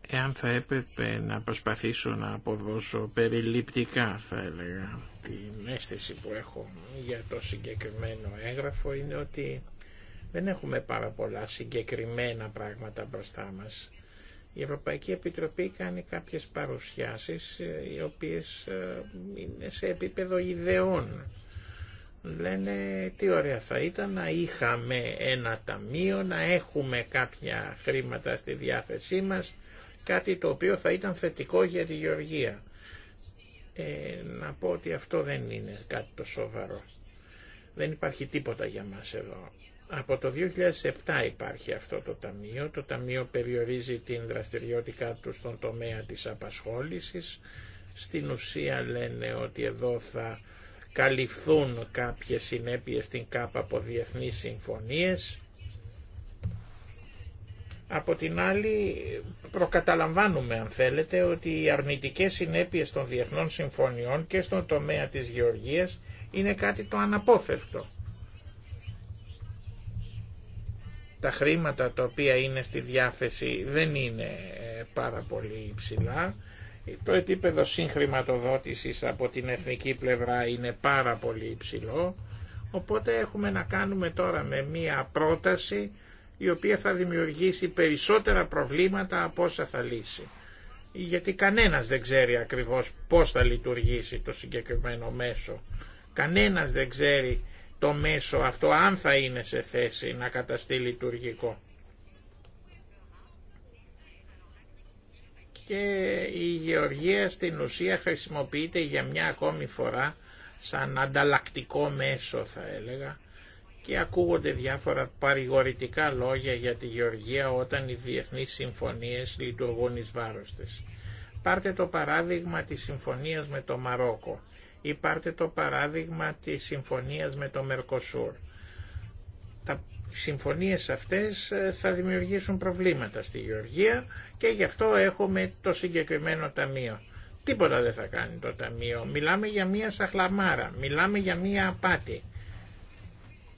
Εάν θα έπρεπε να προσπαθήσω να αποδώσω περιληπτικά θα έλεγα την αίσθηση που έχω για το συγκεκριμένο έγγραφο είναι ότι δεν έχουμε πάρα πολλά συγκεκριμένα πράγματα μπροστά μας. Η Ευρωπαϊκή Επιτροπή κάνει κάποιες παρουσιάσεις ε, οι οποίες ε, είναι σε επίπεδο ιδεών. Λένε τι ωραία θα ήταν να είχαμε ένα ταμείο, να έχουμε κάποια χρήματα στη διάθεσή μας, κάτι το οποίο θα ήταν θετικό για τη Γεωργία. Ε, να πω ότι αυτό δεν είναι κάτι το σοβαρό. Δεν υπάρχει τίποτα για μας εδώ. Από το 2007 υπάρχει αυτό το ταμείο. Το ταμείο περιορίζει την δραστηριότητά του στον τομέα της απασχόλησης. Στην ουσία λένε ότι εδώ θα καλυφθούν κάποιες συνέπειες στην ΚΑΠ από διεθνείς συμφωνίες. Από την άλλη προκαταλαμβάνουμε αν θέλετε ότι οι αρνητικές συνέπειες των διεθνών συμφωνιών και στον τομέα της γεωργίας είναι κάτι το αναπόφευκτο. τα χρήματα τα οποία είναι στη διάθεση δεν είναι ε, πάρα πολύ υψηλά. Το επίπεδο συγχρηματοδότησης από την εθνική πλευρά είναι πάρα πολύ υψηλό. Οπότε έχουμε να κάνουμε τώρα με μία πρόταση η οποία θα δημιουργήσει περισσότερα προβλήματα από όσα θα λύσει. Γιατί κανένας δεν ξέρει ακριβώς πώς θα λειτουργήσει το συγκεκριμένο μέσο. Κανένας δεν ξέρει το μέσο αυτό αν θα είναι σε θέση να καταστεί λειτουργικό. Και η γεωργία στην ουσία χρησιμοποιείται για μια ακόμη φορά σαν ανταλλακτικό μέσο θα έλεγα και ακούγονται διάφορα παρηγορητικά λόγια για τη γεωργία όταν οι διεθνείς συμφωνίες λειτουργούν εις βάρος της. Πάρτε το παράδειγμα της συμφωνίας με το Μαρόκο. Υπάρχει το παράδειγμα της συμφωνίας με το Μερκοσούρ. Τα συμφωνίες αυτές ε, θα δημιουργήσουν προβλήματα στη Γεωργία και γι' αυτό έχουμε το συγκεκριμένο ταμείο. Τίποτα δεν θα κάνει το ταμείο. Μιλάμε για μία σαχλαμάρα, μιλάμε για μία απάτη.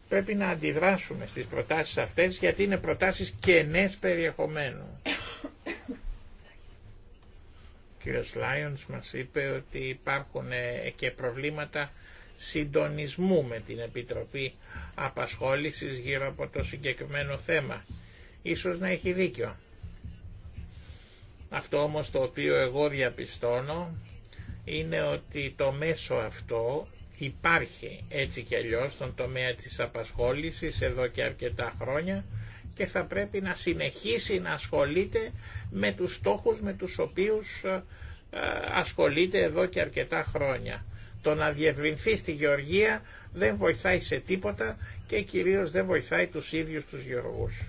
Πρέπει να αντιδράσουμε στις προτάσεις αυτές γιατί είναι προτάσεις κενές περιεχομένου κύριος Λάιονς μας είπε ότι υπάρχουν ε, και προβλήματα συντονισμού με την Επιτροπή Απασχόλησης γύρω από το συγκεκριμένο θέμα. Ίσως να έχει δίκιο. Αυτό όμως το οποίο εγώ διαπιστώνω είναι ότι το μέσο αυτό υπάρχει έτσι και αλλιώς στον τομέα της απασχόλησης εδώ και αρκετά χρόνια και θα πρέπει να συνεχίσει να ασχολείται με τους στόχους με τους οποίους ε, ε, ασχολείται εδώ και αρκετά χρόνια. Το να διευρυνθεί στη γεωργία δεν βοηθάει σε τίποτα και κυρίως δεν βοηθάει τους ίδιους τους γεωργούς.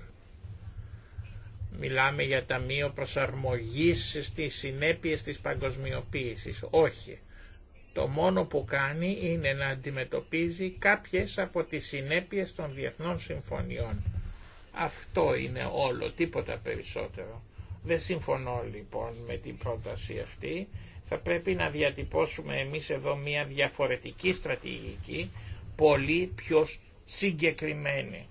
Μιλάμε για ταμείο προσαρμογής στις συνέπειες της παγκοσμιοποίησης. Όχι. Το μόνο που κάνει είναι να αντιμετωπίζει κάποιες από τις συνέπειες των διεθνών συμφωνιών. Αυτό είναι όλο, τίποτα περισσότερο. Δεν συμφωνώ λοιπόν με την πρόταση αυτή. Θα πρέπει να διατυπώσουμε εμείς εδώ μια διαφορετική στρατηγική, πολύ πιο συγκεκριμένη.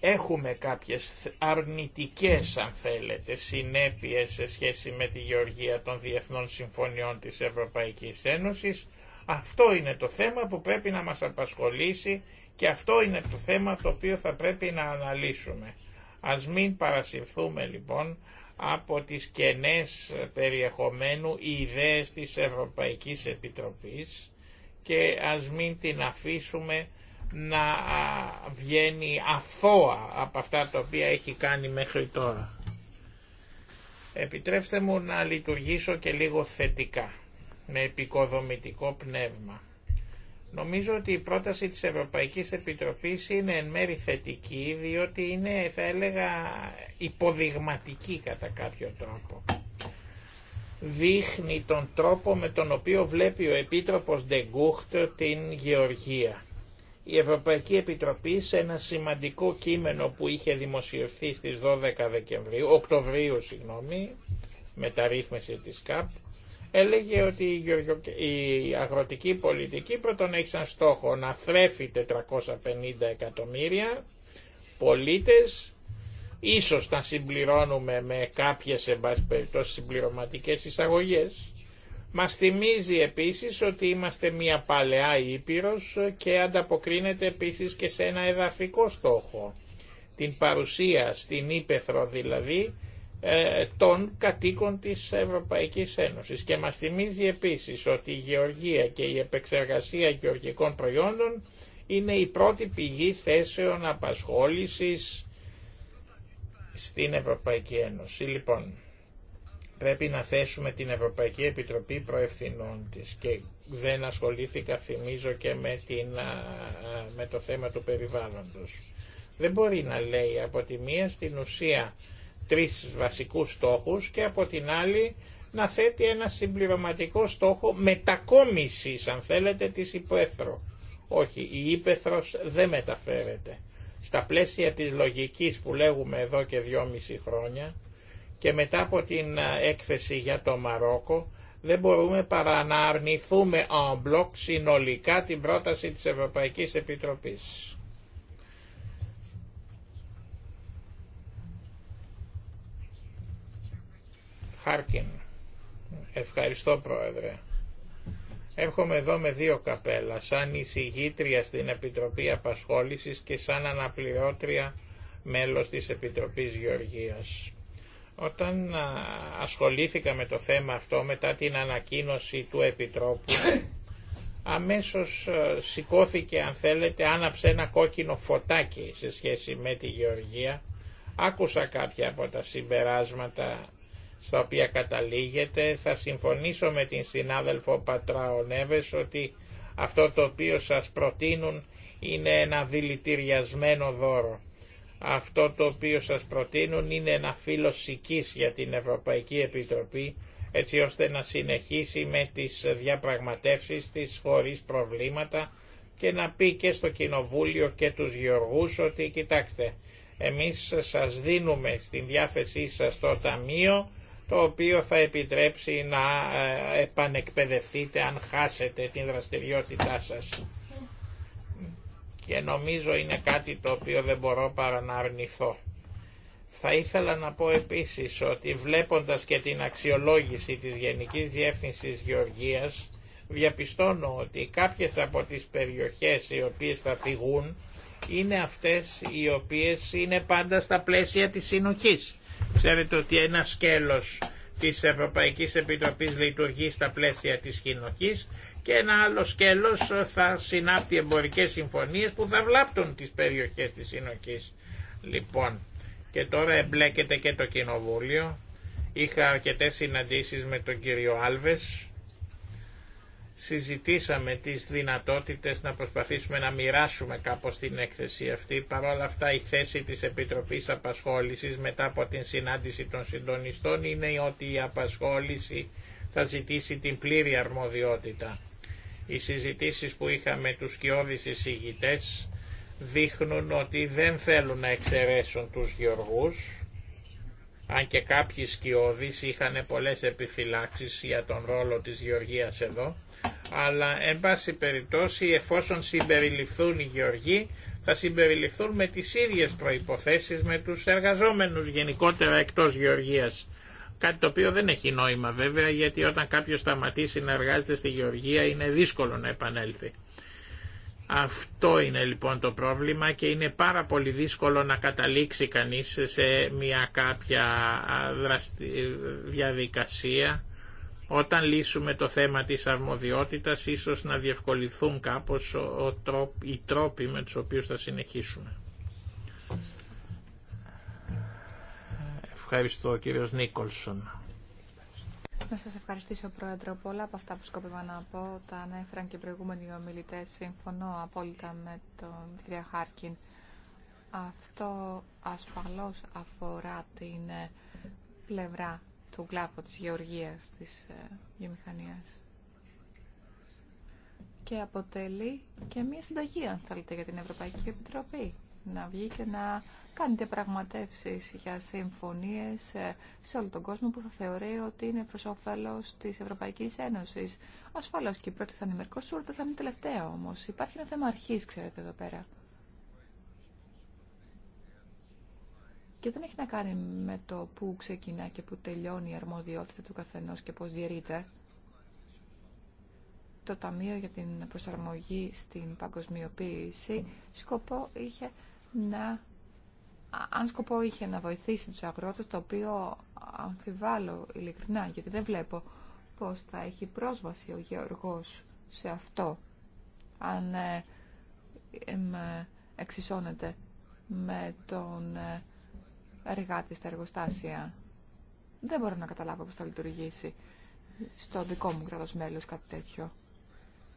Έχουμε κάποιες αρνητικές, αν θέλετε, συνέπειες σε σχέση με τη γεωργία των διεθνών συμφωνιών της Ευρωπαϊκής Ένωσης. Αυτό είναι το θέμα που πρέπει να μας απασχολήσει και αυτό είναι το θέμα το οποίο θα πρέπει να αναλύσουμε. Ας μην παρασυρθούμε λοιπόν από τις κενές περιεχομένου ιδέες της Ευρωπαϊκής Επιτροπής και ας μην την αφήσουμε να βγαίνει αθώα από αυτά τα οποία έχει κάνει μέχρι τώρα. Επιτρέψτε μου να λειτουργήσω και λίγο θετικά, με επικοδομητικό πνεύμα. Νομίζω ότι η πρόταση της Ευρωπαϊκής Επιτροπής είναι εν μέρη θετική, διότι είναι, θα έλεγα, υποδειγματική κατά κάποιο τρόπο. Δείχνει τον τρόπο με τον οποίο βλέπει ο Επίτροπος Ντεγκούχτ την Γεωργία. Η Ευρωπαϊκή Επιτροπή σε ένα σημαντικό κείμενο που είχε δημοσιευθεί στις 12 Δεκεμβρίου, Οκτωβρίου, συγγνώμη, ρύθμιση της ΚΑΠ, έλεγε ότι η αγροτική πολιτική πρώτον έχει σαν στόχο να θρέφει 450 εκατομμύρια πολίτες, ίσως να συμπληρώνουμε με κάποιες εμπασπεριτώσεις συμπληρωματικές εισαγωγές. Μας θυμίζει επίσης ότι είμαστε μια παλαιά ήπειρος και ανταποκρίνεται επίσης και σε ένα εδαφικό στόχο. Την παρουσία στην Ήπεθρο δηλαδή ε, των κατοίκων της Ευρωπαϊκής Ένωσης. Και μας θυμίζει επίσης ότι η γεωργία και η επεξεργασία γεωργικών προϊόντων είναι η πρώτη πηγή θέσεων απασχόλησης στην Ευρωπαϊκή Ένωση. Λοιπόν, πρέπει να θέσουμε την Ευρωπαϊκή Επιτροπή προευθυνών της και δεν ασχολήθηκα, θυμίζω, και με, την, με το θέμα του περιβάλλοντος. Δεν μπορεί να λέει από τη μία στην ουσία τρεις βασικούς στόχους και από την άλλη να θέτει ένα συμπληρωματικό στόχο μετακόμισης, αν θέλετε, της Υπέθρο. Όχι, η ύπεθρος δεν μεταφέρεται. Στα πλαίσια της λογικής που λέγουμε εδώ και δυόμιση χρόνια και μετά από την έκθεση για το Μαρόκο δεν μπορούμε παρά να αρνηθούμε en bloc συνολικά την πρόταση της Ευρωπαϊκής Επιτροπής. Χάρκιν. Ευχαριστώ Πρόεδρε. Έρχομαι εδώ με δύο καπέλα, σαν εισηγήτρια στην Επιτροπή Απασχόλησης και σαν αναπληρώτρια μέλος της Επιτροπής Γεωργίας. Όταν ασχολήθηκα με το θέμα αυτό μετά την ανακοίνωση του Επιτρόπου, αμέσως σηκώθηκε αν θέλετε, άναψε ένα κόκκινο φωτάκι σε σχέση με τη Γεωργία. Άκουσα κάποια από τα συμπεράσματα στα οποία καταλήγεται. Θα συμφωνήσω με την συνάδελφο Πατραονέβες ότι αυτό το οποίο σας προτείνουν είναι ένα δηλητηριασμένο δώρο. Αυτό το οποίο σας προτείνουν είναι ένα φύλλο σικής για την Ευρωπαϊκή Επιτροπή έτσι ώστε να συνεχίσει με τις διαπραγματεύσεις της χωρίς προβλήματα και να πει και στο Κοινοβούλιο και τους Γεωργούς ότι κοιτάξτε εμείς σας δίνουμε στην διάθεσή σας το Ταμείο το οποίο θα επιτρέψει να ε, επανεκπαιδευτείτε αν χάσετε την δραστηριότητά σας. Και νομίζω είναι κάτι το οποίο δεν μπορώ παρά να αρνηθώ. Θα ήθελα να πω επίσης ότι βλέποντας και την αξιολόγηση της Γενικής Διεύθυνσης Γεωργίας διαπιστώνω ότι κάποιες από τις περιοχές οι οποίες θα φυγούν είναι αυτές οι οποίες είναι πάντα στα πλαίσια της συνοχής. Ξέρετε ότι ένα σκέλος της Ευρωπαϊκής Επιτροπής λειτουργεί στα πλαίσια της συνοχής και ένα άλλο σκέλος θα συνάπτει εμπορικές συμφωνίες που θα βλάπτουν τις περιοχές της συνοχής. Λοιπόν, και τώρα εμπλέκεται και το Κοινοβούλιο. Είχα αρκετές συναντήσεις με τον κύριο Άλβες συζητήσαμε τις δυνατότητες να προσπαθήσουμε να μοιράσουμε κάπως την έκθεση αυτή. Παρ' όλα αυτά η θέση της Επιτροπής Απασχόλησης μετά από την συνάντηση των συντονιστών είναι ότι η απασχόληση θα ζητήσει την πλήρη αρμοδιότητα. Οι συζητήσεις που είχαμε τους κοιόδης εισηγητές δείχνουν ότι δεν θέλουν να εξαιρέσουν τους γεωργούς, αν και κάποιοι σκιώδεις είχαν πολλές επιφυλάξεις για τον ρόλο της Γεωργίας εδώ, αλλά εν πάση περιπτώσει εφόσον συμπεριληφθούν οι Γεωργοί θα συμπεριληφθούν με τις ίδιες προϋποθέσεις με τους εργαζόμενους γενικότερα εκτός Γεωργίας. Κάτι το οποίο δεν έχει νόημα βέβαια γιατί όταν κάποιος σταματήσει να εργάζεται στη Γεωργία είναι δύσκολο να επανέλθει. Αυτό είναι λοιπόν το πρόβλημα και είναι πάρα πολύ δύσκολο να καταλήξει κανείς σε μια κάποια διαδικασία. Όταν λύσουμε το θέμα της αρμοδιότητας ίσως να διευκολυθούν κάπως οι τρόποι με τους οποίους θα συνεχίσουμε. Ευχαριστώ κύριος Νίκολσον. Να σας ευχαριστήσω, Πρόεδρο. Πολλά από αυτά που σκόπευα να πω τα ανέφεραν και οι προηγούμενοι ομιλητέ. Συμφωνώ απόλυτα με τον κ. Χάρκιν. Αυτό ασφαλώς αφορά την ε, πλευρά του κλάφου της γεωργίας, της ε, βιομηχανίας. Και αποτελεί και μια συνταγή, αν θέλετε, για την Ευρωπαϊκή Επιτροπή να βγει και να κάνει διαπραγματεύσεις για συμφωνίες ε, σε όλο τον κόσμο που θα θεωρεί ότι είναι προς όφελος της Ευρωπαϊκής Ένωσης. Ασφαλώς και η πρώτη θα είναι η Μερκοσούρ, θα είναι η τελευταία όμως. Υπάρχει ένα θέμα αρχής, ξέρετε, εδώ πέρα. Και δεν έχει να κάνει με το πού ξεκινά και πού τελειώνει η αρμοδιότητα του καθενός και πώς διαιρείται. Το Ταμείο για την Προσαρμογή στην Παγκοσμιοποίηση σκοπό είχε να αν σκοπό είχε να βοηθήσει τους αγρότες, το οποίο αμφιβάλλω ειλικρινά, γιατί δεν βλέπω πώς θα έχει πρόσβαση ο Γεωργός σε αυτό, αν ε, ε εξισώνεται με τον ε, εργάτη στα εργοστάσια. Δεν μπορώ να καταλάβω πώς θα λειτουργήσει στο δικό μου κράτος μέλος κάτι τέτοιο.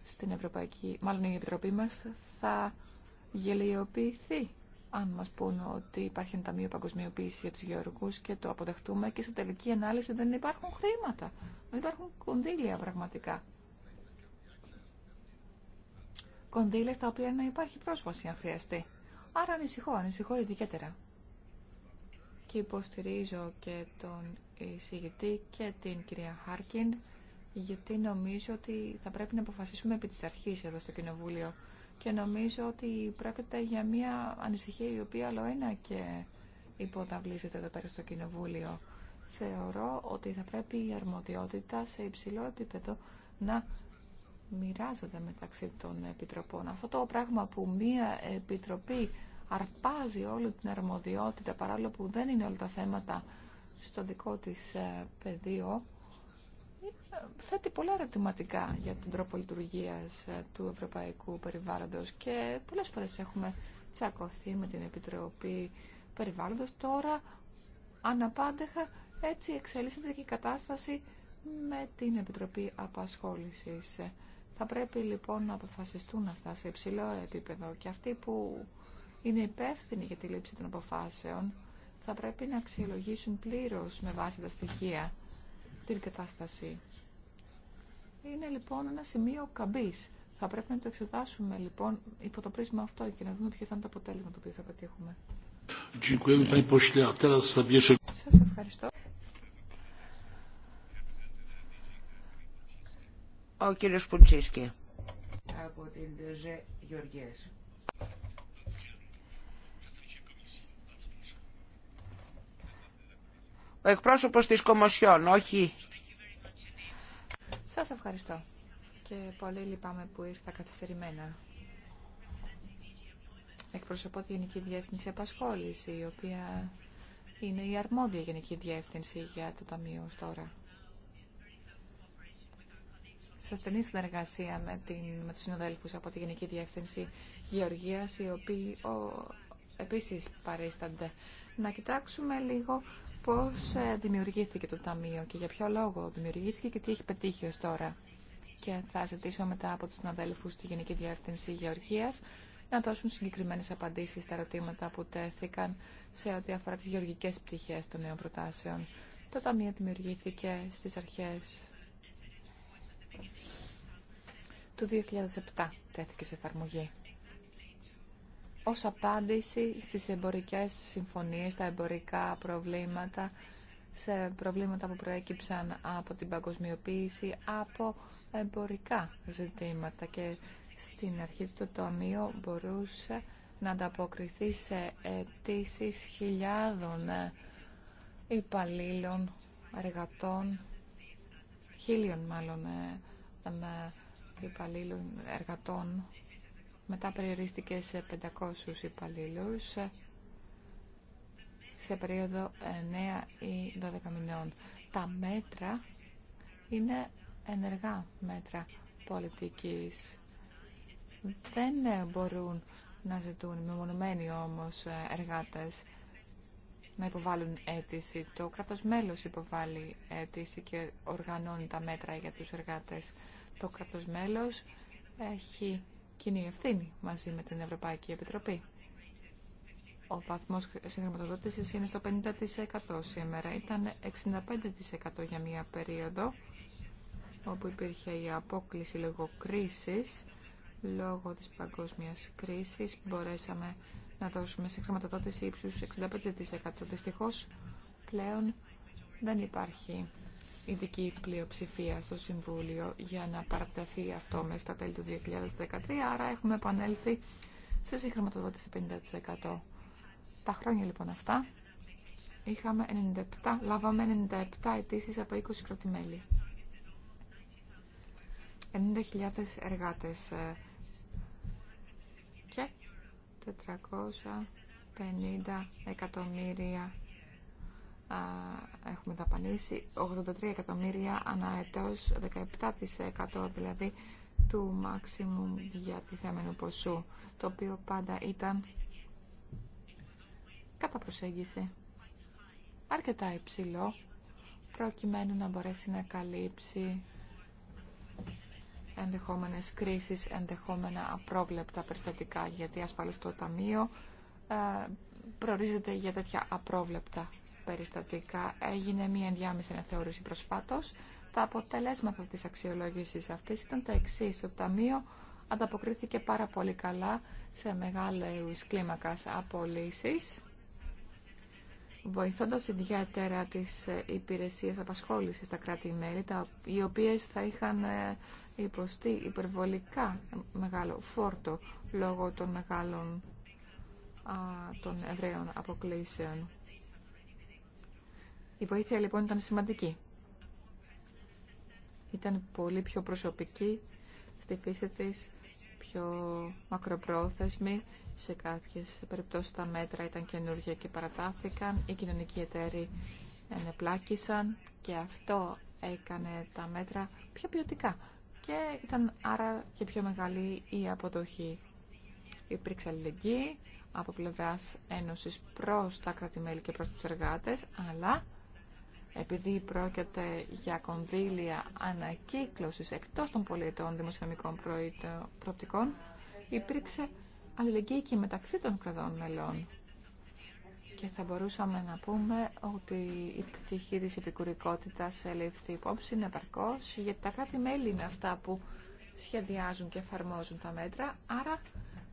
Στην Ευρωπαϊκή, μάλλον η Επιτροπή μας θα γελιοποιηθεί αν μας πούνε ότι υπάρχει ένα ταμείο παγκοσμιοποίηση για τους γεωργούς και το αποδεχτούμε και σε τελική ανάλυση δεν υπάρχουν χρήματα, δεν υπάρχουν κονδύλια πραγματικά. Κονδύλια στα οποία να υπάρχει πρόσβαση αν χρειαστεί. Άρα ανησυχώ, ανησυχώ ιδιαίτερα. Και υποστηρίζω και τον εισηγητή και την κυρία Χάρκιν γιατί νομίζω ότι θα πρέπει να αποφασίσουμε επί της αρχής εδώ στο Κοινοβούλιο και νομίζω ότι πρόκειται για μια ανησυχία η οποία άλλο ένα και υποδαβλίζεται εδώ πέρα στο Κοινοβούλιο. Θεωρώ ότι θα πρέπει η αρμοδιότητα σε υψηλό επίπεδο να μοιράζεται μεταξύ των επιτροπών. Αυτό το πράγμα που μία επιτροπή αρπάζει όλη την αρμοδιότητα παράλληλα που δεν είναι όλα τα θέματα στο δικό της ε, πεδίο θέτει πολλά ερωτηματικά για τον τρόπο λειτουργίας ε, του ευρωπαϊκού περιβάλλοντος και πολλές φορές έχουμε τσακωθεί με την Επιτροπή Περιβάλλοντος. Τώρα αναπάντεχα έτσι εξελίσσεται και η κατάσταση με την Επιτροπή Απασχόλησης. Θα πρέπει λοιπόν να αποφασιστούν αυτά σε υψηλό επίπεδο και αυτοί που είναι υπεύθυνοι για τη λήψη των αποφάσεων θα πρέπει να αξιολογήσουν πλήρως με βάση τα στοιχεία την κατάσταση. Είναι λοιπόν ένα σημείο καμπής. Θα πρέπει να το εξετάσουμε λοιπόν υπό το πρίσμα αυτό και να δούμε ποιο θα είναι το αποτέλεσμα το οποίο θα πετύχουμε. Σας ευχαριστώ. Ο κύριος Πουτσίσκη. Από την Γεωργίας. ο εκπρόσωπος της Κομοσιόν, όχι... Σας ευχαριστώ και πολύ λυπάμαι που ήρθα καθυστερημένα. Εκπροσωπώ τη Γενική Διεύθυνση Απασχόληση, η οποία είναι η αρμόδια Γενική Διεύθυνση για το Ταμείο ως τώρα. Σε στενή συνεργασία με, την, με τους συνοδέλφους από τη Γενική Διεύθυνση Γεωργίας, οι οποίοι ο, επίσης παρίστανται. Να κοιτάξουμε λίγο πώς ε, δημιουργήθηκε το Ταμείο και για ποιο λόγο δημιουργήθηκε και τι έχει πετύχει ως τώρα. Και θα ζητήσω μετά από τους συναδέλφους στη Γενική Διεύθυνση Γεωργίας να δώσουν συγκεκριμένες απαντήσεις στα ερωτήματα που τέθηκαν σε ό,τι αφορά τις γεωργικές πτυχές των νέων προτάσεων. Το Ταμείο δημιουργήθηκε στις αρχές του 2007, τέθηκε σε εφαρμογή ως απάντηση στις εμπορικές συμφωνίες, τα εμπορικά προβλήματα, σε προβλήματα που προέκυψαν από την παγκοσμιοποίηση, από εμπορικά ζητήματα και στην αρχή το τομείο μπορούσε να ανταποκριθεί σε αιτήσει χιλιάδων υπαλλήλων, εργατών, χίλιων μάλλον ε, ε, υπαλλήλων εργατών μετά περιορίστηκε σε 500 υπαλλήλου σε περίοδο 9 ή 12 μηνών. Τα μέτρα είναι ενεργά μέτρα πολιτικής. Δεν μπορούν να ζητούν μεμονωμένοι όμως εργάτες να υποβάλουν αίτηση. Το κράτος μέλος υποβάλλει αίτηση και οργανώνει τα μέτρα για τους εργάτες. Το κράτος μέλος έχει κοινή ευθύνη μαζί με την Ευρωπαϊκή Επιτροπή. Ο βαθμός συγχρηματοδότησης είναι στο 50% σήμερα. Ήταν 65% για μία περίοδο όπου υπήρχε η απόκληση λόγω κρίσης. Λόγω της παγκόσμιας κρίσης μπορέσαμε να δώσουμε συγχρηματοδότηση ύψους 65%. Δυστυχώς πλέον δεν υπάρχει ειδική πλειοψηφία στο Συμβούλιο για να παρατεθεί αυτό μέχρι τα τέλη του 2013, άρα έχουμε επανέλθει σε συγχρηματοδότηση 50%. Τα χρόνια λοιπόν αυτά είχαμε 97, λάβαμε 97 αιτήσει από 20 κρατημέλη. 90.000 εργάτες ε, και 450 εκατομμύρια έχουμε δαπανίσει 83 εκατομμύρια ανά 17% δηλαδή του maximum για τη θέμενου ποσού, το οποίο πάντα ήταν κατά προσέγγιση αρκετά υψηλό προκειμένου να μπορέσει να καλύψει ενδεχόμενες κρίσεις, ενδεχόμενα απρόβλεπτα περιστατικά, γιατί ασφαλώς το Ταμείο ε, προορίζεται για τέτοια απρόβλεπτα περιστατικά έγινε μία ενδιάμεση αναθεώρηση προσφάτως. Τα αποτελέσματα της αξιολόγησης αυτής ήταν τα εξής. Το Ταμείο ανταποκρίθηκε πάρα πολύ καλά σε μεγάλες κλίμακας απολύσεις, βοηθώντας ιδιαίτερα τις υπηρεσίες απασχόλησης στα κράτη-μέλη, οι οποίες θα είχαν ε, υποστεί υπερβολικά μεγάλο φόρτο λόγω των μεγάλων των ευρέων αποκλήσεων. Η βοήθεια λοιπόν ήταν σημαντική. Ήταν πολύ πιο προσωπική στη φύση της, πιο μακροπρόθεσμη. Σε κάποιες περιπτώσεις τα μέτρα ήταν καινούργια και παρατάθηκαν. Οι κοινωνικοί εταίροι ενεπλάκησαν και αυτό έκανε τα μέτρα πιο ποιοτικά και ήταν άρα και πιο μεγάλη η αποδοχή. Υπήρξε αλληλεγγύη από πλευράς Ένωσης προς τα κράτη-μέλη και προς τους εργάτες, αλλά επειδή πρόκειται για κονδύλια ανακύκλωσης εκτός των πολιτών δημοσιονομικών προοπτικών, υπήρξε αλληλεγγύη και μεταξύ των κρατών μελών. Και θα μπορούσαμε να πούμε ότι η πτυχή της επικουρικότητας ελήφθη υπόψη είναι επαρκώς, γιατί τα κράτη-μέλη είναι αυτά που σχεδιάζουν και εφαρμόζουν τα μέτρα, άρα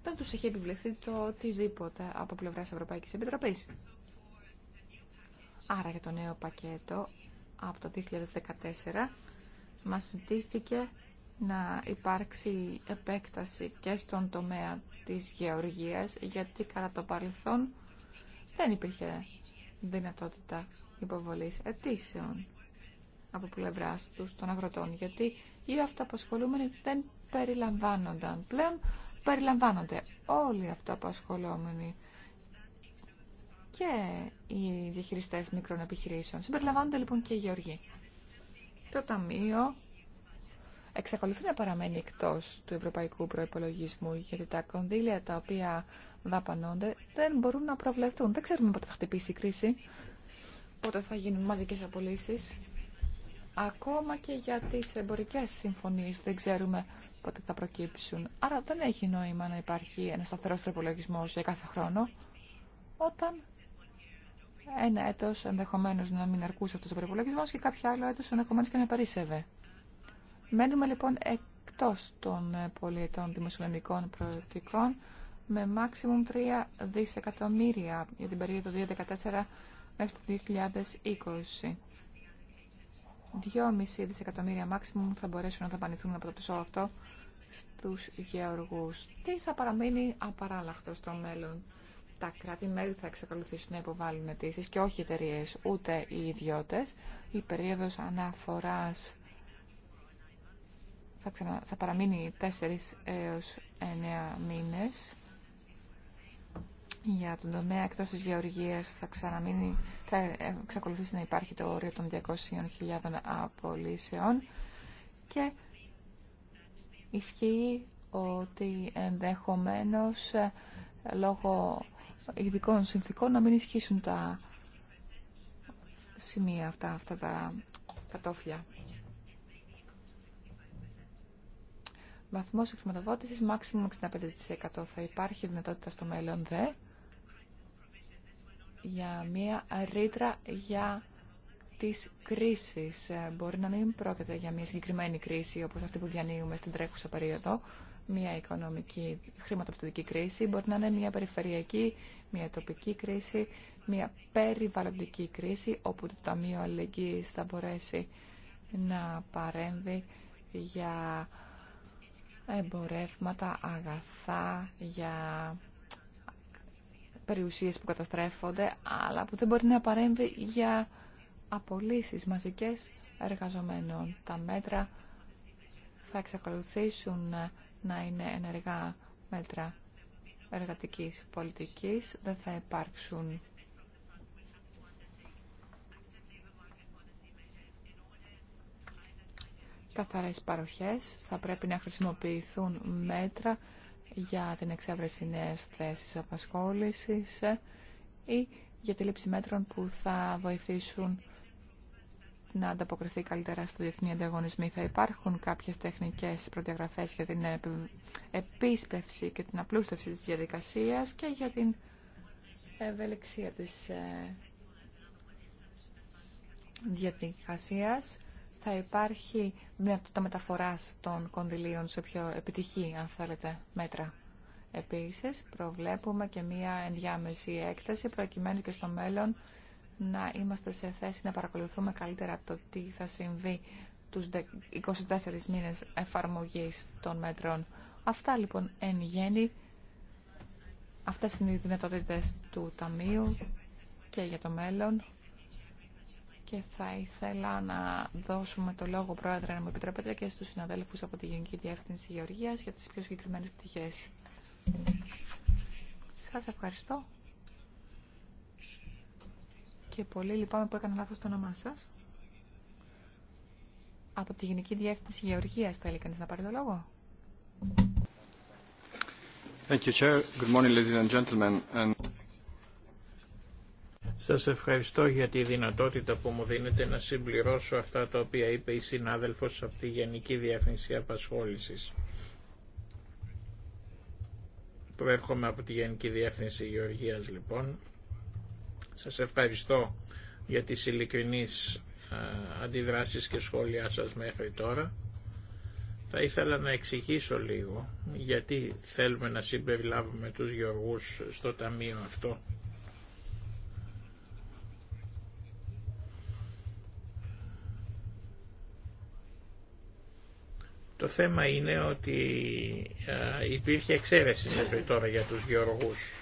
δεν τους έχει επιβληθεί το οτιδήποτε από πλευράς Ευρωπαϊκής Επιτροπής. Άρα για το νέο πακέτο από το 2014 μας ζητήθηκε να υπάρξει επέκταση και στον τομέα της γεωργίας γιατί κατά το παρελθόν δεν υπήρχε δυνατότητα υποβολής αιτήσεων από πλευρά τους των αγροτών γιατί οι αυτοαπασχολούμενοι δεν περιλαμβάνονταν πλέον περιλαμβάνονται όλοι οι αυτοαπασχολούμενοι και οι διαχειριστέ μικρών επιχειρήσεων. Συμπεριλαμβάνονται λοιπόν και οι γεωργοί. Το Ταμείο εξακολουθεί να παραμένει εκτός του ευρωπαϊκού προϋπολογισμού γιατί τα κονδύλια τα οποία δαπανώνται δεν μπορούν να προβλεφθούν. Δεν ξέρουμε πότε θα χτυπήσει η κρίση, πότε θα γίνουν μαζικές απολύσεις. Ακόμα και για τις εμπορικές συμφωνίες δεν ξέρουμε πότε θα προκύψουν. Άρα δεν έχει νόημα να υπάρχει ένα σταθερό προπολογισμό για κάθε χρόνο όταν ένα έτο ενδεχομένω να μην αρκούσε αυτό ο προπολογισμό και κάποιο άλλο έτο ενδεχομένω και να παρήσευε. Μένουμε λοιπόν εκτό των ε, πολιετών δημοσιονομικών προοπτικών με maximum 3 δισεκατομμύρια για την περίοδο 2014 μέχρι το 2020. 2,5 δισεκατομμύρια maximum θα μπορέσουν να δαπανηθούν από το ποσό αυτό στους γεωργούς. Τι θα παραμείνει απαράλλαχτο στο μέλλον τα κράτη-μέλη θα εξακολουθήσουν να υποβάλουν αιτήσει και όχι οι εταιρείε ούτε οι ιδιώτες. Η περίοδος αναφοράς θα, θα παραμείνει 4 έως 9 μήνες. Για τον τομέα εκτός της γεωργίας θα, ξαναμείνει... θα ε, εξακολουθήσει να υπάρχει το όριο των 200.000 απολύσεων και ισχύει ότι ενδεχομένως ε, λόγω ειδικών συνθήκων να μην ισχύσουν τα σημεία αυτά, αυτά τα κατόφλια. Βαθμός εκμεταβότησης, μάξιμου 65% θα υπάρχει δυνατότητα στο μέλλον δε για μία ρήτρα για τις κρίσεις. Ε, μπορεί να μην πρόκειται για μία συγκεκριμένη κρίση όπως αυτή που διανύουμε στην τρέχουσα περίοδο, μια οικονομική χρηματοπιστωτική κρίση, μπορεί να είναι μια περιφερειακή, μια τοπική κρίση, μια περιβαλλοντική κρίση, όπου το Ταμείο Αλληλεγγύης θα μπορέσει να παρέμβει για εμπορεύματα, αγαθά, για περιουσίες που καταστρέφονται, αλλά που δεν μπορεί να παρέμβει για απολύσεις μαζικές εργαζομένων. Τα μέτρα θα εξακολουθήσουν να είναι ενεργά μέτρα εργατικής πολιτικής, δεν θα υπάρξουν καθαρές παροχές, θα πρέπει να χρησιμοποιηθούν μέτρα για την εξέβρεση νέες θέσεις απασχόλησης ή για τη λήψη μέτρων που θα βοηθήσουν να ανταποκριθεί καλύτερα στο διεθνή ανταγωνισμό. Θα υπάρχουν κάποιες τεχνικές προδιαγραφέ για την επίσπευση και την απλούστευση τη διαδικασίας και για την ευελιξία της ε, διαδικασίας. Θα υπάρχει δυνατότητα μεταφοράς των κονδυλίων σε πιο επιτυχή, αν θέλετε, μέτρα. Επίσης, προβλέπουμε και μία ενδιάμεση έκθεση προκειμένου και στο μέλλον να είμαστε σε θέση να παρακολουθούμε καλύτερα το τι θα συμβεί τους 24 μήνες εφαρμογής των μέτρων. Αυτά λοιπόν εν γέννη, αυτές είναι οι δυνατότητες του Ταμείου και για το μέλλον και θα ήθελα να δώσουμε το λόγο, Πρόεδρε, να μου επιτρέπετε και στους συναδέλφους από τη Γενική Διεύθυνση Γεωργίας για τις πιο συγκεκριμένες πτυχές. Σας ευχαριστώ και πολύ λυπάμαι που έκανα λάθος το όνομά σας. Από τη Γενική Διεύθυνση Γεωργίας θέλει κανείς να πάρει το λόγο. Thank you, Chair. Good morning, ladies and gentlemen. Σας ευχαριστώ για τη δυνατότητα που μου δίνετε να συμπληρώσω αυτά τα οποία είπε η συνάδελφος από τη Γενική Διεύθυνση Απασχόλησης. Προέρχομαι από τη Γενική Διεύθυνση Γεωργίας λοιπόν. Σας ευχαριστώ για τις ειλικρινείς ε, αντιδράσεις και σχόλιά σας μέχρι τώρα. Θα ήθελα να εξηγήσω λίγο γιατί θέλουμε να συμπεριλάβουμε τους γεωργούς στο ταμείο αυτό. Το θέμα είναι ότι ε, υπήρχε εξαίρεση μέχρι τώρα για τους γεωργούς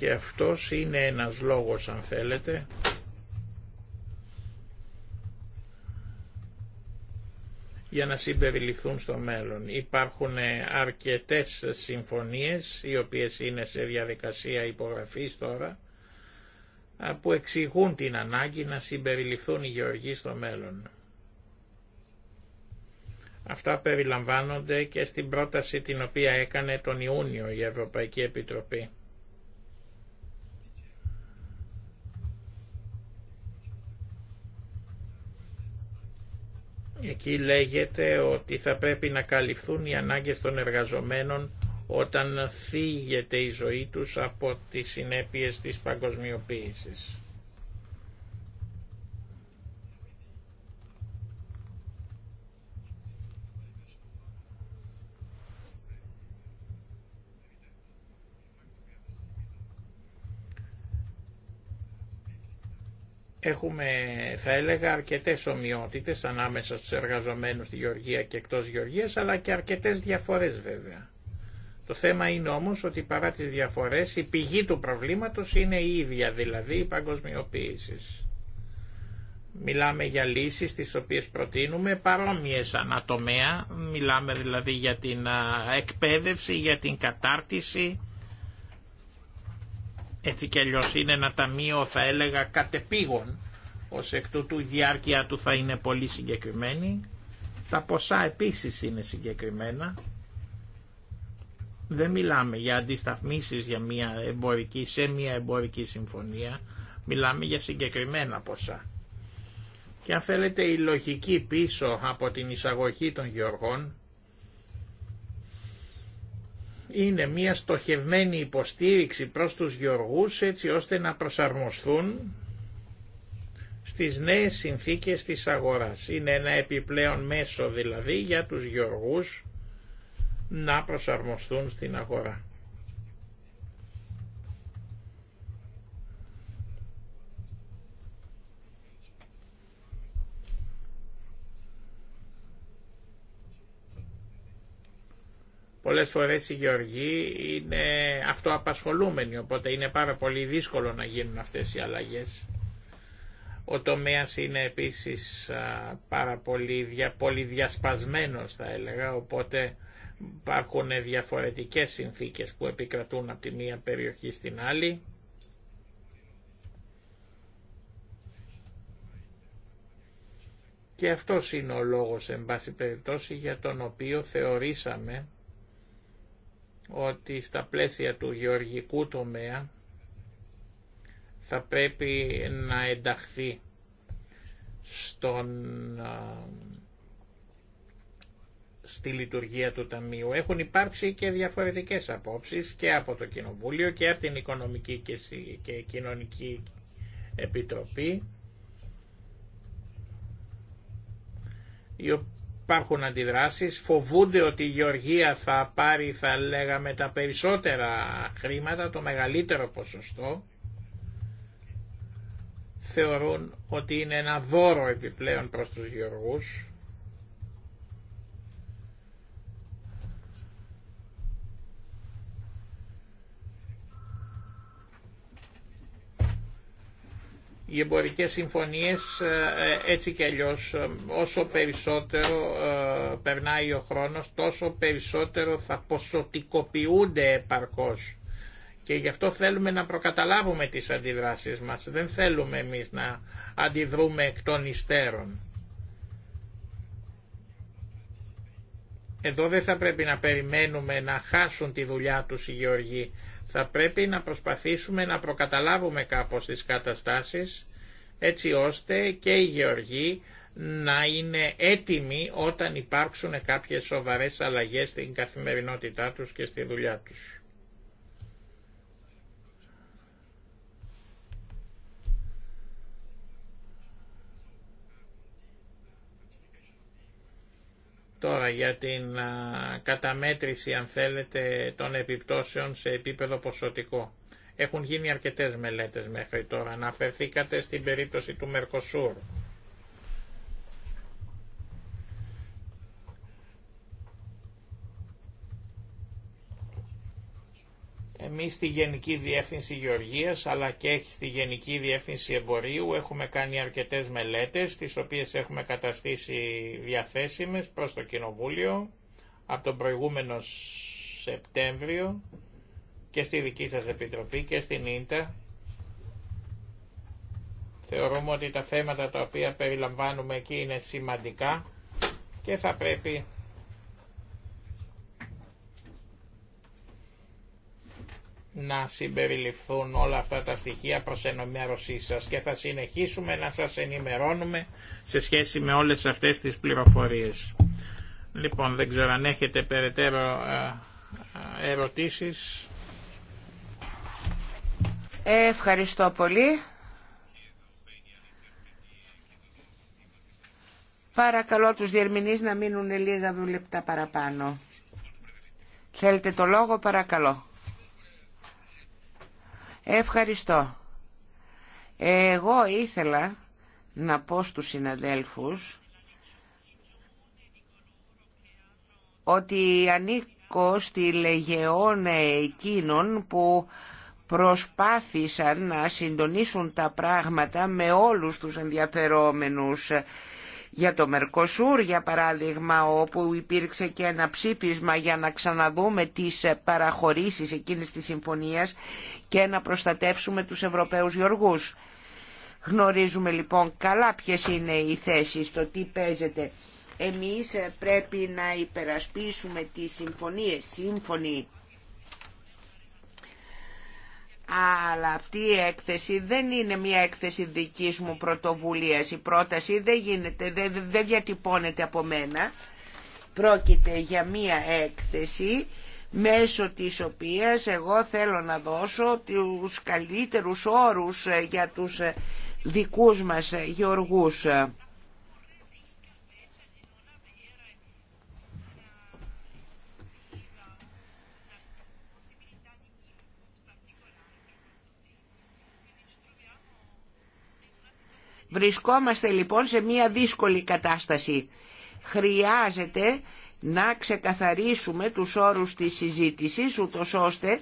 και αυτός είναι ένας λόγος αν θέλετε για να συμπεριληφθούν στο μέλλον. Υπάρχουν αρκετές συμφωνίες, οι οποίες είναι σε διαδικασία υπογραφής τώρα, που εξηγούν την ανάγκη να συμπεριληφθούν οι γεωργοί στο μέλλον. Αυτά περιλαμβάνονται και στην πρόταση την οποία έκανε τον Ιούνιο η Ευρωπαϊκή Επιτροπή. Εκεί λέγεται ότι θα πρέπει να καλυφθούν οι ανάγκες των εργαζομένων όταν θίγεται η ζωή τους από τις συνέπειες της παγκοσμιοποίησης. Έχουμε, θα έλεγα, αρκετές ομοιότητες ανάμεσα στους εργαζομένους στη Γεωργία και εκτός Γεωργίας, αλλά και αρκετές διαφορές βέβαια. Το θέμα είναι όμως ότι παρά τις διαφορές η πηγή του προβλήματος είναι η ίδια, δηλαδή η παγκοσμιοποίηση. Μιλάμε για λύσεις τις οποίες προτείνουμε παρόμοιες ανατομέα, μιλάμε δηλαδή για την εκπαίδευση, για την κατάρτιση, έτσι κι αλλιώ είναι ένα ταμείο θα έλεγα κατεπήγων ω εκ τούτου η διάρκεια του θα είναι πολύ συγκεκριμένη τα ποσά επίσης είναι συγκεκριμένα δεν μιλάμε για αντισταθμίσεις για μια εμπορική, σε μια εμπορική συμφωνία μιλάμε για συγκεκριμένα ποσά και αν θέλετε η λογική πίσω από την εισαγωγή των γεωργών είναι μια στοχευμένη υποστήριξη προς τους γεωργούς έτσι ώστε να προσαρμοστούν στις νέες συνθήκες της αγοράς. Είναι ένα επιπλέον μέσο δηλαδή για τους γεωργούς να προσαρμοστούν στην αγορά. Πολλές φορές οι γεωργοί είναι αυτοαπασχολούμενοι, οπότε είναι πάρα πολύ δύσκολο να γίνουν αυτές οι αλλαγές. Ο τομέας είναι επίσης πάρα πολύ, δια, πολύ διασπασμένος θα έλεγα, οπότε υπάρχουν διαφορετικές συνθήκες που επικρατούν από τη μία περιοχή στην άλλη. Και αυτός είναι ο λόγος, εν πάση περιπτώσει, για τον οποίο θεωρήσαμε ότι στα πλαίσια του γεωργικού τομέα θα πρέπει να ενταχθεί στον, στη λειτουργία του Ταμείου. Έχουν υπάρξει και διαφορετικές απόψεις και από το Κοινοβούλιο και από την Οικονομική και Κοινωνική Επιτροπή υπάρχουν αντιδράσεις, φοβούνται ότι η Γεωργία θα πάρει θα λέγαμε τα περισσότερα χρήματα, το μεγαλύτερο ποσοστό. Θεωρούν ότι είναι ένα δώρο επιπλέον προς τους Γεωργούς Οι εμπορικές συμφωνίες ε, ε, έτσι και αλλιώς ε, όσο περισσότερο περνάει ο χρόνος τόσο περισσότερο θα ποσοτικοποιούνται επαρκώς και γι' αυτό θέλουμε να προκαταλάβουμε τις αντιδράσεις μας. Δεν θέλουμε εμείς να αντιδρούμε εκ των υστέρων. Εδώ δεν θα πρέπει να περιμένουμε να χάσουν τη δουλειά τους οι γεωργοί. Θα πρέπει να προσπαθήσουμε να προκαταλάβουμε κάπως τις καταστάσεις έτσι ώστε και οι γεωργοί να είναι έτοιμοι όταν υπάρξουν κάποιες σοβαρές αλλαγές στην καθημερινότητά τους και στη δουλειά τους. Τώρα για την καταμέτρηση, αν θέλετε, των επιπτώσεων σε επίπεδο ποσοτικό. Έχουν γίνει αρκετές μελέτες μέχρι τώρα. Αναφερθήκατε στην περίπτωση του Μερκοσούρ. εμεί στη Γενική Διεύθυνση γεωργία αλλά και στη Γενική Διεύθυνση Εμπορίου έχουμε κάνει αρκετέ μελέτες τι οποίες έχουμε καταστήσει διαθέσιμε προς το Κοινοβούλιο από τον προηγούμενο Σεπτέμβριο και στη δική σας Επιτροπή και στην Ίντα. Θεωρούμε ότι τα θέματα τα οποία περιλαμβάνουμε εκεί είναι σημαντικά και θα πρέπει να συμπεριληφθούν όλα αυτά τα στοιχεία προς ενημέρωσή σας και θα συνεχίσουμε να σας ενημερώνουμε σε σχέση με όλες αυτές τις πληροφορίες. Λοιπόν, δεν ξέρω αν έχετε περαιτέρω ε, ε, ερωτήσεις. Ευχαριστώ πολύ. Παρακαλώ τους διερμηνείς να μείνουν λίγα λεπτά παραπάνω. Θέλετε το λόγο, παρακαλώ. Ευχαριστώ. Εγώ ήθελα να πω στους συναδέλφους ότι ανήκω στη λεγεών εκείνων που προσπάθησαν να συντονίσουν τα πράγματα με όλους τους ενδιαφερόμενους για το Μερκοσούρ για παράδειγμα όπου υπήρξε και ένα ψήφισμα για να ξαναδούμε τις παραχωρήσεις εκείνης της συμφωνίας και να προστατεύσουμε τους Ευρωπαίους γεωργούς. Γνωρίζουμε λοιπόν καλά ποιες είναι οι θέσεις, το τι παίζεται. Εμείς πρέπει να υπερασπίσουμε τις συμφωνίες, σύμφωνοι αλλά αυτή η έκθεση δεν είναι μια έκθεση δικής μου πρωτοβουλίας. Η πρόταση δεν, γίνεται, δεν, δεν διατυπώνεται από μένα. Πρόκειται για μια έκθεση μέσω της οποίας εγώ θέλω να δώσω τους καλύτερους όρους ε, για τους ε, δικούς μας ε, γεωργούς. Βρισκόμαστε λοιπόν σε μια δύσκολη κατάσταση. Χρειάζεται να ξεκαθαρίσουμε τους όρους της συζήτησης, ούτως ώστε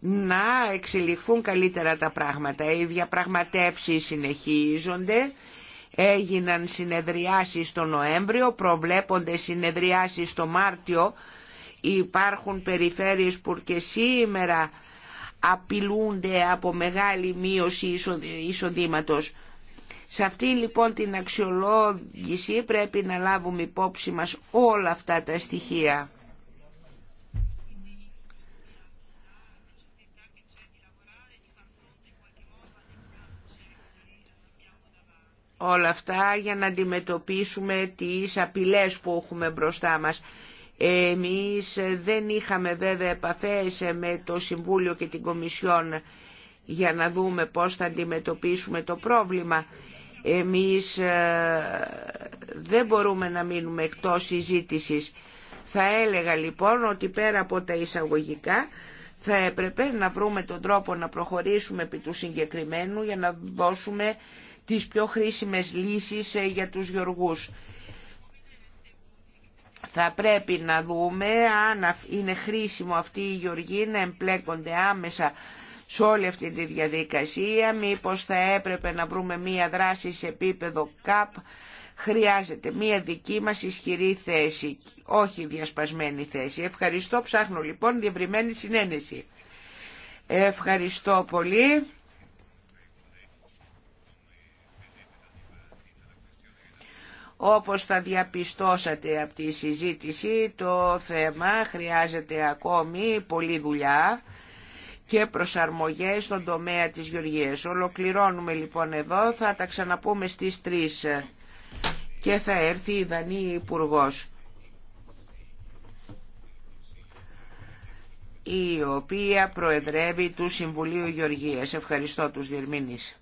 να εξελιχθούν καλύτερα τα πράγματα. Οι διαπραγματεύσεις συνεχίζονται, έγιναν συνεδριάσεις το Νοέμβριο, προβλέπονται συνεδριάσεις το Μάρτιο, υπάρχουν περιφέρειες που και σήμερα απειλούνται από μεγάλη μείωση εισοδήματος. Σε αυτή λοιπόν την αξιολόγηση πρέπει να λάβουμε υπόψη μας όλα αυτά τα στοιχεία. όλα αυτά για να αντιμετωπίσουμε τις απειλές που έχουμε μπροστά μας. Εμείς δεν είχαμε βέβαια επαφές με το Συμβούλιο και την Κομισιόν για να δούμε πώς θα αντιμετωπίσουμε το πρόβλημα. Εμείς ε, δεν μπορούμε να μείνουμε εκτός συζήτηση. Θα έλεγα λοιπόν ότι πέρα από τα εισαγωγικά θα έπρεπε να βρούμε τον τρόπο να προχωρήσουμε επί του συγκεκριμένου για να δώσουμε τις πιο χρήσιμες λύσεις ε, για τους γεωργούς. Θα πρέπει να δούμε αν είναι χρήσιμο αυτοί οι γεωργοί να εμπλέκονται άμεσα σε όλη αυτή τη διαδικασία. Μήπως θα έπρεπε να βρούμε μία δράση σε επίπεδο ΚΑΠ. Χρειάζεται μία δική μας ισχυρή θέση, όχι διασπασμένη θέση. Ευχαριστώ, ψάχνω λοιπόν διευρυμένη συνένεση. Ευχαριστώ πολύ. Όπως θα διαπιστώσατε από τη συζήτηση, το θέμα χρειάζεται ακόμη πολλή δουλειά και προσαρμογές στον τομέα της γεωργίας. Ολοκληρώνουμε λοιπόν εδώ, θα τα ξαναπούμε στις 3 και θα έρθει η Δανή υπουργό. η οποία προεδρεύει του Συμβουλίου Γεωργίας. Ευχαριστώ τους Διερμήνης.